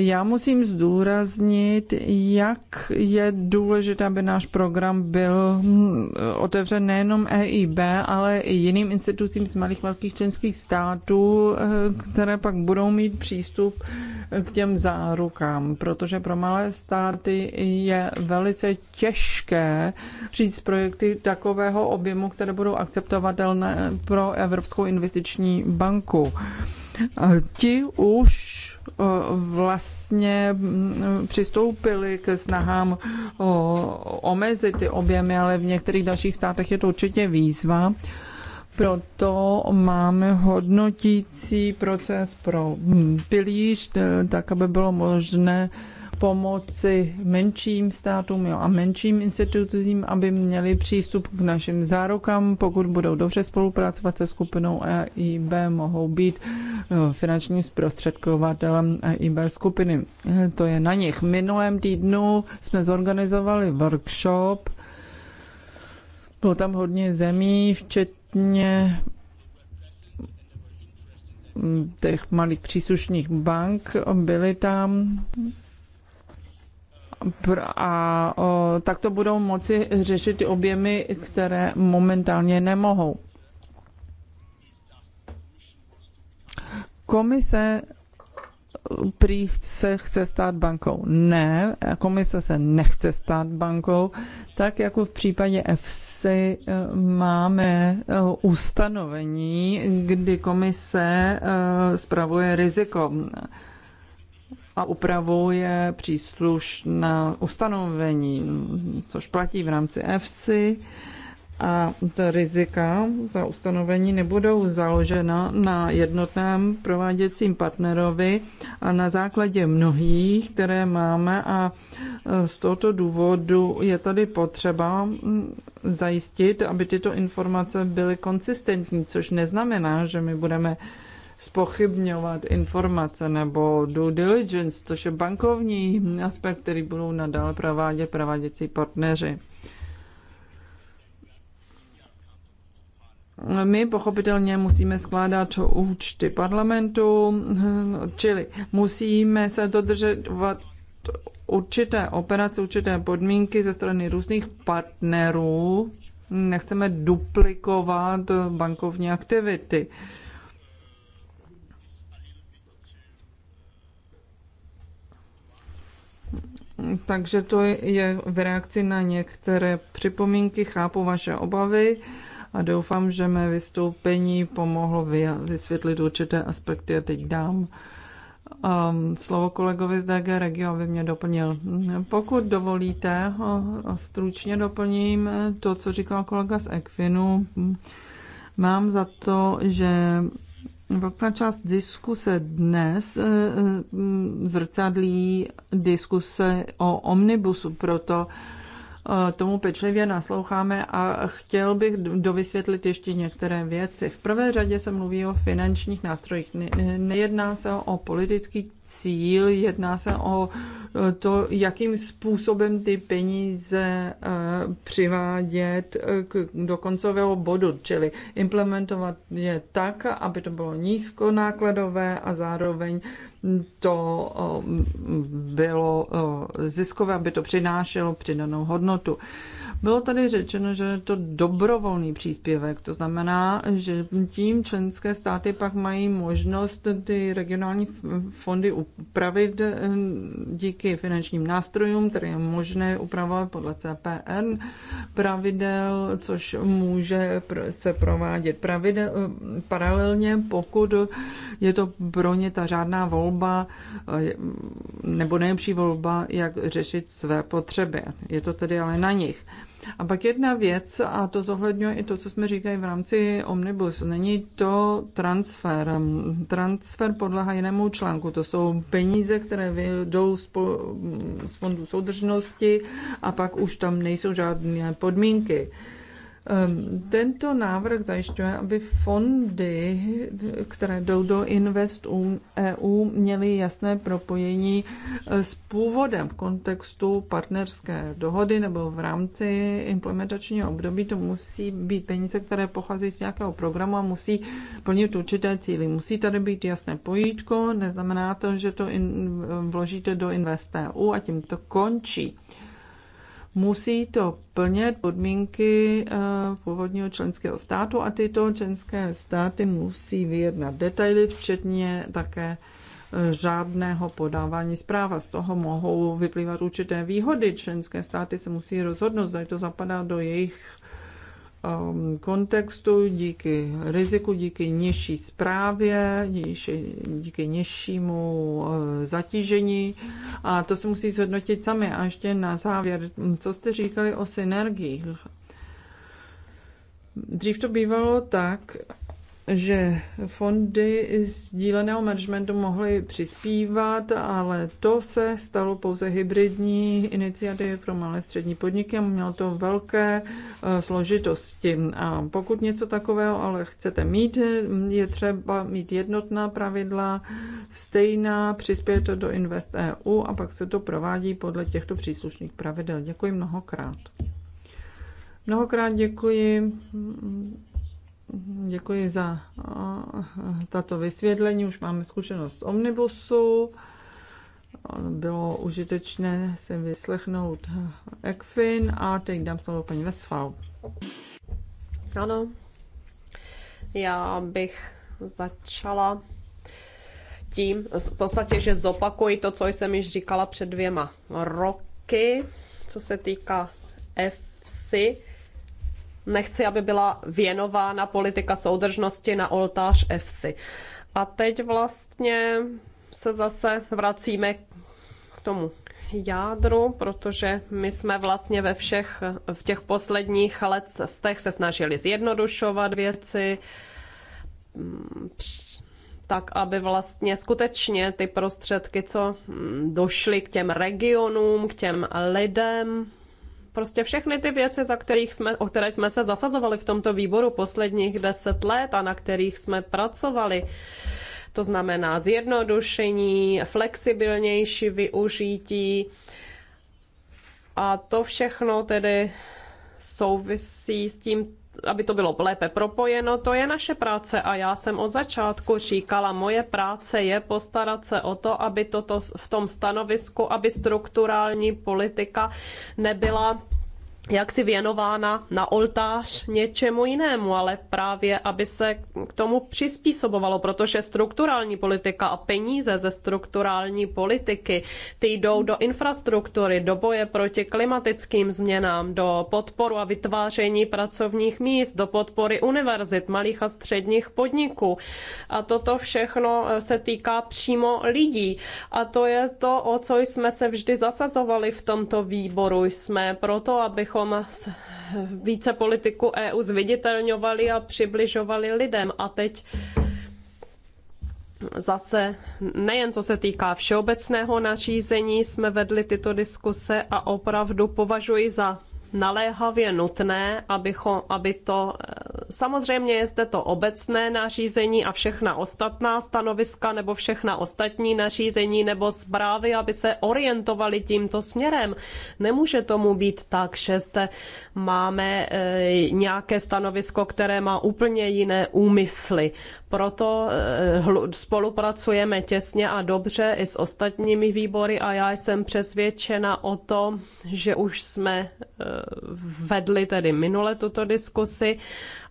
Já musím zdůraznit, jak je důležité, aby náš program byl hm, otevřen nejenom EIB, ale i jiným institucím z malých velkých členských států, eh, které pak budou mít přístup eh, k těm zárukám, protože pro malé státy je velice těžké přijít s projekty takového objemu, které budou akceptovatelné pro Evropskou investiční banku. Eh, ti už vlastně mm, přistoupili k snahám omezit ty objemy, ale v některých dalších státech je to určitě výzva. Proto máme hodnotící proces pro mm, pilíř, tak aby bylo možné pomoci menším státům jo, a menším institucím, aby měli přístup k našim zárokám. Pokud budou dobře spolupracovat se skupinou EIB, mohou být eh, finančním zprostředkovatelem EIB skupiny. Eh, to je na nich. Minulém týdnu jsme zorganizovali workshop. Bylo tam hodně zemí, včetně hm, těch malých příslušných bank byly tam a tak to budou moci řešit ty objemy, které momentálně nemohou. Komise prý se chce stát bankou. Ne, komise se nechce stát bankou, tak jako v případě FC eh, máme eh, ustanovení, kdy komise eh, spravuje riziko a upravuje příslušná ustanovení, což platí v rámci EFSI a ta rizika, ta ustanovení nebudou založena na jednotném prováděcím partnerovi a na základě mnohých, které máme a z tohoto důvodu je tady potřeba zajistit, aby tyto informace byly konsistentní, což neznamená, že my budeme spochybňovat informace nebo due diligence, což je bankovní aspekt, který budou nadále provádět prováděcí partneři. My pochopitelně musíme skládat účty parlamentu, čili musíme se dodržovat určité operace, určité podmínky ze strany různých partnerů. Nechceme duplikovat bankovní aktivity. Takže to je v reakci na některé připomínky, chápu vaše obavy a doufám, že mé vystoupení pomohlo vysvětlit určité aspekty a teď dám um, slovo kolegovi z DG Regio, aby mě doplnil. Pokud dovolíte, stručně doplním to, co říkal kolega z Equinu. Mám za to, že Velká část diskuse dnes eh, eh, zrcadlí diskuse o omnibusu, proto Eh, tomu pečlivě nasloucháme a chtěl bych dovysvětlit ještě některé věci. V prvé řadě se mluví o finančních nástrojích. Nejedná se o politický cíl, jedná se o eh, to, jakým způsobem ty peníze eh, přivádět do koncového bodu, čili implementovat je tak, aby to bylo nízkonákladové a zároveň to bylo ziskové, aby to přinášelo přidanou hodnotu. Bylo tady řečeno, že je to dobrovolný příspěvek, to znamená, že tím členské státy pak mají možnost ty regionální fondy upravit eh, díky finančním nástrojům, které je možné upravovat podle CPN pravidel, což může se provádět pravidel, eh, paralelně, pokud je to pro ně ta řádná volba eh, nebo nejlepší volba, jak řešit své potřeby. Je to tedy ale na nich. A pak jedna věc, a to zohledňuje i to, co jsme říkali v rámci Omnibus, není to transfer. Transfer podlehá jinému článku. To jsou peníze, které jdou z, mm, z fondu soudržnosti a pak už tam nejsou žádné podmínky. Ehm, tento návrh zajišťuje, aby fondy, které jdou do Invest EU, e měly jasné propojení eh, s původem v kontextu partnerské dohody nebo v rámci implementačního období. To musí být peníze, které pocházejí z nějakého programu a musí plnit určité cíly. Musí tady být jasné pojítko, neznamená to, že to in, vložíte do Invest EU a tím to končí musí to plnit podmínky eh, původního členského státu a tyto členské státy musí vyjednat detaily, včetně také žádného eh, podávání zpráva. z toho mohou vyplývat určité výhody. Členské státy se musí rozhodnout, zda to zapadá do jejich Um, kontextu, díky riziku, díky nižší správě, díky nižšímu uh, zatížení. A to se musí zhodnotit sami. A ještě na závěr, co jste říkali o synergiích. Dřív to bývalo tak, že fondy sdíleného managementu mohly přispívat, ale to se stalo pouze hybridní iniciativy pro malé střední podniky a mělo to velké eh, složitosti. A pokud něco takového ale chcete mít, je třeba mít jednotná pravidla, stejná, přispěje to do Invest EU a pak se to provádí podle těchto příslušných pravidel. Děkuji mnohokrát. Mnohokrát děkuji Děkuji za eh, tato vysvětlení. Už máme zkušenost z omnibusu. Bylo užitečné si vyslechnout ECFIN eh, a teď dám slovo paní Vesfal. Ano, já bych začala tím, v podstatě, že zopakuji to, co jsem již říkala před dvěma roky, co se týká FC nechci, aby byla věnována politika soudržnosti na oltář EFSI. A teď vlastně se zase vracíme k tomu jádru, protože my jsme vlastně ve všech, v těch posledních letech se snažili zjednodušovat věci, tak aby vlastně skutečně ty prostředky, co došly k těm regionům, k těm lidem, Prostě všechny ty věci, za kterých jsme, o které jsme se zasazovali v tomto výboru posledních deset let a na kterých jsme pracovali, to znamená zjednodušení, flexibilnější využití. A to všechno tedy souvisí s tím aby to bylo lépe propojeno, to je naše práce a já jsem od začátku říkala, moje práce je postarat se o to, aby toto v tom stanovisku, aby strukturální politika nebyla jaksi věnována na oltář něčemu jinému, ale právě, aby se k tomu přispůsobovalo, protože strukturální politika a peníze ze strukturální politiky, ty jdou do infrastruktury, do boje proti klimatickým změnám, do podporu a vytváření pracovních míst, do podpory univerzit, malých a středních podniků. A toto všechno eh, se týká přímo lidí. A to je to, o co jsme se vždy zasazovali v tomto výboru. Jsme proto, abychom abychom více politiku EU zviditelňovali a přibližovali lidem. A teď zase nejen co se týká všeobecného nařízení, jsme vedli tyto diskuse a opravdu považuji za naléhavě nutné, abychom, aby to Samozřejmě je zde to obecné nařízení a všechna ostatná stanoviska nebo všechna ostatní nařízení nebo zprávy, aby se orientovali tímto směrem. Nemůže tomu být tak, že zde máme eh, nějaké stanovisko, které má úplně jiné úmysly. Proto eh, spolupracujeme těsně a dobře i s ostatními výbory a já jsem přesvědčena o tom, že už jsme eh, vedli tedy minule tuto diskusi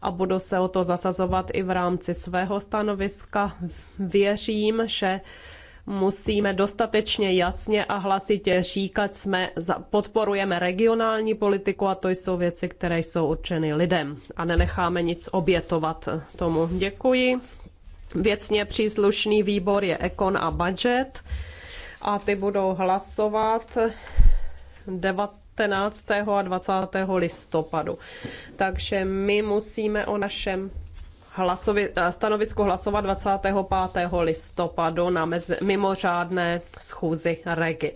a budu se o to zasazovat i v rámci svého stanoviska. Věřím, že musíme dostatečně jasně a hlasitě říkat, jsme podporujeme regionální politiku a to jsou věci, které jsou určeny lidem a nenecháme nic obětovat tomu. Děkuji. Věcně příslušný výbor je Ekon a Budget a ty budou hlasovat 19. 19. a 20. listopadu. Takže my musíme o našem hlasovi, eh, stanovisku hlasovat 25. listopadu na mezi, mimořádné schůzi REGI.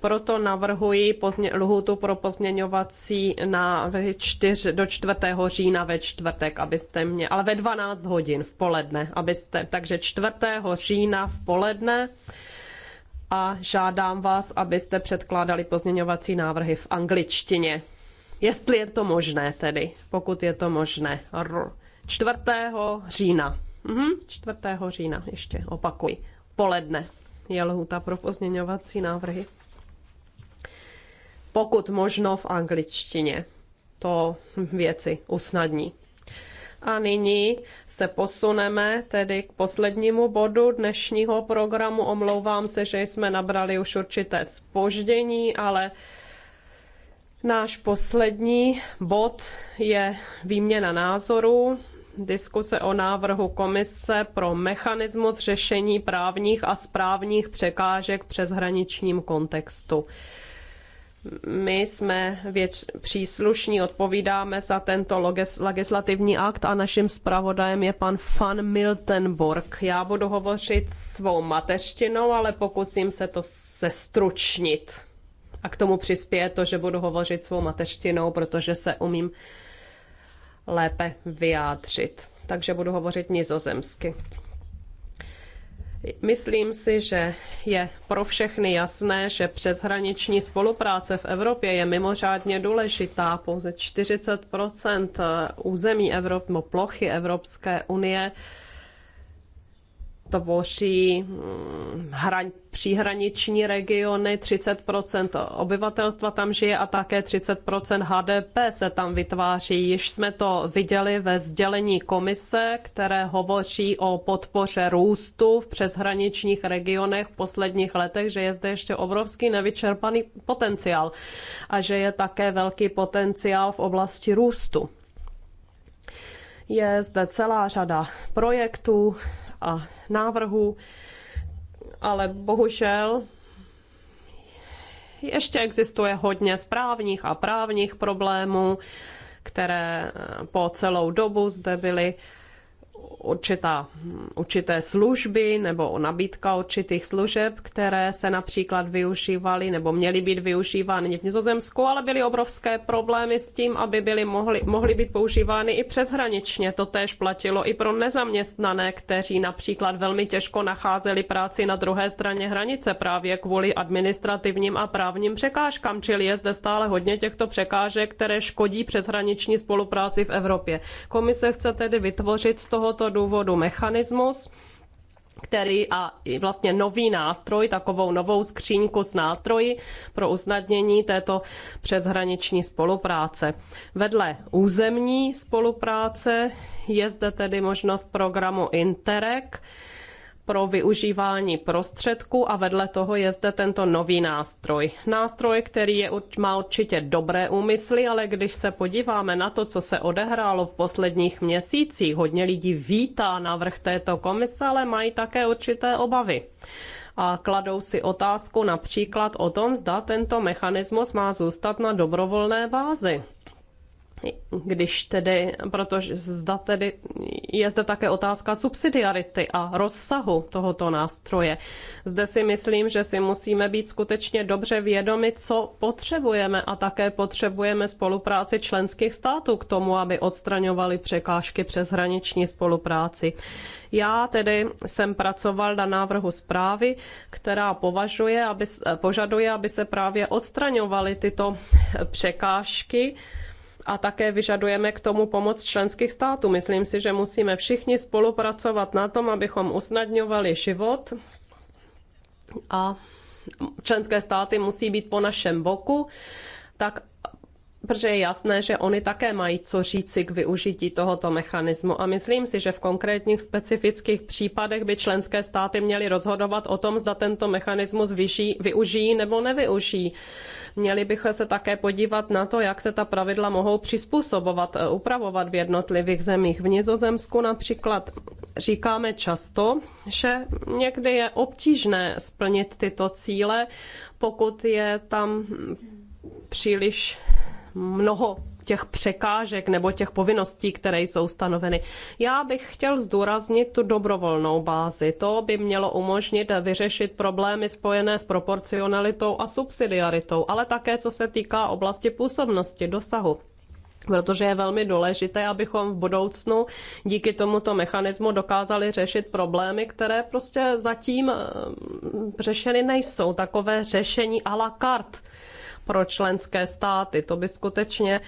Proto navrhuji pozně, lhutu pro pozměňovací na ve čtyř, do 4. října ve čtvrtek, abyste mě, ale ve 12 hodin v poledne, abyste, takže 4. října v poledne a žádám vás, abyste předkládali pozměňovací návrhy v angličtině. Jestli je to možné tedy, pokud je to možné. 4. října. Mhm, 4. října, ještě opakuji. Poledne je lhuta pro pozměňovací návrhy. Pokud možno v angličtině. To věci usnadní. A nyní se posuneme tedy k poslednímu bodu dnešního programu. Omlouvám se, že jsme nabrali už určité spoždění, ale náš poslední bod je výměna názorů diskuse o návrhu komise pro mechanismus řešení právních a správních překážek přeshraničním kontextu my jsme věč, příslušní, odpovídáme za tento legislativní akt a naším zpravodajem je pan Van Miltenborg. Já budu hovořit svou mateřštinou, ale pokusím se to sestručnit. A k tomu přispěje to, že budu hovořit svou mateřštinou, protože se umím lépe vyjádřit. Takže budu hovořit nizozemsky. Myslím si, že je pro všechny jasné, že přeshraniční spolupráce v Evropě je mimořádně důležitá. Pouze 40 území Evropy, plochy Evropské unie tvoří mm, hraň, příhraniční regiony, 30% obyvatelstva tam žije a také 30% HDP se tam vytváří. Již jsme to viděli ve sdělení komise, které hovoří o podpoře růstu v přeshraničních regionech v posledních letech, že je zde ještě obrovský nevyčerpaný potenciál a že je také velký potenciál v oblasti růstu je zde celá řada projektů, a návrhů, ale bohužel ještě existuje hodně správních a právních problémů, které po celou dobu zde byly určitá, určité služby nebo nabídka určitých služeb, které se například využívaly nebo měly být využívány v Nizozemsku, ale byly obrovské problémy s tím, aby byly mohly, mohly být používány i přeshraničně. To též platilo i pro nezaměstnané, kteří například velmi těžko nacházeli práci na druhé straně hranice právě kvůli administrativním a právním překážkám, čili je zde stále hodně těchto překážek, které škodí přeshraniční spolupráci v Evropě. Komise chce tedy vytvořit z toho tohoto důvodu mechanismus, který a i vlastně nový nástroj, takovou novou skříňku s nástroji pro usnadnění této přeshraniční spolupráce. Vedle územní spolupráce je zde tedy možnost programu Interreg, pro využívání prostředků a vedle toho je zde tento nový nástroj. Nástroj, který je, má určitě dobré úmysly, ale když se podíváme na to, co se odehrálo v posledních měsících, hodně lidí vítá návrh této komise, ale mají také určité obavy a kladou si otázku například o tom, zda tento mechanismus má zůstat na dobrovolné bázi když tedy, protože zda tedy je zde také otázka subsidiarity a rozsahu tohoto nástroje. Zde si myslím, že si musíme být skutečně dobře vědomi, co potřebujeme a také potřebujeme spolupráci členských států k tomu, aby odstraňovali překážky přes hraniční spolupráci. Já tedy jsem pracoval na návrhu zprávy, která považuje, aby, požaduje, aby se právě odstraňovaly tyto překážky, a také vyžadujeme k tomu pomoc členských států. Myslím si, že musíme všichni spolupracovat na tom, abychom usnadňovali život a členské státy musí být po našem boku, tak protože je jasné, že oni také mají co říci k využití tohoto mechanismu. A myslím si, že v konkrétních specifických případech by členské státy měly rozhodovat o tom, zda tento mechanismus vyží, využijí nebo nevyužijí. Měli bychom se také podívat na to, jak se ta pravidla mohou přizpůsobovat, eh, upravovat v jednotlivých zemích. V Nizozemsku například říkáme často, že někdy je obtížné splnit tyto cíle, pokud je tam příliš mnoho těch překážek nebo těch povinností, které jsou stanoveny. Já bych chtěl zdůraznit tu dobrovolnou bázi. To by mělo umožnit vyřešit problémy spojené s proporcionalitou a subsidiaritou, ale také co se týká oblasti působnosti, dosahu protože je velmi důležité, abychom v budoucnu díky tomuto mechanismu dokázali řešit problémy, které prostě zatím eh, řešeny nejsou. Takové řešení à la carte pro členské státy. To by skutečně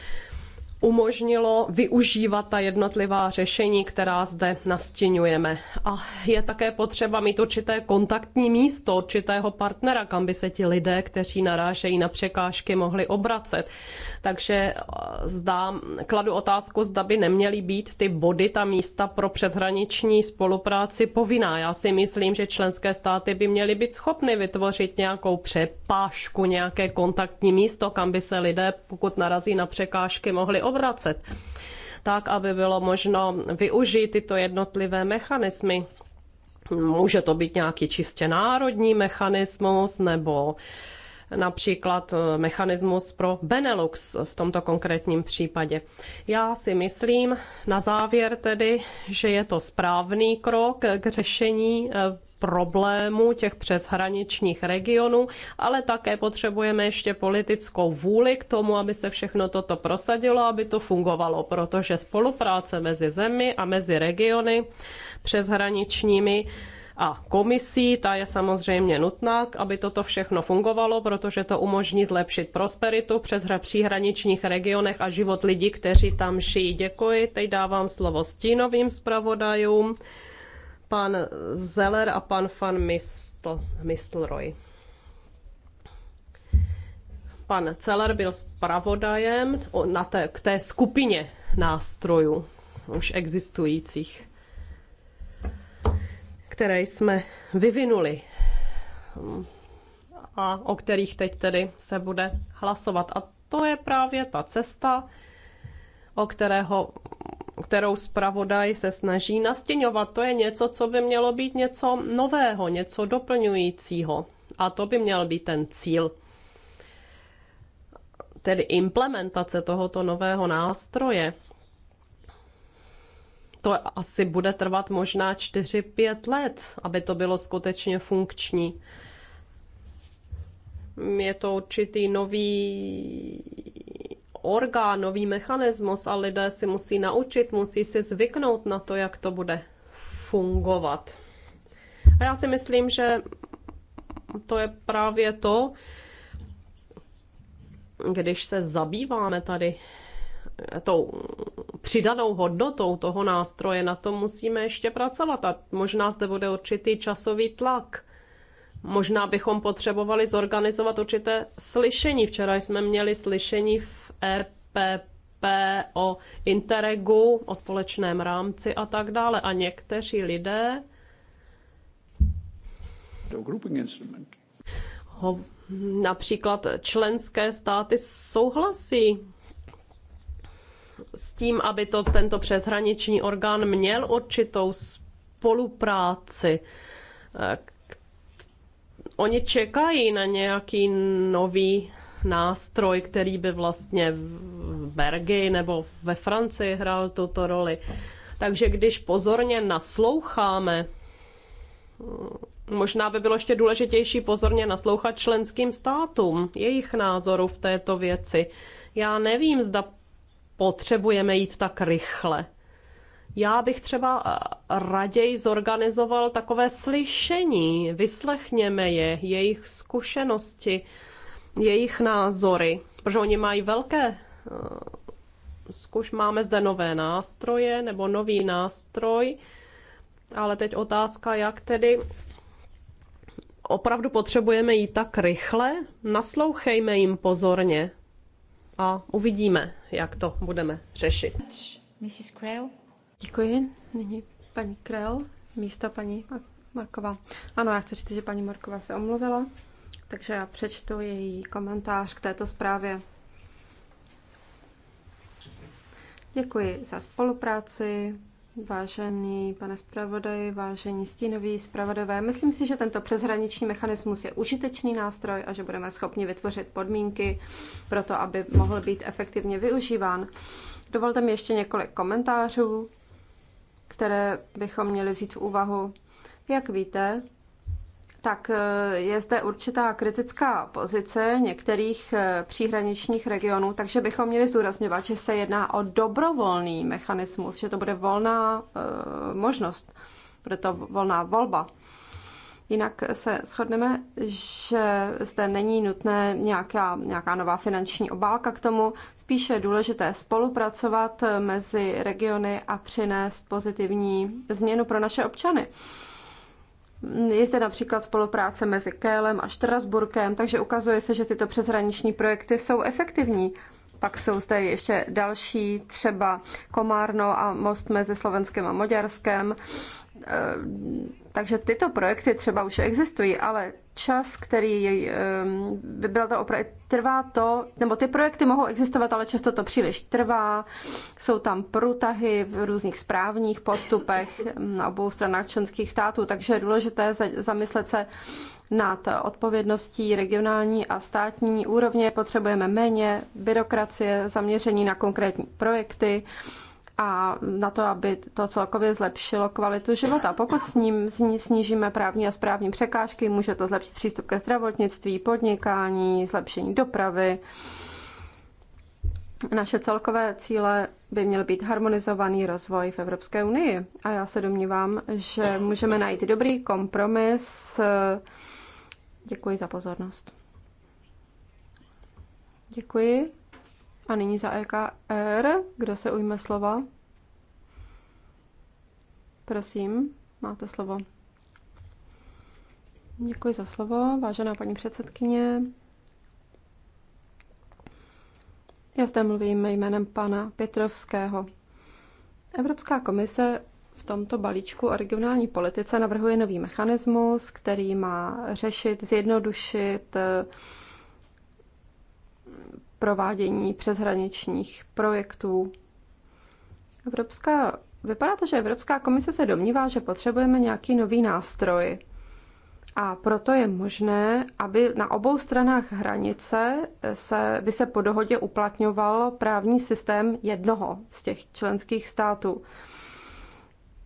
umožnilo využívat ta jednotlivá řešení, která zde nastěňujeme. A je také potřeba mít určité kontaktní místo, určitého partnera, kam by se ti lidé, kteří narážejí na překážky, mohli obracet. Takže eh, zdám, kladu otázku, zda by neměly být ty body, ta místa pro přeshraniční spolupráci povinná. Já si myslím, že členské státy by měly být schopny vytvořit nějakou přepážku, nějaké kontaktní místo, kam by se lidé, pokud narazí na překážky, mohli obracet, tak aby bylo možno využít tyto jednotlivé mechanismy. Může to být nějaký čistě národní mechanismus nebo například eh, mechanismus pro Benelux v tomto konkrétním případě. Já si myslím na závěr tedy, že je to správný krok k řešení eh, problémů těch přeshraničních regionů, ale také potřebujeme ještě politickou vůli k tomu, aby se všechno toto prosadilo, aby to fungovalo, protože spolupráce mezi zemi a mezi regiony přeshraničními a komisí, ta je samozřejmě nutná, aby toto všechno fungovalo, protože to umožní zlepšit prosperitu přes příhraničních regionech a život lidí, kteří tam žijí. Děkuji, teď dávám slovo stínovým zpravodajům pan Zeller a pan van Mistl, Mistlroy. Pan Zeller byl zpravodajem na té, k té skupině nástrojů už existujících, které jsme vyvinuli a o kterých teď tedy se bude hlasovat. A to je právě ta cesta, o kterého kterou zpravodaj se snaží nastěňovat. To je něco, co by mělo být něco nového, něco doplňujícího. A to by měl být ten cíl. Tedy implementace tohoto nového nástroje. To asi bude trvat možná 4-5 let, aby to bylo skutečně funkční. Je to určitý nový orgán, nový mechanismus a lidé si musí naučit, musí si zvyknout na to, jak to bude fungovat. A já si myslím, že to je právě to, když se zabýváme tady tou přidanou hodnotou toho nástroje, na to musíme ještě pracovat a možná zde bude určitý časový tlak. Možná bychom potřebovali zorganizovat určité slyšení. Včera jsme měli slyšení v RPP o Interregu, o společném rámci a tak dále. A někteří lidé ho, například členské státy souhlasí s tím, aby to tento přeshraniční orgán měl určitou spolupráci. Eh, oni čekají na nějaký nový nástroj, který by vlastně v Bergy nebo ve Francii hrál tuto roli. Takže když pozorně nasloucháme, možná by bylo ještě důležitější pozorně naslouchat členským státům, jejich názoru v této věci. Já nevím, zda potřebujeme jít tak rychle. Já bych třeba raději zorganizoval takové slyšení, vyslechněme je, jejich zkušenosti jejich názory, protože oni mají velké eh, zkuš, máme zde nové nástroje nebo nový nástroj, ale teď otázka, jak tedy opravdu potřebujeme jít tak rychle, naslouchejme jim pozorně a uvidíme, jak to budeme řešit. Mrs. Krell. Děkuji. Nyní paní Krell, místo paní Marková. Ano, já chci říct, že paní Marková se omluvila takže já přečtu její komentář k této zprávě. Děkuji za spolupráci, vážený pane zpravodaj, vážení stínoví zpravodové. Myslím si, že tento přeshraniční mechanismus je užitečný nástroj a že budeme schopni vytvořit podmínky pro to, aby mohl být efektivně využíván. Dovolte mi ještě několik komentářů, které bychom měli vzít v úvahu. Jak víte, tak e, je zde určitá kritická pozice některých e, příhraničních regionů, takže bychom měli zdůrazňovat, že se jedná o dobrovolný mechanismus, že to bude volná e, možnost, bude to volná volba. Jinak se shodneme, že zde není nutné nějaká, nějaká nová finanční obálka k tomu, spíše je důležité spolupracovat mezi regiony a přinést pozitivní změnu pro naše občany. Je zde například spolupráce mezi Kélem a Štrasburkem, takže ukazuje se, že tyto přeshraniční projekty jsou efektivní. Pak jsou zde ještě další, třeba Komárno a most mezi Slovenskem a Maďarskem. Eh, takže tyto projekty třeba už existují, ale čas, který eh, by byl to opravdu, trvá to, nebo ty projekty mohou existovat, ale často to příliš trvá, jsou tam průtahy v různých správních postupech hm, na obou stranách členských států, takže je důležité zamyslet se nad odpovědností regionální a státní úrovně. Potřebujeme méně byrokracie, zaměření na konkrétní projekty, a na to, aby to celkově zlepšilo kvalitu života. Pokud s ním snížíme právní a správní překážky, může to zlepšit přístup ke zdravotnictví, podnikání, zlepšení dopravy. Naše celkové cíle by měl být harmonizovaný rozvoj v Evropské unii. A já se domnívám, že můžeme najít dobrý kompromis. Děkuji za pozornost. Děkuji. A nyní za EKR, kdo se ujme slova? Prosím, máte slovo. Děkuji za slovo, vážená paní předsedkyně. Já zde mluvím jménem pana Petrovského. Evropská komise v tomto balíčku o regionální politice navrhuje nový mechanismus, který má řešit, zjednodušit provádění přeshraničních projektů. Evropská, vypadá to, že Evropská komise se domnívá, že potřebujeme nějaký nový nástroj. A proto je možné, aby na obou stranách hranice se, by se po dohodě uplatňoval právní systém jednoho z těch členských států.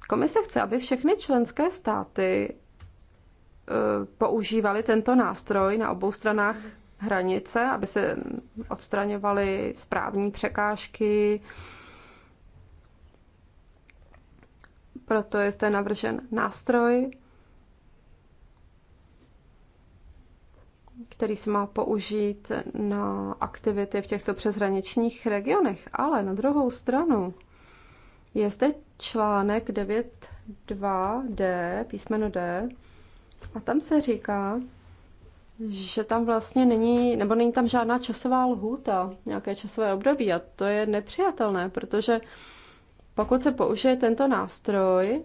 Komise chce, aby všechny členské státy eh, používali tento nástroj na obou stranách hranice, aby se odstraňovaly správní překážky. Proto je zde navržen nástroj, který se má použít na aktivity v těchto přeshraničních regionech. Ale na druhou stranu je zde článek 9.2d, písmeno D, a tam se říká, že tam vlastně není, nebo není tam žádná časová lhůta, nějaké časové období a to je nepřijatelné, protože pokud se použije tento nástroj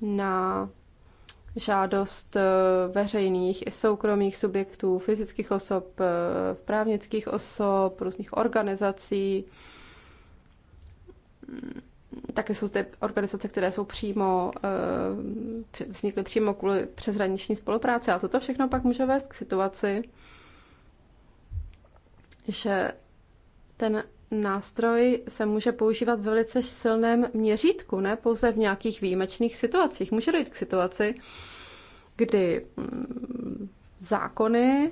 na žádost eh, veřejných i soukromých subjektů, fyzických osob, eh, právnických osob, různých organizací, také jsou ty organizace, které jsou přímo, eh, vznikly přímo kvůli přeshraniční spolupráci. A toto všechno pak může vést k situaci, že ten nástroj se může používat ve velice silném měřítku, ne pouze v nějakých výjimečných situacích. Může dojít k situaci, kdy mm, zákony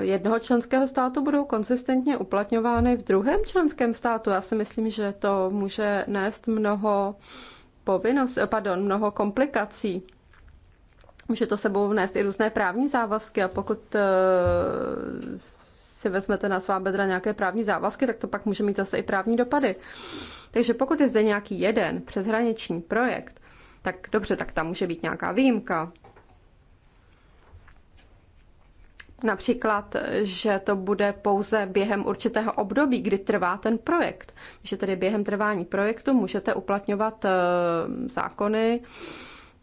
jednoho členského státu budou konsistentně uplatňovány v druhém členském státu. Já si myslím, že to může nést mnoho povinnost, pardon, mnoho komplikací. Může to sebou nést i různé právní závazky a pokud eh, si vezmete na svá bedra nějaké právní závazky, tak to pak může mít zase i právní dopady. Takže pokud je zde nějaký jeden přeshraniční projekt, tak dobře, tak tam může být nějaká výjimka, Například, že to bude pouze během určitého období, kdy trvá ten projekt. Že tedy během trvání projektu můžete uplatňovat eh, zákony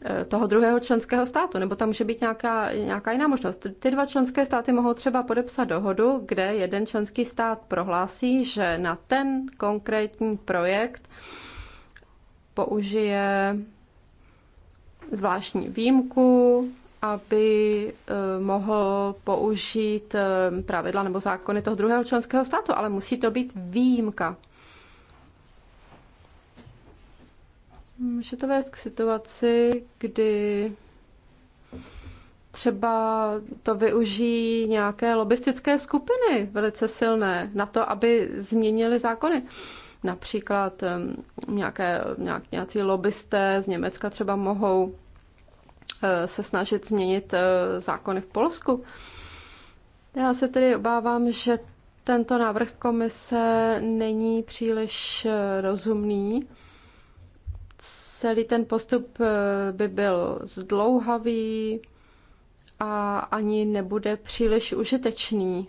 eh, toho druhého členského státu, nebo tam může být nějaká, nějaká jiná možnost. Ty dva členské státy mohou třeba podepsat dohodu, kde jeden členský stát prohlásí, že na ten konkrétní projekt použije zvláštní výjimku aby eh, mohl použít eh, pravidla nebo zákony toho druhého členského státu, ale musí to být výjimka. Může to vést k situaci, kdy třeba to využijí nějaké lobistické skupiny velice silné na to, aby změnili zákony. Například eh, nějaké, nějak, nějací lobbysté z Německa třeba mohou Eh, se snažit změnit eh, zákony v Polsku. Já se tedy obávám, že tento návrh komise není příliš eh, rozumný. Celý ten postup by byl zdlouhavý a ani nebude příliš užitečný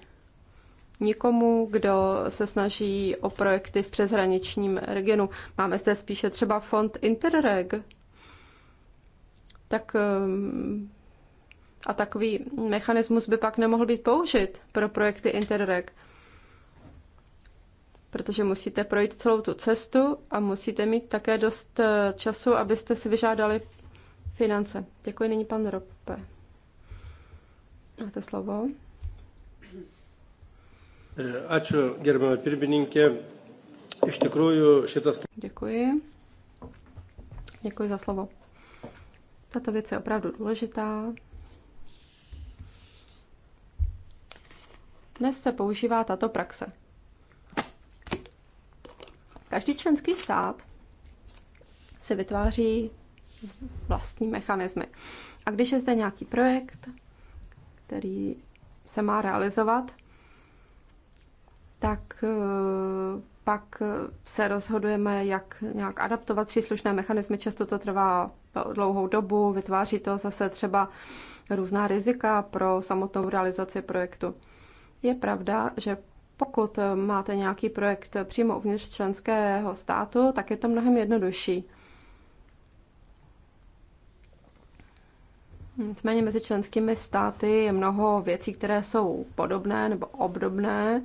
nikomu, kdo se snaží o projekty v přeshraničním regionu. Máme zde spíše třeba fond Interreg, tak ehm, a takový mechanismus by pak nemohl být použit pro projekty Interreg, protože musíte projít celou tu cestu a musíte mít také dost eh, času, abyste si vyžádali finance. Děkuji, nyní pan Rope. Máte slovo. Eh, Ačiū, gerbiamą pirmininkę. Iš tikrųjų šitas. Děkuji. Děkuji za slovo. Tato věc je opravdu důležitá. Dnes se používá tato praxe. Každý členský stát se vytváří vlastní mechanismy. A když je zde nějaký projekt, který se má realizovat, tak eh, pak eh, se rozhodujeme, jak nějak adaptovat příslušné mechanismy. Často to trvá dlouhou dobu, vytváří to zase třeba různá rizika pro samotnou realizaci projektu. Je pravda, že pokud eh, máte nějaký projekt přímo uvnitř členského státu, tak je to mnohem jednodušší. Nicméně mezi členskými státy je mnoho věcí, které jsou podobné nebo obdobné.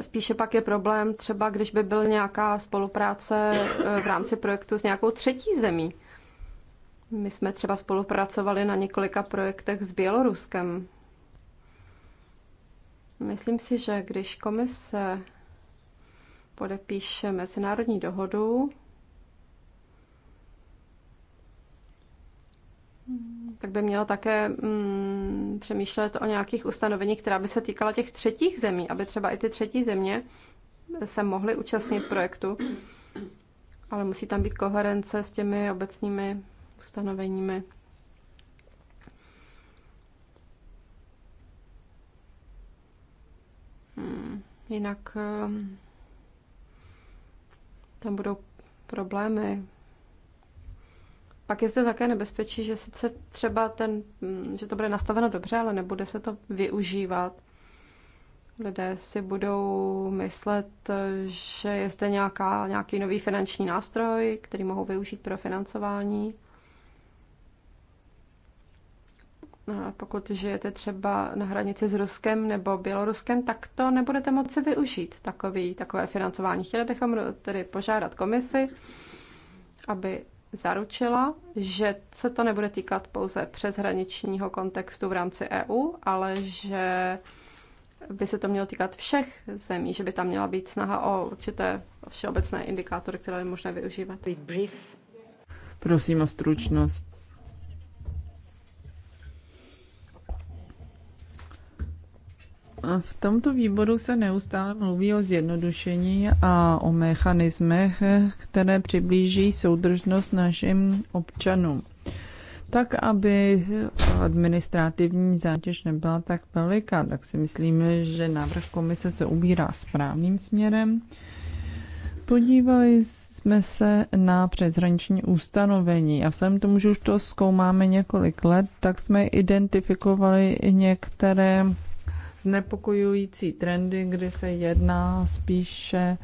Spíše pak je problém třeba, když by byl nějaká spolupráce eh, v rámci projektu s nějakou třetí zemí. My jsme třeba spolupracovali na několika projektech s Běloruskem. Myslím si, že když komise podepíše mezinárodní dohodu, tak by mělo také mm, přemýšlet o nějakých ustanoveních, která by se týkala těch třetích zemí, aby třeba i ty třetí země se mohly účastnit projektu, ale musí tam být koherence s těmi obecnými ustanoveními. Hmm, jinak ehm, tam budou problémy pak je zde také nebezpečí, že sice třeba ten, mm, že to bude nastaveno dobře, ale nebude se to využívat. Lidé si budou myslet, že je zde nějaká, nějaký nový finanční nástroj, který mohou využít pro financování. A pokud žijete třeba na hranici s Ruskem nebo Běloruskem, tak to nebudete moci využít takový, takové financování. Chtěli bychom tedy požádat komisi, aby zaručila, že se to nebude týkat pouze přeshraničního kontextu v rámci EU, ale že by se to mělo týkat všech zemí, že by tam měla být snaha o určité všeobecné indikátory, které je možné využívat. Prosím o stručnost. V tomto výboru se neustále mluví o zjednodušení a o mechanismech, které přiblíží soudržnost našim občanům. Tak, aby administrativní zátěž nebyla tak veliká, tak si myslíme, že návrh komise se ubírá správným směrem. Podívali jsme se na přeshraniční ustanovení a vzhledem tomu, že už to zkoumáme několik let, tak jsme identifikovali některé znepokojující trendy, kdy se jedná spíše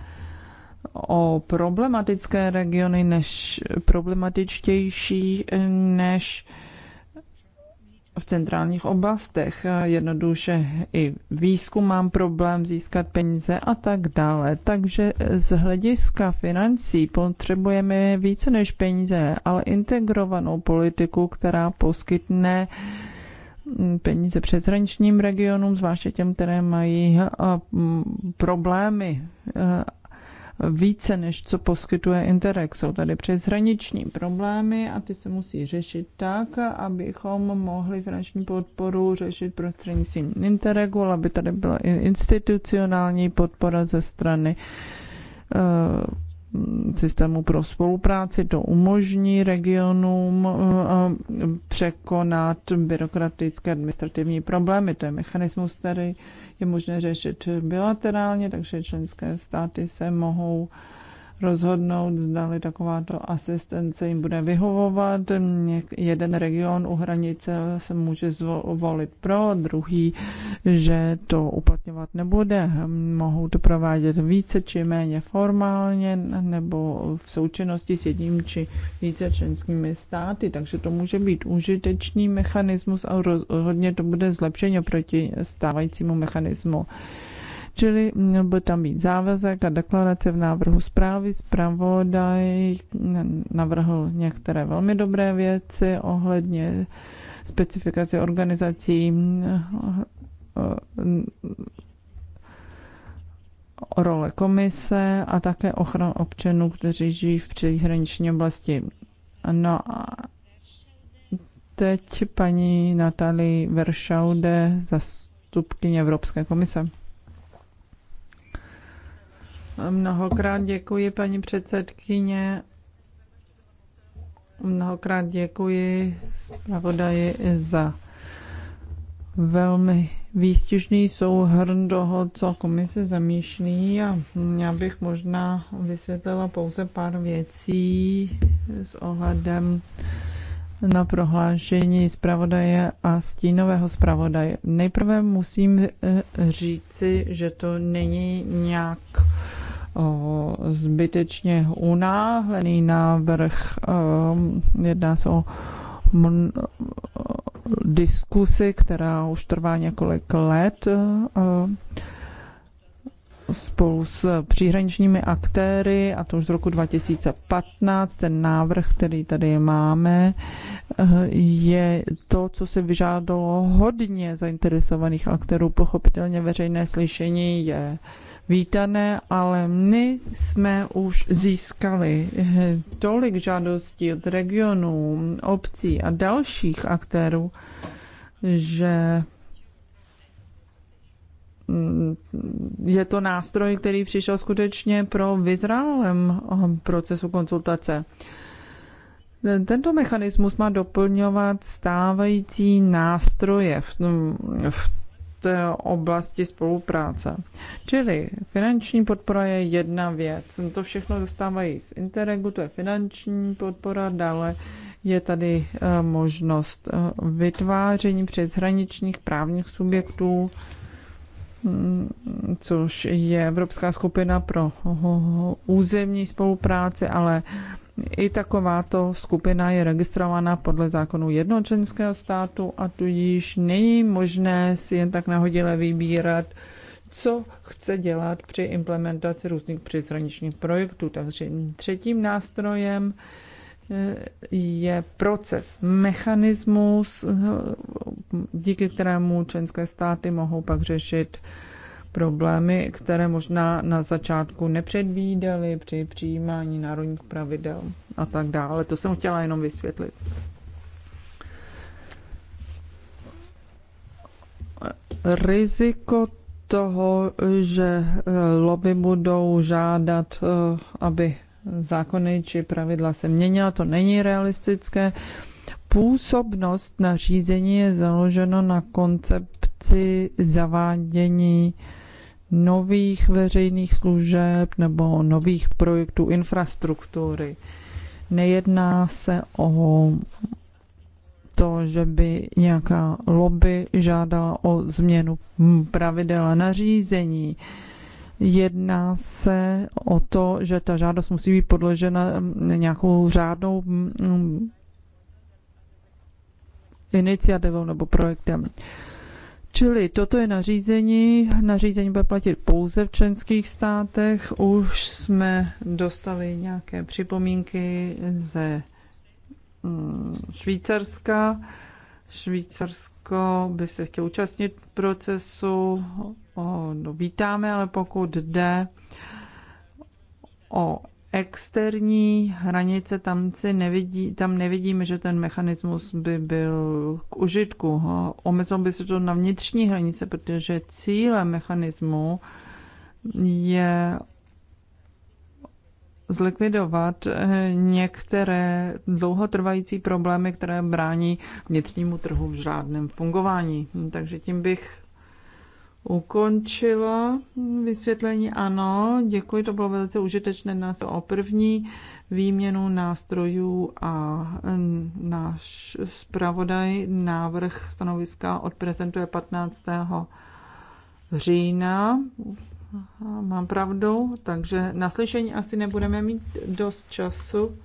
o problematické regiony než problematičtější než v centrálních oblastech. Jednoduše i výzkum mám problém získat peníze a tak dále. Takže z hlediska financí potřebujeme více než peníze, ale integrovanou politiku, která poskytne Mm, peníze přeshraničním regionům, zvláště těm, které mají eh, mm, problémy eh, více, než co poskytuje Interreg. Jsou tady přeshraniční problémy a ty se musí řešit tak, abychom mohli finanční podporu řešit prostřednictvím Interregu, aby tady byla i institucionální podpora ze strany eh, systému pro spolupráci. To umožní regionům eh, eh, překonat byrokratické administrativní problémy. To je mechanismus, který je možné řešit bilaterálně, takže členské státy se mohou uh, rozhodnout, zdali takováto asistence jim bude vyhovovat. Jeden region u hranice se může zvolit pro, druhý, že to uplatňovat nebude. Mohou to provádět více či méně formálně nebo v součinnosti s jedním či více členskými státy, takže to může být užitečný mechanismus a rozhodně to bude zlepšení oproti stávajícímu mechanismu. Čili měl by tam být závazek a deklarace v návrhu zprávy. Zpravodaj navrhl některé velmi dobré věci ohledně specifikace organizací role komise a také ochranu občanů, kteří žijí v příhraniční oblasti. No a teď paní Natalie Veršaude, zastupkyně Evropské komise. Mnohokrát děkuji, paní předsedkyně. Mnohokrát děkuji zpravodaji za velmi výstižný souhrn toho, co komise zamýšlí a já bych možná vysvětlila pouze pár věcí s ohledem na prohlášení zpravodaje a stínového zpravodaje. Nejprve musím říci, že to není nějak uh, zbytečně unáhlený návrh. Um, jedná se o diskusi, která už trvá několik let um, spolu s příhraničními aktéry, a to už z roku 2015, ten návrh, který tady máme, uh, je to, co se vyžádalo hodně zainteresovaných aktérů. Pochopitelně veřejné slyšení je vítané, ale my jsme už získali eh, tolik žádostí od regionů, obcí a dalších aktérů, že mm, je to nástroj, který přišel skutečně pro vyzrálem eh, procesu konzultace. Tento mechanismus má doplňovat stávající nástroje v, v té oblasti spolupráce. Čili finanční podpora je jedna věc. To všechno dostávají z Interregu, to je finanční podpora, dále je tady eh, možnost eh, vytváření přeshraničních právních subjektů, mm, což je Evropská skupina pro územní spolupráci, ale i takováto skupina je registrovaná podle zákonu jednočenského státu a tudíž není možné si jen tak nahodile vybírat, co chce dělat při implementaci různých přeshraničních projektů. Takže třetím nástrojem eh, je proces, mechanismus, eh, díky kterému členské státy mohou pak řešit problémy, které možná na začátku nepředvídali při přijímání národních pravidel a tak dále. To jsem chtěla jenom vysvětlit. Riziko toho, že eh, lobby budou žádat, eh, aby zákony či pravidla se měnila, to není realistické. Působnost řízení je založeno na koncepci zavádění uh, nových veřejných služeb nebo nových projektů infrastruktury. Nejedná se o to, že by nějaká lobby žádala o změnu pravidel a nařízení. Jedná se o to, že ta žádost musí být podložena nějakou řádnou mm, mm, iniciativou nebo projektem. Čili toto je nařízení. Nařízení bude platit pouze v členských státech. Už jsme dostali nějaké připomínky ze mm, Švýcarska. Švýcarsko by se chtělo účastnit procesu. O, no, vítáme, ale pokud jde o externí hranice, tam, si nevidí, tam nevidíme, že ten mechanismus by byl k užitku. Omezil by se to na vnitřní hranice, protože cílem mechanismu je zlikvidovat eh, některé dlouhotrvající problémy, které brání vnitřnímu trhu v žádném fungování. Takže tím bych ukončilo vysvětlení. Ano, děkuji, to bylo velice užitečné nás o první výměnu nástrojů a náš zpravodaj návrh stanoviska odprezentuje 15. října. Mám pravdu, takže na slyšení asi nebudeme mít dost času.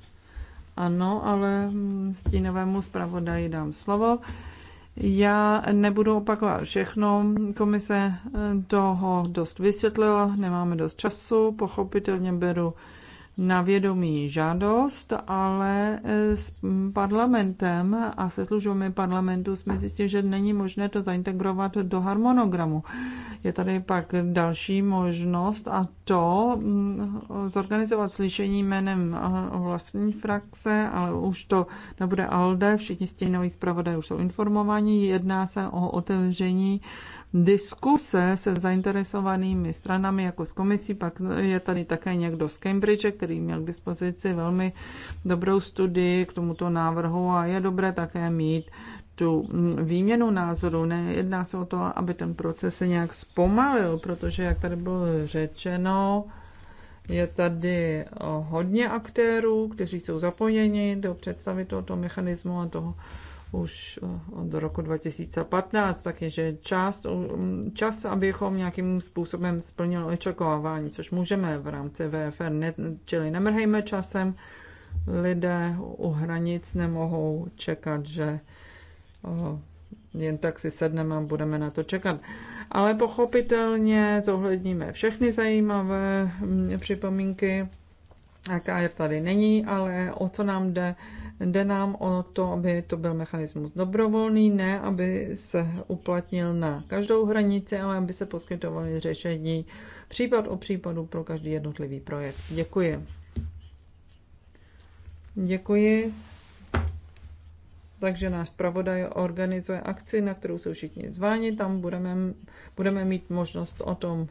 Ano, ale stínovému zpravodaji dám slovo. Já nebudu opakovat všechno. Komise toho dost vysvětlila, nemáme dost času, pochopitelně beru na vědomí žádost, ale e, s parlamentem a se službami parlamentu jsme zjistili, že není možné to zaintegrovat do harmonogramu. Je tady pak další možnost a to mm, zorganizovat slyšení jménem vlastní frakce, ale už to nebude ALDE, všichni stínoví zpravodaj už jsou informováni, jedná se o otevření diskuse se zainteresovanými stranami, jako s komisí, pak je tady také někdo z Cambridge, který měl k dispozici velmi dobrou studii k tomuto návrhu a je dobré také mít tu výměnu názorů. Nejedná se o to, aby ten proces se nějak zpomalil, protože, jak tady bylo řečeno, je tady hodně aktérů, kteří jsou zapojeni do představy tohoto mechanismu a toho už eh, od roku 2015, takže část, mm, čas, abychom nějakým způsobem splnili očekávání, což můžeme v rámci VFR, ne, čili nemrhejme časem, lidé u hranic nemohou čekat, že eh, jen tak si sedneme a budeme na to čekat. Ale pochopitelně zohledníme všechny zajímavé mm, připomínky, jaká je tady není, ale o co nám jde, Jde nám o to, aby to byl mechanismus dobrovolný, ne aby se uplatnil na každou hranici, ale aby se poskytovaly řešení případ o případu pro každý jednotlivý projekt. Děkuji. Děkuji. Takže náš zpravodaj organizuje akci, na kterou jsou všichni zváni. Tam budeme, budeme mít možnost o tom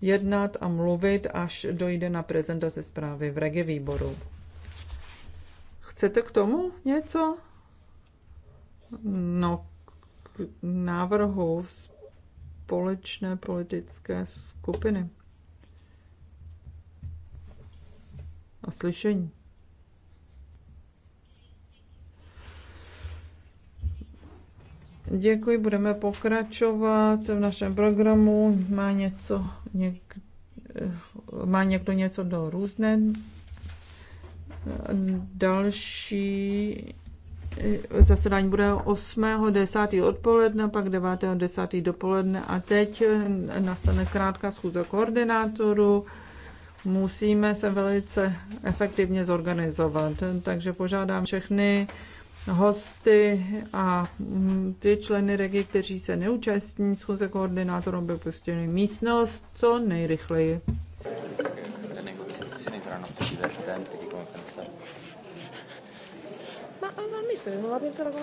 jednat a mluvit, až dojde na prezentaci zprávy v regi výboru. Chcete k tomu něco? No, k návrhu společné politické skupiny a slyšení. Děkuji, budeme pokračovat v našem programu. Má, něco, něk, má někdo něco do různé Další eh, zasedání bude 8.10. odpoledne, pak 9.10. dopoledne a teď eh, nastane krátká schůze koordinátorů. Musíme se velice efektivně zorganizovat, takže požádám všechny hosty a hm, ty členy regi, kteří se neúčastní schůze koordinátorů, by opustili místnost co nejrychleji. ekonomistů, mohla by co takového